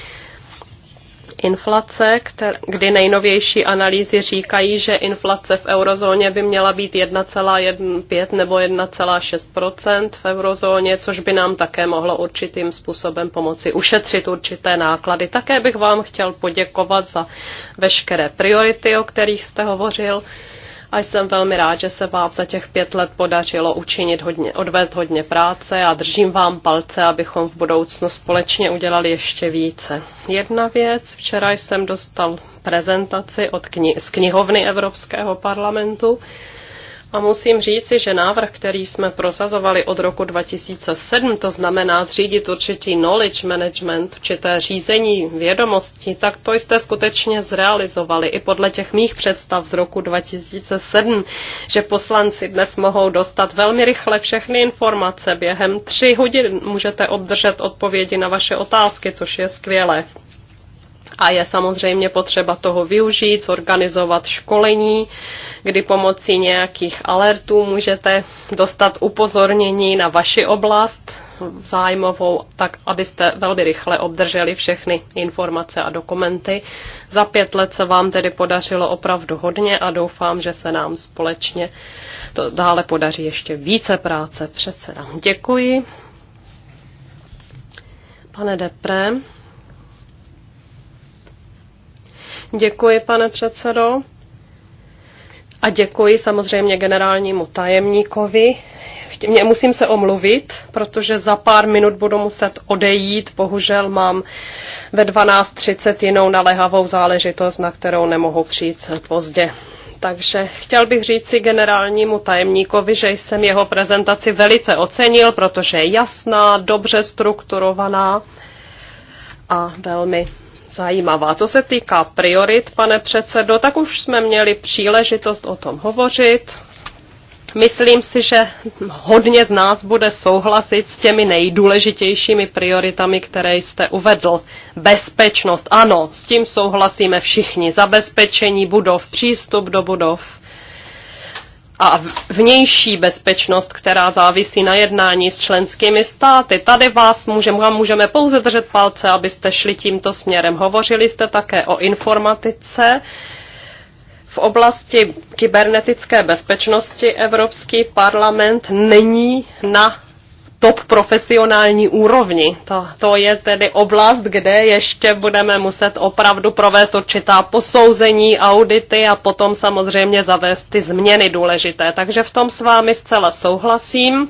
inflace, kdy nejnovější analýzy říkají, že inflace v eurozóně by měla být 1,5 nebo 1,6 v eurozóně, což by nám také mohlo určitým způsobem pomoci ušetřit určité náklady. Také bych vám chtěl poděkovat za veškeré priority, o kterých jste hovořil a jsem velmi rád, že se vám za těch pět let podařilo učinit hodně, odvést hodně práce a držím vám palce, abychom v budoucnu společně udělali ještě více. Jedna věc, včera jsem dostal prezentaci od kni- z knihovny Evropského parlamentu, a musím říci, že návrh, který jsme prosazovali od roku 2007, to znamená zřídit určitý knowledge management, určité řízení vědomostí, tak to jste skutečně zrealizovali i podle těch mých představ z roku 2007, že poslanci dnes mohou dostat velmi rychle všechny informace. Během tři hodin můžete obdržet odpovědi na vaše otázky, což je skvělé a je samozřejmě potřeba toho využít, zorganizovat školení, kdy pomocí nějakých alertů můžete dostat upozornění na vaši oblast zájmovou, tak abyste velmi rychle obdrželi všechny informace a dokumenty. Za pět let se vám tedy podařilo opravdu hodně a doufám, že se nám společně to dále podaří ještě více práce předseda. Děkuji. Pane Deprem. Děkuji, pane předsedo. A děkuji samozřejmě generálnímu tajemníkovi. Mě musím se omluvit, protože za pár minut budu muset odejít. Bohužel mám ve 12.30 jinou naléhavou záležitost, na kterou nemohu přijít pozdě. Takže chtěl bych říct si generálnímu tajemníkovi, že jsem jeho prezentaci velice ocenil, protože je jasná, dobře strukturovaná a velmi zajímavá. Co se týká priorit, pane předsedo, tak už jsme měli příležitost o tom hovořit. Myslím si, že hodně z nás bude souhlasit s těmi nejdůležitějšími prioritami, které jste uvedl. Bezpečnost, ano, s tím souhlasíme všichni. Zabezpečení budov, přístup do budov a vnější bezpečnost, která závisí na jednání s členskými státy. Tady vás můžeme, vám můžeme pouze držet palce, abyste šli tímto směrem. Hovořili jste také o informatice. V oblasti kybernetické bezpečnosti Evropský parlament není na top profesionální úrovni. To, to je tedy oblast, kde ještě budeme muset opravdu provést určitá posouzení, audity a potom samozřejmě zavést ty změny důležité. Takže v tom s vámi zcela souhlasím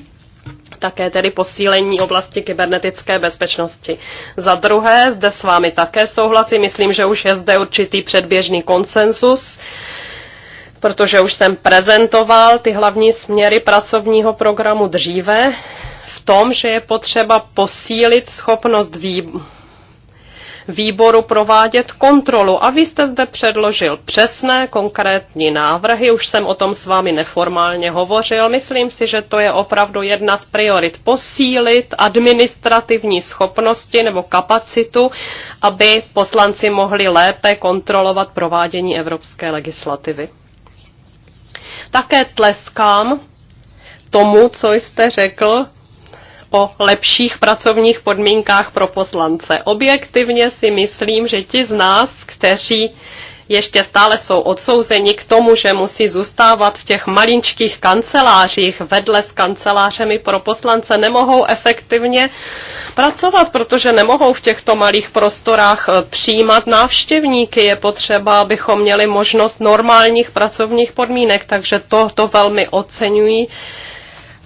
také tedy posílení oblasti kybernetické bezpečnosti. Za druhé, zde s vámi také souhlasím, myslím, že už je zde určitý předběžný konsensus, protože už jsem prezentoval ty hlavní směry pracovního programu dříve, tom, že je potřeba posílit schopnost výboru výboru provádět kontrolu. A vy jste zde předložil přesné, konkrétní návrhy, už jsem o tom s vámi neformálně hovořil. Myslím si, že to je opravdu jedna z priorit posílit administrativní schopnosti nebo kapacitu, aby poslanci mohli lépe kontrolovat provádění evropské legislativy. Také tleskám tomu, co jste řekl, o lepších pracovních podmínkách pro poslance. Objektivně si myslím, že ti z nás, kteří ještě stále jsou odsouzeni k tomu, že musí zůstávat v těch malinčkých kancelářích vedle s kancelářemi pro poslance, nemohou efektivně pracovat, protože nemohou v těchto malých prostorách eh, přijímat návštěvníky. Je potřeba, abychom měli možnost normálních pracovních podmínek, takže to, to velmi oceňují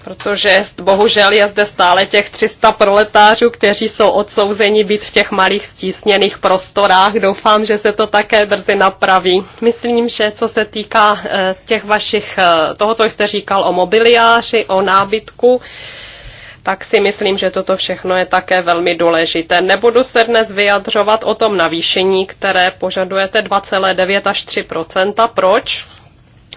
protože bohužel je zde stále těch 300 proletářů, kteří jsou odsouzeni být v těch malých stísněných prostorách. Doufám, že se to také brzy napraví. Myslím, že co se týká eh, těch vašich, eh, toho, co jste říkal o mobiliáři, o nábytku, tak si myslím, že toto všechno je také velmi důležité. Nebudu se dnes vyjadřovat o tom navýšení, které požadujete 2,9 až 3 Proč?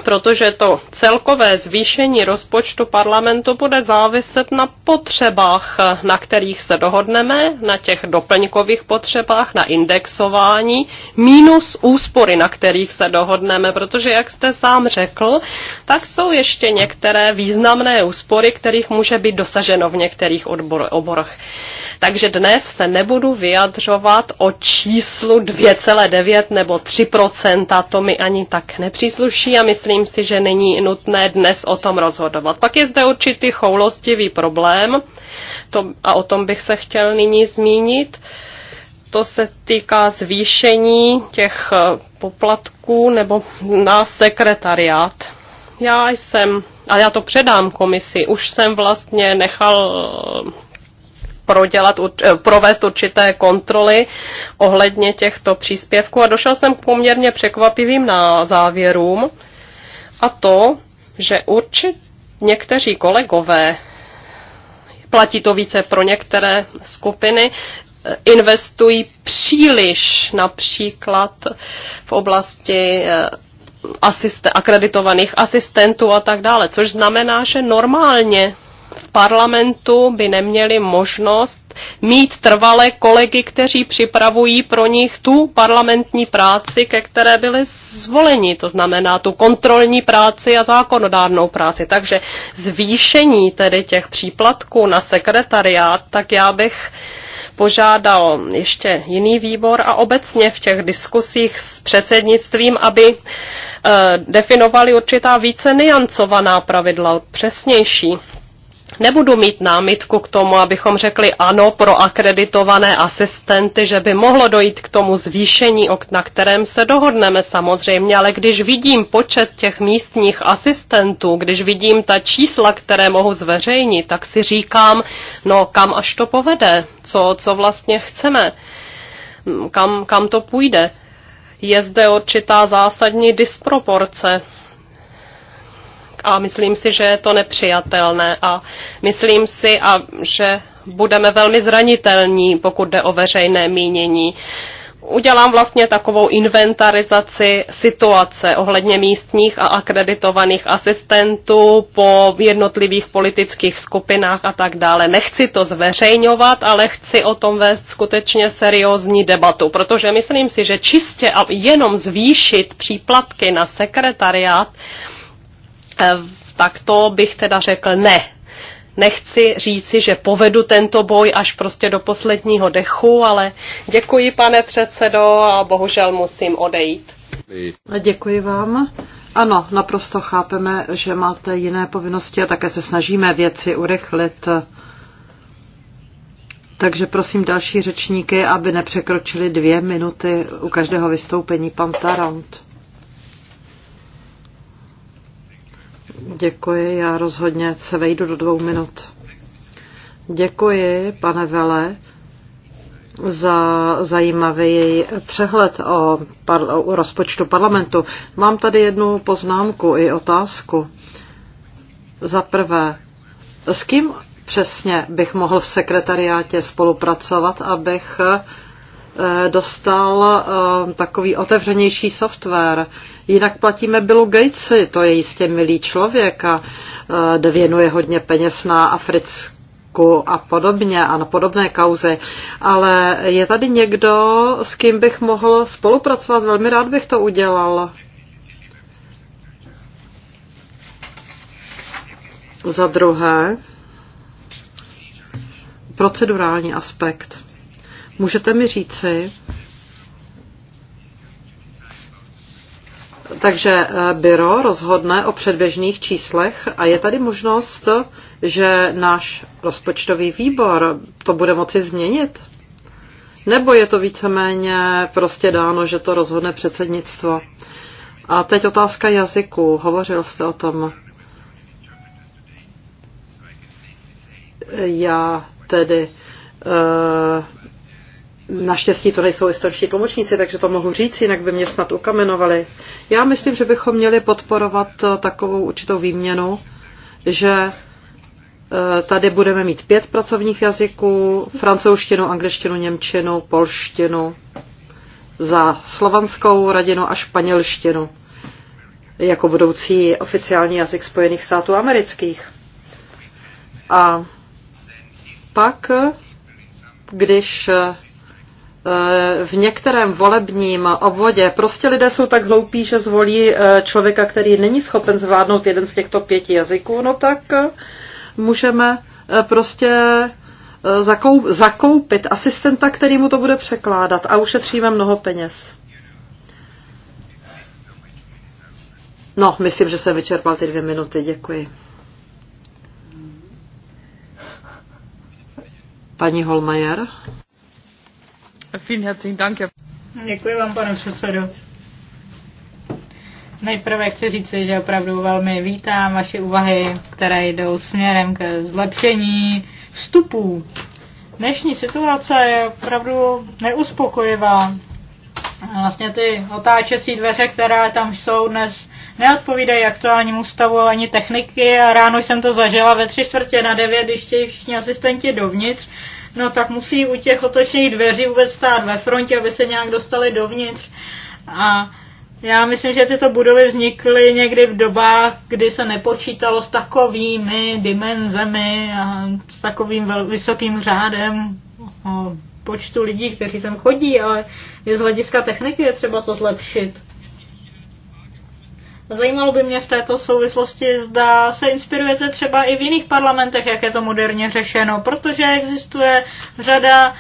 protože to celkové zvýšení rozpočtu parlamentu bude záviset na potřebách, na kterých se dohodneme, na těch doplňkových potřebách, na indexování, minus úspory, na kterých se dohodneme, protože, jak jste sám řekl, tak jsou ještě některé významné úspory, kterých může být dosaženo v některých oborech. Takže dnes se nebudu vyjadřovat o číslu 2,9 nebo 3 to mi ani tak nepřísluší a myslím, myslím si, že není nutné dnes o tom rozhodovat. Pak je zde určitý choulostivý problém to, a o tom bych se chtěl nyní zmínit. To se týká zvýšení těch eh, poplatků nebo na sekretariát. Já jsem, a já to předám komisi, už jsem vlastně nechal eh, prodělat, eh, provést určité kontroly ohledně těchto příspěvků a došel jsem k poměrně překvapivým závěrům. A to, že určitě někteří kolegové, platí to více pro některé skupiny, eh, investují příliš například v oblasti eh, asiste, akreditovaných asistentů a tak dále, což znamená, že normálně parlamentu by neměli možnost mít trvalé kolegy, kteří připravují pro nich tu parlamentní práci, ke které byly zvoleni, to znamená tu kontrolní práci a zákonodárnou práci. Takže zvýšení tedy těch příplatků na sekretariát, tak já bych požádal ještě jiný výbor a obecně v těch diskusích s předsednictvím, aby eh, definovali určitá více niancovaná pravidla, přesnější Nebudu mít námitku k tomu, abychom řekli ano pro akreditované asistenty, že by mohlo dojít k tomu zvýšení, na kterém se dohodneme samozřejmě, ale když vidím počet těch místních asistentů, když vidím ta čísla, které mohu zveřejnit, tak si říkám, no kam až to povede, co, co vlastně chceme, kam, kam to půjde. Je zde určitá zásadní disproporce a myslím si, že je to nepřijatelné a myslím si, a že budeme velmi zranitelní, pokud jde o veřejné mínění. Udělám vlastně takovou inventarizaci situace ohledně místních a akreditovaných asistentů po jednotlivých politických skupinách a tak dále. Nechci to zveřejňovat, ale chci o tom vést skutečně seriózní debatu, protože myslím si, že čistě a jenom zvýšit příplatky na sekretariát, Eh, tak to bych teda řekl ne. Nechci říci, že povedu tento boj až prostě do posledního dechu, ale děkuji, pane předsedo, a bohužel musím odejít. Děkuji vám. Ano, naprosto chápeme, že máte jiné povinnosti a také se snažíme věci urychlit. Takže prosím další řečníky, aby nepřekročili dvě minuty u každého vystoupení. Pan Tarant. Děkuji, já rozhodně se vejdu do dvou minut. Děkuji, pane Vele, za zajímavý přehled o, par, o rozpočtu parlamentu. Mám tady jednu poznámku i otázku. Za prvé, s kým přesně bych mohl v sekretariátě spolupracovat, abych eh, dostal eh, takový otevřenější software, Jinak platíme Billu Gatesy, to je jistě milý člověk a e, věnuje hodně peněz na Africku a podobně a na podobné kauze, Ale je tady někdo, s kým bych mohl spolupracovat? Velmi rád bych to udělal. Za druhé, procedurální aspekt. Můžete mi říci, Takže eh, byro rozhodne o předběžných číslech a je tady možnost, že náš rozpočtový výbor to bude moci změnit? Nebo je to víceméně prostě dáno, že to rozhodne předsednictvo? A teď otázka jazyku. Hovořil jste o tom. Já tedy eh, Naštěstí to nejsou historičtí tlumočníci, takže to mohu říct, jinak by mě snad ukamenovali. Já myslím, že bychom měli podporovat eh, takovou určitou výměnu, že eh, tady budeme mít pět pracovních jazyků, francouzštinu, angličtinu, němčinu, polštinu, za slovanskou radinu a španělštinu jako budoucí oficiální jazyk Spojených států amerických. A pak, když eh, v některém volebním obvodě prostě lidé jsou tak hloupí, že zvolí eh, člověka, který není schopen zvládnout jeden z těchto pěti jazyků, no tak eh, můžeme eh, prostě zakoupit asistenta, který mu to bude překládat a ušetříme mnoho peněz. No, myslím, že jsem vyčerpal ty dvě minuty, děkuji. Paní Holmajer. Děkuji vám, pane předsedo. Nejprve chci říct, že opravdu velmi vítám vaše úvahy, které jdou směrem k zlepšení vstupů. Dnešní situace je opravdu neuspokojivá. Vlastně ty otáčecí dveře, které tam jsou dnes, neodpovídají aktuálnímu stavu ani techniky a ráno jsem to zažila ve tři čtvrtě na devět, když ti všichni asistenti dovnitř no tak musí u těch otočných dveří vůbec stát ve frontě, aby se nějak dostali dovnitř. A já myslím, že tyto budovy vznikly někdy v dobách, kdy se nepočítalo s takovými dimenzemi a s takovým vysokým řádem o no, počtu lidí, kteří sem chodí, ale je z hlediska techniky je třeba to zlepšit. Zajímalo by mě v této souvislosti, zda se inspirujete třeba i v jiných parlamentech, jak je to moderně řešeno, protože existuje řada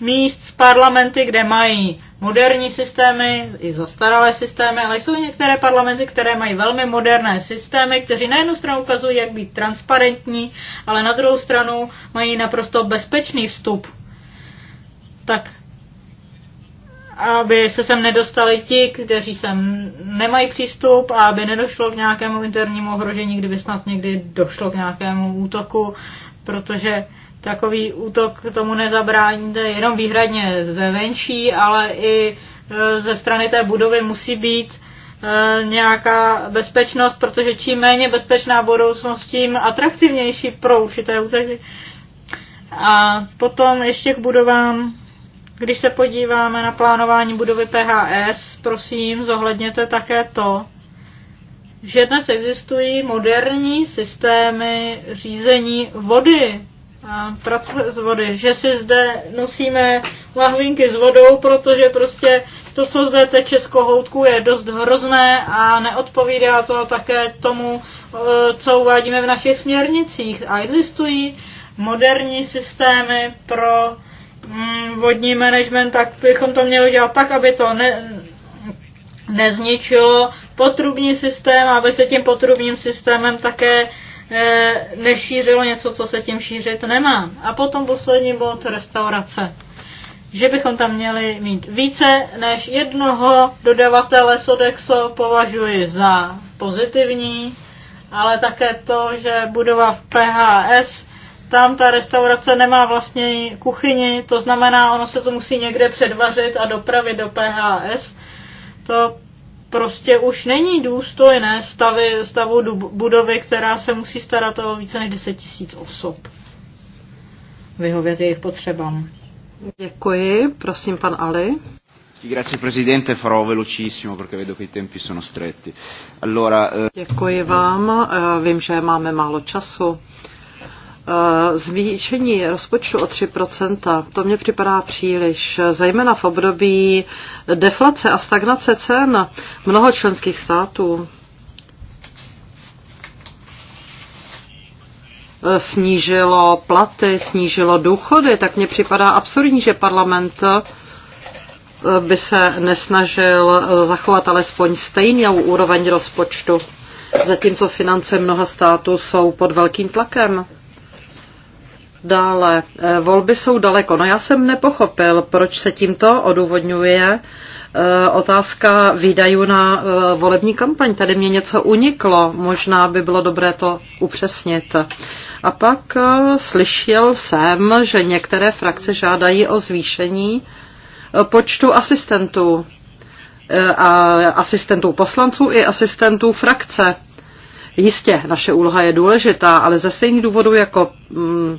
míst z parlamenty, kde mají moderní systémy, i zastaralé systémy, ale jsou některé parlamenty, které mají velmi moderné systémy, kteří na jednu stranu ukazují, jak být transparentní, ale na druhou stranu mají naprosto bezpečný vstup. Tak aby se sem nedostali ti, kteří sem nemají přístup a aby nedošlo k nějakému internímu ohrožení, kdyby snad někdy došlo k nějakému útoku, protože takový útok tomu nezabráníte jenom výhradně zevenčí, ale i e, ze strany té budovy musí být e, nějaká bezpečnost, protože čím méně bezpečná budoucnost, tím atraktivnější pro určité útoky. A potom ještě k budovám když se podíváme na plánování budovy PHS, prosím, zohledněte také to, že dnes existují moderní systémy řízení vody a práce s vody, že si zde nosíme lahvinky s vodou, protože prostě to, co zde teče z kohoutku, je dost hrozné a neodpovídá to také tomu, eh, co uvádíme v našich směrnicích. A existují moderní systémy pro Mm, vodní management, tak bychom to měli dělat tak, aby to ne, nezničilo potrubní systém, aby se tím potrubním systémem také e, nešířilo něco, co se tím šířit nemá. A potom poslední bod restaurace. Že bychom tam měli mít více než jednoho dodavatele Sodexo považuji za pozitivní, ale také to, že budova v PHS tam ta restaurace nemá vlastně kuchyni, to znamená, ono se to musí někde předvařit a dopravit do PHS. To prostě už není důstojné stavy, stavu budovy, která se musí starat o více než 10 tisíc osob. Vyhovět jejich potřebám. Děkuji, prosím pan Ali. Grazie Presidente, farò velocissimo perché vedo che i tempi sono stretti. Allora, eh... Děkuji vám, eh, vím, že máme málo času. Eh, zvýšení rozpočtu o 3%, to mně připadá příliš, zejména v období deflace a stagnace cen mnoho členských států. Eh, snížilo platy, snížilo důchody, tak mně připadá absurdní, že parlament eh, by se nesnažil zachovat alespoň stejnou úroveň rozpočtu, zatímco finance mnoha států jsou pod velkým tlakem. Dále, eh, volby jsou daleko. No já jsem nepochopil, proč se tímto odůvodňuje eh, otázka výdajů na eh, volební kampaň. Tady mě něco uniklo, možná by bylo dobré to upřesnit. A pak slyšel jsem, že některé frakce žádají o zvýšení počtu asistentů. A asistentů poslanců i asistentů frakce. Jistě, naše úloha je důležitá, ale ze stejných důvodů jako mm,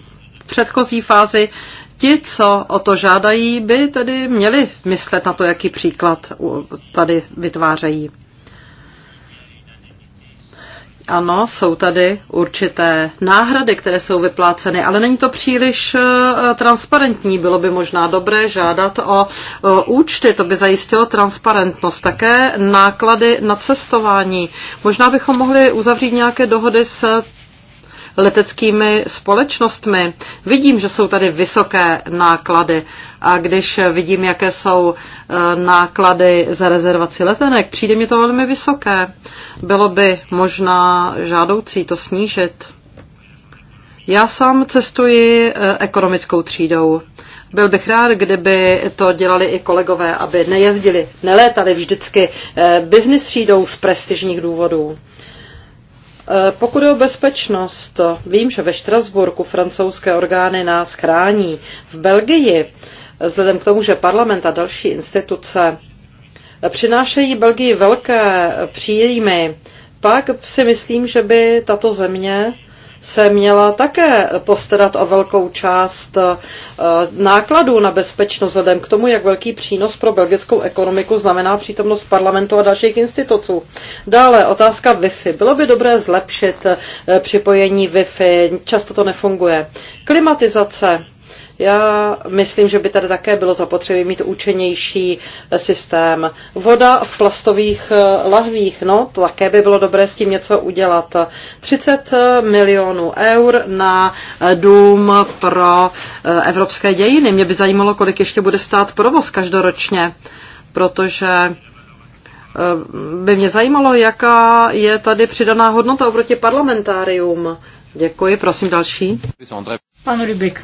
předchozí fázi. Ti, co o to žádají, by tedy měli myslet na to, jaký příklad tady vytvářejí. Ano, jsou tady určité náhrady, které jsou vypláceny, ale není to příliš e, transparentní. Bylo by možná dobré žádat o e, účty, to by zajistilo transparentnost. Také náklady na cestování. Možná bychom mohli uzavřít nějaké dohody s leteckými společnostmi. Vidím, že jsou tady vysoké náklady a když vidím, jaké jsou e, náklady za rezervaci letenek, přijde mi to velmi vysoké. Bylo by možná žádoucí to snížit. Já sám cestuji e, ekonomickou třídou. Byl bych rád, kdyby to dělali i kolegové, aby nejezdili, nelétali vždycky e, business třídou z prestižních důvodů. Eh, pokud je o bezpečnost, vím, že ve Štrasburku francouzské orgány nás chrání. V Belgii, vzhledem k tomu, že parlament a další instituce přinášejí Belgii velké příjmy, pak si myslím, že by tato země se měla také postarat o velkou část eh, nákladů na bezpečnost, vzhledem k tomu, jak velký přínos pro belgickou ekonomiku znamená přítomnost parlamentu a dalších institucí. Dále otázka Wi-Fi. Bylo by dobré zlepšit eh, připojení Wi-Fi, často to nefunguje. Klimatizace já myslím, že by tady také bylo zapotřebí mít účinnější eh, systém. Voda v plastových eh, lahvích, no, to také by bylo dobré s tím něco udělat. 30 eh, milionů eur na dům pro evropské dějiny. Mě by zajímalo, kolik ještě bude stát provoz každoročně, protože by mě zajímalo, jaká je tady přidaná hodnota oproti parlamentárium. Děkuji, prosím další. Pan Rybik.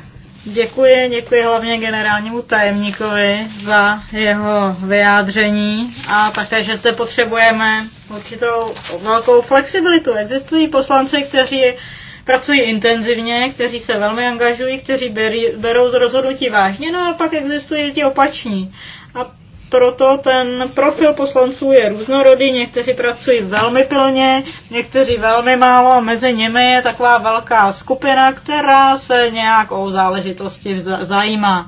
Děkuji, děkuji hlavně generálnímu tajemníkovi za jeho vyjádření a také, že zde potřebujeme určitou velkou flexibilitu. Existují poslanci, kteří pracují intenzivně, kteří se velmi angažují, kteří berou z rozhodnutí vážně, no a pak existují ti opační. A proto ten profil poslanců je různorodý, někteří pracují velmi pilně, někteří velmi málo a mezi nimi je taková velká skupina, která se nějak o záležitosti zajímá.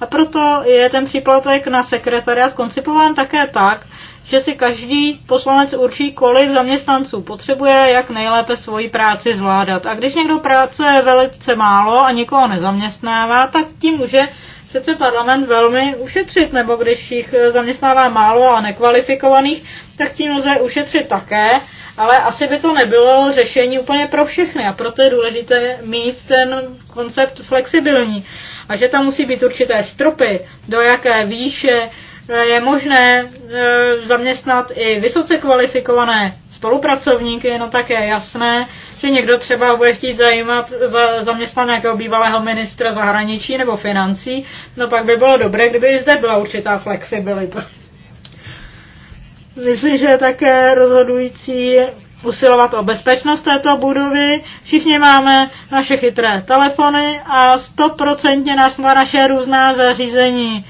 A proto je ten příplatek na sekretariat koncipován také tak, že si každý poslanec určí, kolik zaměstnanců potřebuje, jak nejlépe svoji práci zvládat. A když někdo práce velice málo a nikoho nezaměstnává, tak tím může přece parlament velmi ušetřit, nebo když jich eh, zaměstnává málo a nekvalifikovaných, tak tím lze ušetřit také, ale asi by to nebylo řešení úplně pro všechny a proto je důležité mít ten koncept flexibilní a že tam musí být určité stropy, do jaké výše Eh, je možné eh, zaměstnat i vysoce kvalifikované spolupracovníky, no tak je jasné, že někdo třeba bude chtít zajímat, za, zaměstnat nějakého bývalého ministra zahraničí nebo financí, no pak by bylo dobré, kdyby i zde byla určitá flexibilita. Myslím, že je také rozhodující usilovat o bezpečnost této budovy. Všichni máme naše chytré telefony a stoprocentně nás má naše různá zařízení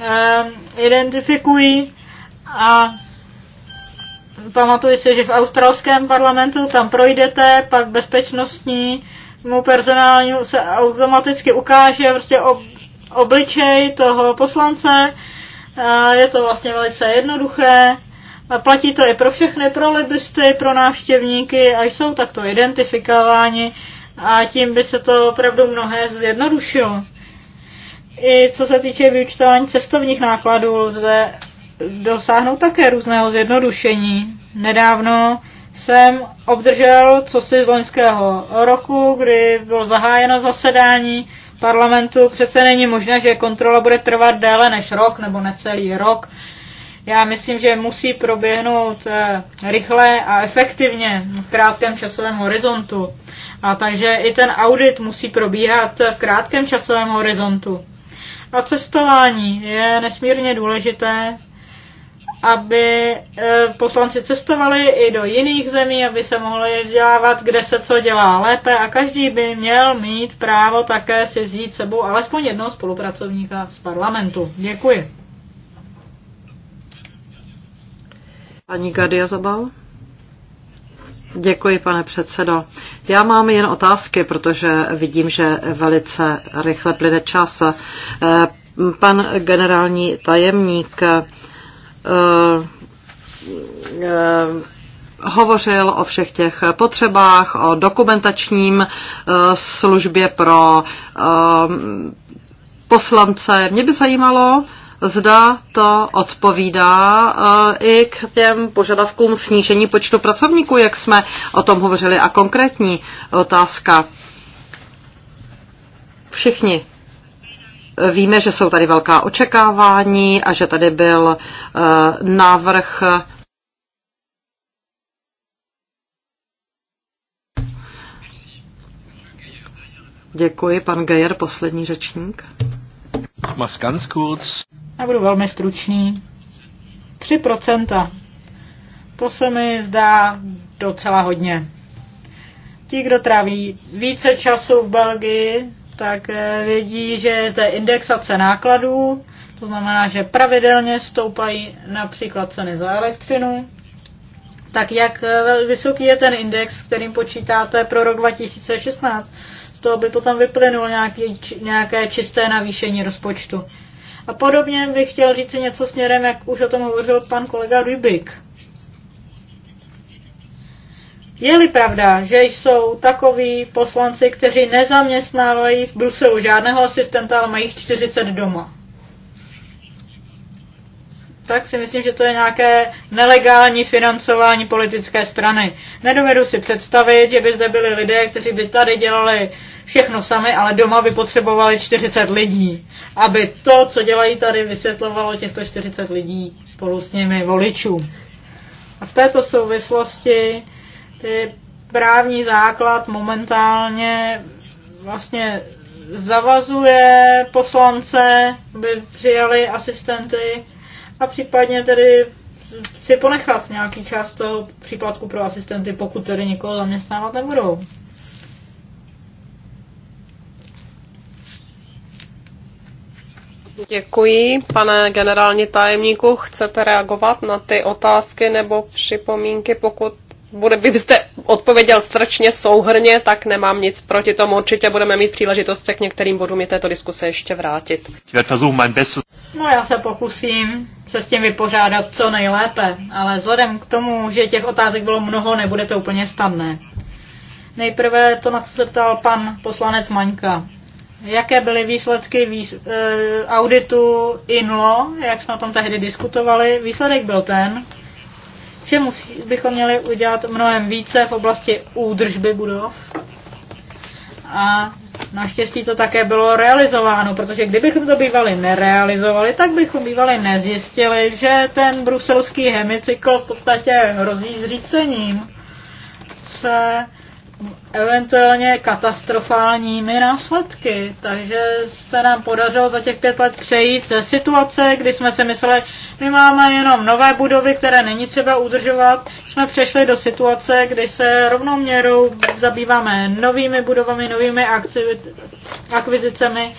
Ehm, identifikují a pamatuji si, že v australském parlamentu tam projdete, pak bezpečnostnímu personálu se automaticky ukáže prostě ob, obličej toho poslance. Je to vlastně velice jednoduché. A platí to i pro všechny, pro libisty, pro návštěvníky a jsou takto identifikováni a tím by se to opravdu mnohé zjednodušilo. I co se týče vyučtování cestovních nákladů, lze dosáhnout také různého zjednodušení. Nedávno jsem obdržel cosi z loňského roku, kdy bylo zahájeno zasedání parlamentu. Přece není možné, že kontrola bude trvat déle než rok nebo necelý rok. Já myslím, že musí proběhnout eh, rychle a efektivně v krátkém časovém horizontu. A takže i ten audit musí probíhat v krátkém časovém horizontu. No cestování je nesmírně důležité, aby eh, poslanci cestovali i do jiných zemí, aby se mohli vzdělávat, kde se co dělá lépe a každý by měl mít právo také si vzít sebou alespoň jednoho spolupracovníka z parlamentu. Děkuji. Paní Gadia Zabal. Děkuji, pane předsedo. Já mám jen otázky, protože vidím, že velice rychle plyne čas. Eh, pan generální tajemník eh, eh, hovořil o všech těch potřebách, o dokumentačním službě pro poslance. Mě by zajímalo, zda to odpovídá eh, i k těm požadavkům snížení počtu pracovníků, jak jsme o tom hovořili. A konkrétní otázka. Všichni víme, že jsou tady velká očekávání a že tady byl eh, návrh Děkuji, pan Gejer, poslední řečník. ganz kurz. Já budu velmi stručný. 3%. To se mi zdá docela hodně. Ti, kdo tráví více času v Belgii, tak eh, vědí, že je zde indexace nákladů, to znamená, že pravidelně stoupají například ceny za elektřinu. Tak jak eh, vysoký je ten index, kterým počítáte pro rok 2016? Z toho by potom vyplynul nějaký, nějaké čisté navýšení rozpočtu. A podobně bych chtěl říct si něco směrem, jak už o tom hovořil pan kolega Rybik. Je-li pravda, že jsou takoví poslanci, kteří nezaměstnávají v Bruselu žádného asistenta, ale mají 40 doma, tak si myslím, že to je nějaké nelegální financování politické strany. Nedovedu si představit, že by zde byli lidé, kteří by tady dělali všechno sami, ale doma by potřebovali 40 lidí, aby to, co dělají tady, vysvětlovalo těchto 40 lidí spolu s nimi voličům. A v této souvislosti ty právní základ momentálně vlastně zavazuje poslance, aby přijali asistenty a případně tedy si ponechat nějaký část toho příplatku pro asistenty, pokud tedy někoho zaměstnávat nebudou. Děkuji, pane generální tajemníku. Chcete reagovat na ty otázky nebo připomínky, pokud bude, byste odpověděl stračně souhrně, tak nemám nic proti tomu. Určitě budeme mít příležitost se k některým bodům je této diskuse ještě vrátit. No já se pokusím se s tím vypořádat co nejlépe, ale vzhledem k tomu, že těch otázek bylo mnoho, nebude to úplně snadné. Nejprve to, na co se ptal pan poslanec Maňka. Jaké byly výsledky výs- eh, auditu INLO, jak jsme o tom tehdy diskutovali? Výsledek byl ten, že musí, bychom měli udělat mnohem více v oblasti údržby budov. A naštěstí to také bylo realizováno, protože kdybychom to bývali nerealizovali, tak bychom bývali nezjistili, že ten bruselský hemicykl v podstatě hrozí zřícením. Se eventuálně katastrofálními následky. Takže se nám podařilo za těch pět let přejít ze situace, kdy jsme si mysleli, my máme jenom nové budovy, které není třeba udržovat, jsme přešli do situace, kdy se rovnoměrou zabýváme novými budovami, novými aktivit, akvizicemi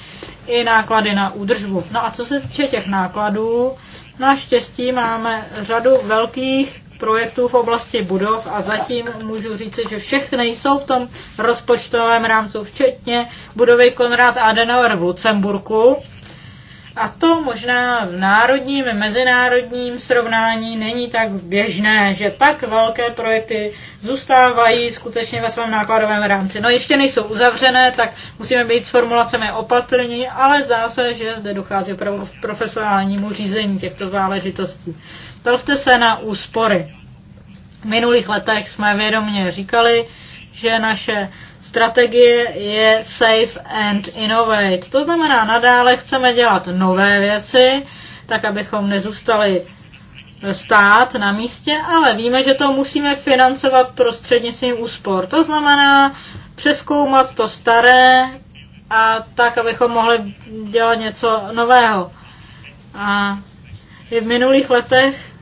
i náklady na údržbu. No a co se týče těch nákladů, naštěstí máme řadu velkých projektů v oblasti budov a zatím můžu říct, že všechny jsou v tom rozpočtovém rámcu, včetně budovy Konrad Adenauer v Lucemburku. A to možná v národním i mezinárodním srovnání není tak běžné, že tak velké projekty zůstávají skutečně ve svém nákladovém rámci. No ještě nejsou uzavřené, tak musíme být s formulacemi opatrní, ale zdá se, že zde dochází opravdu k profesionálnímu řízení těchto záležitostí. Ptal jste se na úspory. V minulých letech jsme vědomě říkali, že naše strategie je Save and Innovate. To znamená, nadále chceme dělat nové věci, tak abychom nezůstali stát na místě, ale víme, že to musíme financovat prostřednictvím úspor. To znamená přeskoumat to staré a tak, abychom mohli dělat něco nového. A i v minulých letech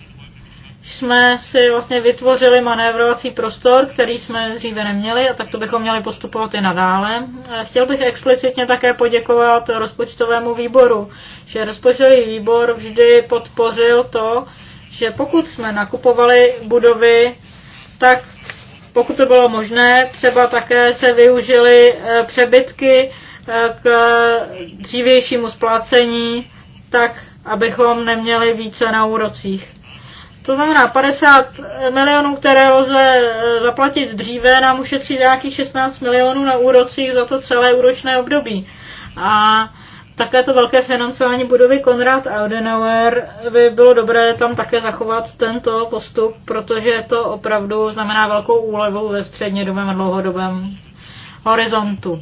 jsme si vlastně vytvořili manévrovací prostor, který jsme dříve neměli a tak to bychom měli postupovat i nadále. Chtěl bych explicitně také poděkovat rozpočtovému výboru, že rozpočtový výbor vždy podpořil to, že pokud jsme nakupovali budovy, tak pokud to bylo možné, třeba také se využili e, přebytky e, k dřívějšímu splácení, tak abychom neměli více na úrocích. To znamená, 50 milionů, které lze e, zaplatit dříve, nám ušetří nějakých 16 milionů na úrocích za to celé úročné období. A také to velké financování budovy Konrad Adenauer by bylo dobré tam také zachovat tento postup, protože to opravdu znamená velkou úlevu ve střednědobém a dlouhodobém horizontu.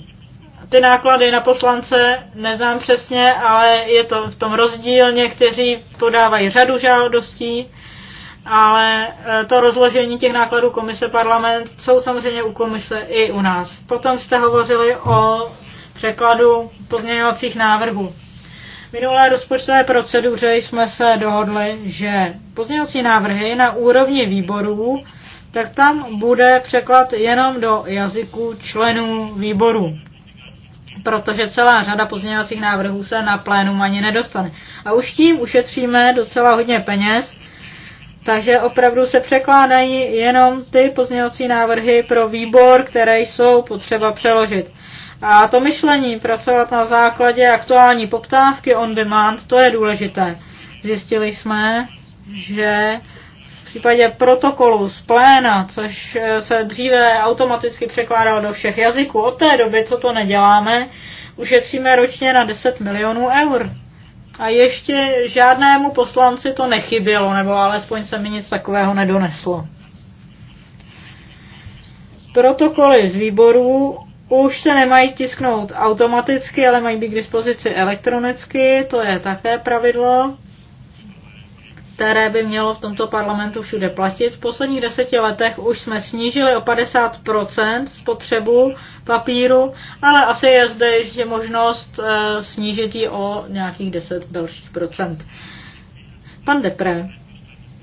Ty náklady na poslance neznám přesně, ale je to v tom rozdíl. Někteří podávají řadu žádostí, ale eh, to rozložení těch nákladů komise parlament jsou samozřejmě u komise i u nás. Potom jste hovořili o překladu pozměňovacích návrhů. minulé rozpočtové proceduře jsme se dohodli, že pozměňovací návrhy na úrovni výborů, tak tam bude překlad jenom do jazyku členů výboru protože celá řada pozměňovacích návrhů se na plénum ani nedostane. A už tím ušetříme docela hodně peněz, takže opravdu se překládají jenom ty pozměňovací návrhy pro výbor, které jsou potřeba přeložit. A to myšlení pracovat na základě aktuální poptávky on demand, to je důležité. Zjistili jsme, že v případě protokolu z pléna, což eh, se dříve automaticky překládalo do všech jazyků, od té doby, co to neděláme, ušetříme ročně na 10 milionů eur. A ještě žádnému poslanci to nechybělo, nebo alespoň se mi nic takového nedoneslo. Protokoly z výborů už se nemají tisknout automaticky, ale mají být k dispozici elektronicky, to je také pravidlo které by mělo v tomto parlamentu všude platit. V posledních deseti letech už jsme snížili o 50% spotřebu papíru, ale asi je zde ještě možnost eh, snížit ji o nějakých 10 dalších procent. Pan Depre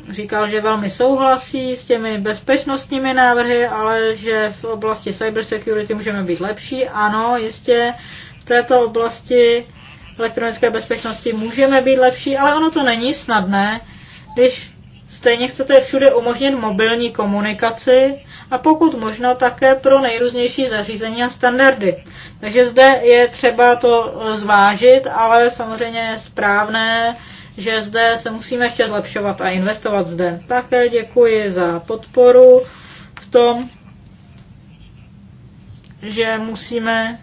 říkal, že velmi souhlasí s těmi bezpečnostními návrhy, ale že v oblasti cybersecurity můžeme být lepší. Ano, jistě v této oblasti elektronické bezpečnosti můžeme být lepší, ale ono to není snadné když stejně chcete všude umožnit mobilní komunikaci a pokud možno také pro nejrůznější zařízení a standardy. Takže zde je třeba to e, zvážit, ale samozřejmě je správné, že zde se musíme ještě zlepšovat a investovat zde. Také děkuji za podporu v tom, že musíme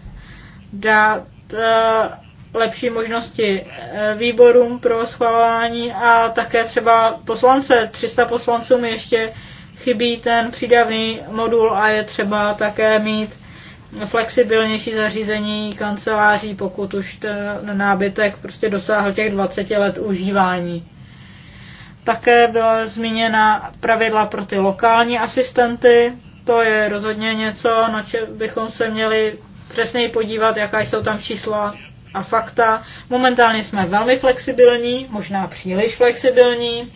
dát e, lepší možnosti eh, výborům pro schvalování a také třeba poslance. 300 poslancům ještě chybí ten přídavný modul a je třeba také mít flexibilnější zařízení kanceláří, pokud už ten nábytek prostě dosáhl těch 20 let užívání. Také byla zmíněna pravidla pro ty lokální asistenty. To je rozhodně něco, na čem bychom se měli přesněji podívat, jaká jsou tam čísla a fakta. Momentálně jsme velmi flexibilní, možná příliš flexibilní.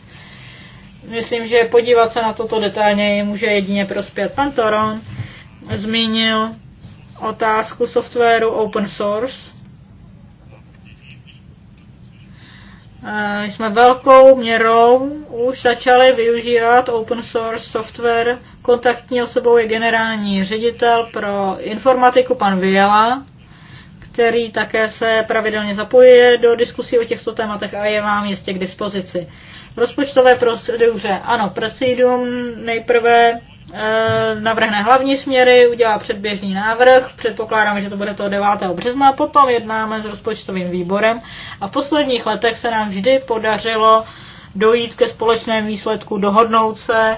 Myslím, že podívat se na toto detailně může jedině prospět. Pan Toron zmínil otázku softwaru open source. Eh, jsme velkou měrou už začali využívat open source software. Kontaktní osobou je generální ředitel pro informatiku pan Viela který také se pravidelně zapojuje do diskusí o těchto tématech a je vám jistě k dispozici. Rozpočtové proceduře. Ano, Precidium nejprve eh, navrhne hlavní směry, udělá předběžný návrh, předpokládám, že to bude toho 9. března, potom jednáme s rozpočtovým výborem a v posledních letech se nám vždy podařilo dojít ke společnému výsledku, dohodnout se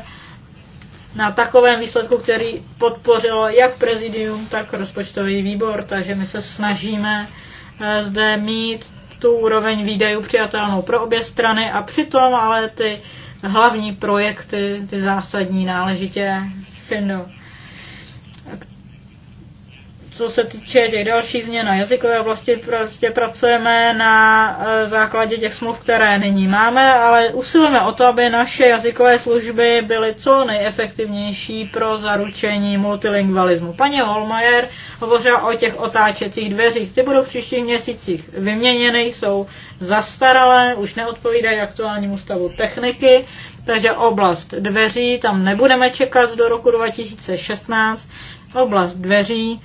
na takovém výsledku, který podpořilo jak prezidium, tak rozpočtový výbor. Takže my se snažíme eh, zde mít tu úroveň výdajů přijatelnou pro obě strany a přitom ale ty hlavní projekty, ty zásadní náležitě fino co se týče těch dalších změn na jazykové oblasti, prostě pracujeme na e, základě těch smluv, které nyní máme, ale usilujeme o to, aby naše jazykové služby byly co nejefektivnější pro zaručení multilingualismu. Paní Holmajer hovořila o těch otáčecích dveřích. Ty budou v příštích měsících vyměněny, jsou zastaralé, už neodpovídají aktuálnímu stavu techniky, takže oblast dveří, tam nebudeme čekat do roku 2016, oblast dveří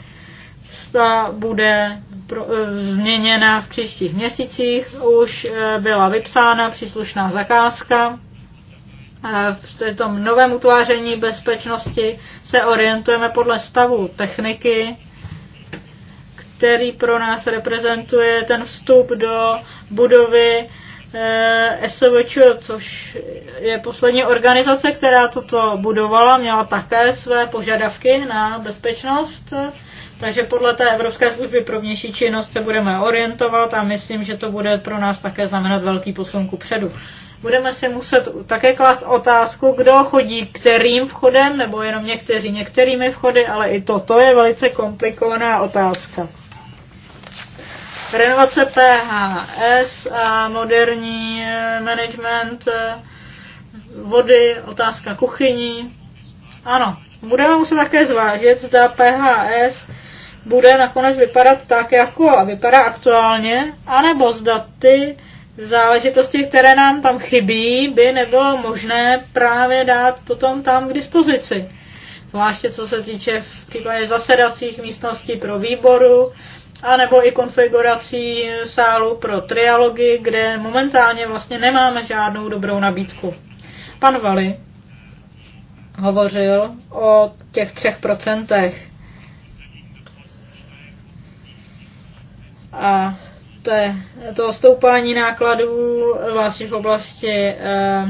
bude pro, eh, změněna v příštích měsících. Už eh, byla vypsána příslušná zakázka. Eh, v této novém utváření bezpečnosti se orientujeme podle stavu techniky, který pro nás reprezentuje ten vstup do budovy SVČ, což je poslední organizace, která toto budovala, měla také své požadavky na bezpečnost takže podle té Evropské služby pro vnější činnost se budeme orientovat a myslím, že to bude pro nás také znamenat velký posun ku předu. Budeme si muset také klást otázku, kdo chodí kterým vchodem, nebo jenom někteří některými vchody, ale i toto je velice komplikovaná otázka. Renovace PHS a moderní eh, management eh, vody, otázka kuchyní. Ano, Budeme muset také zvážit, zda PHS bude nakonec vypadat tak, jako vypadá aktuálně, anebo zda ty záležitosti, které nám tam chybí, by nebylo možné právě dát potom tam k dispozici. Zvláště co se týče v případě zasedacích místností pro výboru, anebo i konfigurací sálu pro trialogy, kde momentálně vlastně nemáme žádnou dobrou nabídku. Pan Vali hovořil o těch třech procentech. A to, je, to stoupání nákladů vlastně v oblasti eh,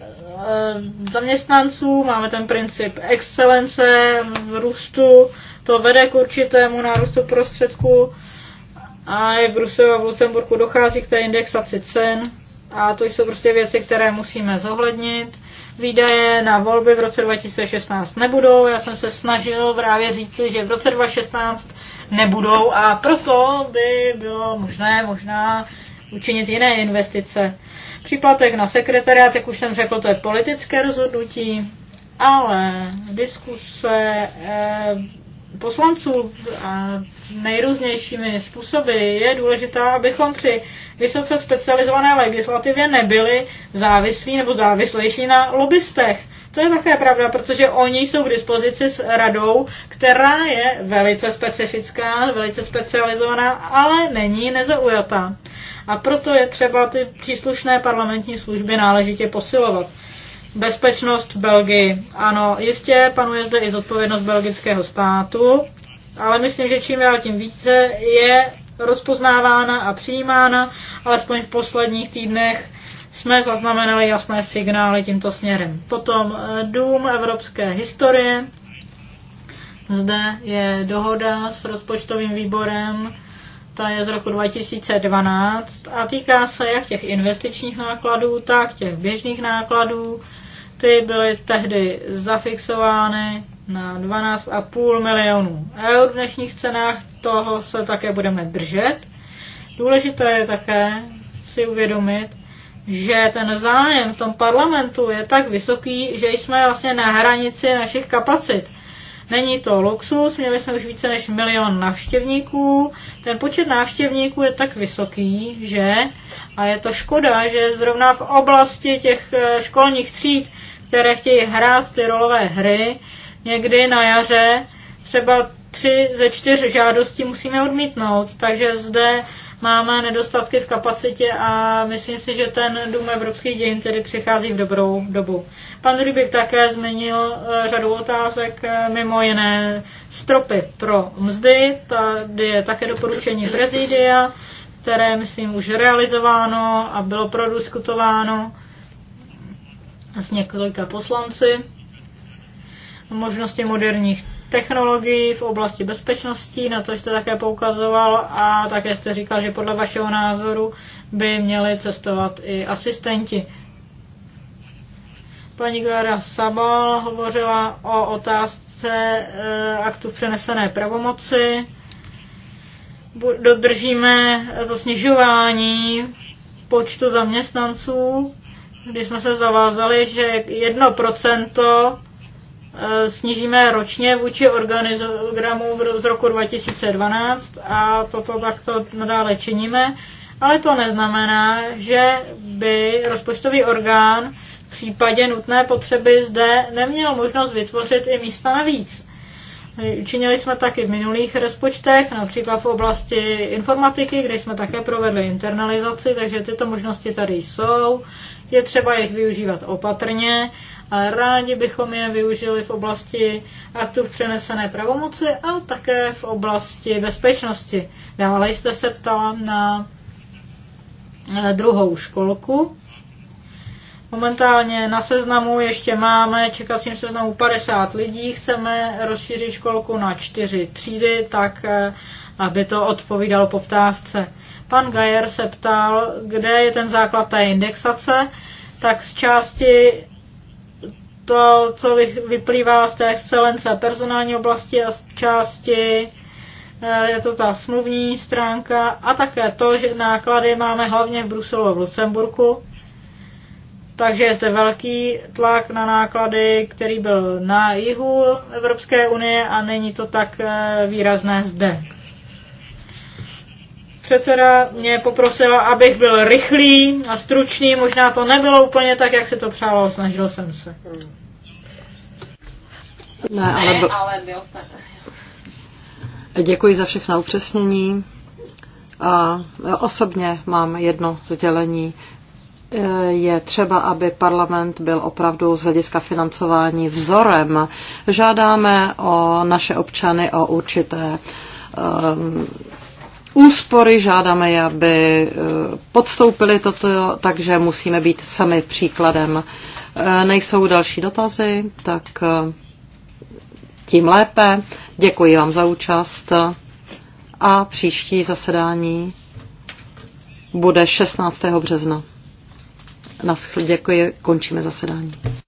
eh, zaměstnanců, máme ten princip excelence, růstu, to vede k určitému nárůstu prostředků a i v Bruselu a v Lucemburku dochází k té indexaci cen a to jsou prostě věci, které musíme zohlednit. Výdaje na volby v roce 2016 nebudou. Já jsem se snažil právě říci, že v roce 2016 nebudou a proto by bylo možné možná učinit jiné investice. Příplatek na sekretariát, jak už jsem řekl, to je politické rozhodnutí, ale diskuse eh, poslanců nejrůznějšími způsoby je důležitá, abychom při vysoce specializované legislativě nebyli závislí nebo závislejší na lobbystech. To je také pravda, protože oni jsou k dispozici s radou, která je velice specifická, velice specializovaná, ale není nezaujatá. A proto je třeba ty příslušné parlamentní služby náležitě posilovat. Bezpečnost v Belgii. Ano, jistě panuje zde i zodpovědnost belgického státu, ale myslím, že čím dál tím více je rozpoznávána a přijímána, alespoň v posledních týdnech jsme zaznamenali jasné signály tímto směrem. Potom eh, Dům evropské historie. Zde je dohoda s rozpočtovým výborem, ta je z roku 2012 a týká se jak těch investičních nákladů, tak těch běžných nákladů. Ty byly tehdy zafixovány na 12,5 milionů eur v dnešních cenách. Toho se také budeme držet. Důležité je také si uvědomit, že ten zájem v tom parlamentu je tak vysoký, že jsme vlastně na hranici našich kapacit. Není to luxus, měli jsme už více než milion návštěvníků. Ten počet návštěvníků je tak vysoký, že, a je to škoda, že zrovna v oblasti těch eh, školních tříd, které chtějí hrát ty rolové hry, někdy na jaře třeba tři ze čtyř žádostí musíme odmítnout. Takže zde máme nedostatky v kapacitě a myslím si, že ten Dům evropských dějin tedy přichází v dobrou dobu. Pan Rybik také zmínil eh, řadu otázek, eh, mimo jiné stropy pro mzdy, tady je také doporučení prezidia, které, myslím, už realizováno a bylo prodiskutováno s několika poslanci možnosti moderních technologií v oblasti bezpečnosti, na to jste také poukazoval a také jste říkal, že podle vašeho názoru by měli cestovat i asistenti. Paní Gara Sabal hovořila o otázce e, aktu v přenesené pravomoci. Dodržíme to snižování počtu zaměstnanců, když jsme se zavázali, že 1% Eh, snížíme ročně vůči organizogramu z roku 2012 a toto takto nadále činíme, ale to neznamená, že by rozpočtový orgán v případě nutné potřeby zde neměl možnost vytvořit i místa navíc. Učinili jsme tak i v minulých rozpočtech, například v oblasti informatiky, kde jsme také provedli internalizaci, takže tyto možnosti tady jsou. Je třeba jich využívat opatrně ale rádi bychom je využili v oblasti aktů v přenesené pravomoci a také v oblasti bezpečnosti. Dále jste se ptala na druhou školku. Momentálně na seznamu ještě máme, čekacím seznamu 50 lidí, chceme rozšířit školku na čtyři třídy, tak eh, aby to odpovídalo poptávce. Pan Gajer se ptal, kde je ten základ té indexace, tak z části to, co vyplývá z té excelence personální oblasti a části, eh, je to ta smluvní stránka a také to, že náklady máme hlavně v Bruselu a v Lucemburku. Takže je zde velký tlak na náklady, který byl na jihu Evropské unie a není to tak eh, výrazné zde předseda mě poprosila, abych byl rychlý a stručný. Možná to nebylo úplně tak, jak si to přával, snažil jsem se. Ne, ale, byl Děkuji za všechna upřesnění. A osobně mám jedno sdělení. Je třeba, aby parlament byl opravdu z hlediska financování vzorem. Žádáme o naše občany o určité úspory, žádáme je, aby eh, podstoupili toto, takže musíme být sami příkladem. Eh, nejsou další dotazy, tak eh, tím lépe. Děkuji vám za účast a příští zasedání bude 16. března. Naschle, děkuji, končíme zasedání.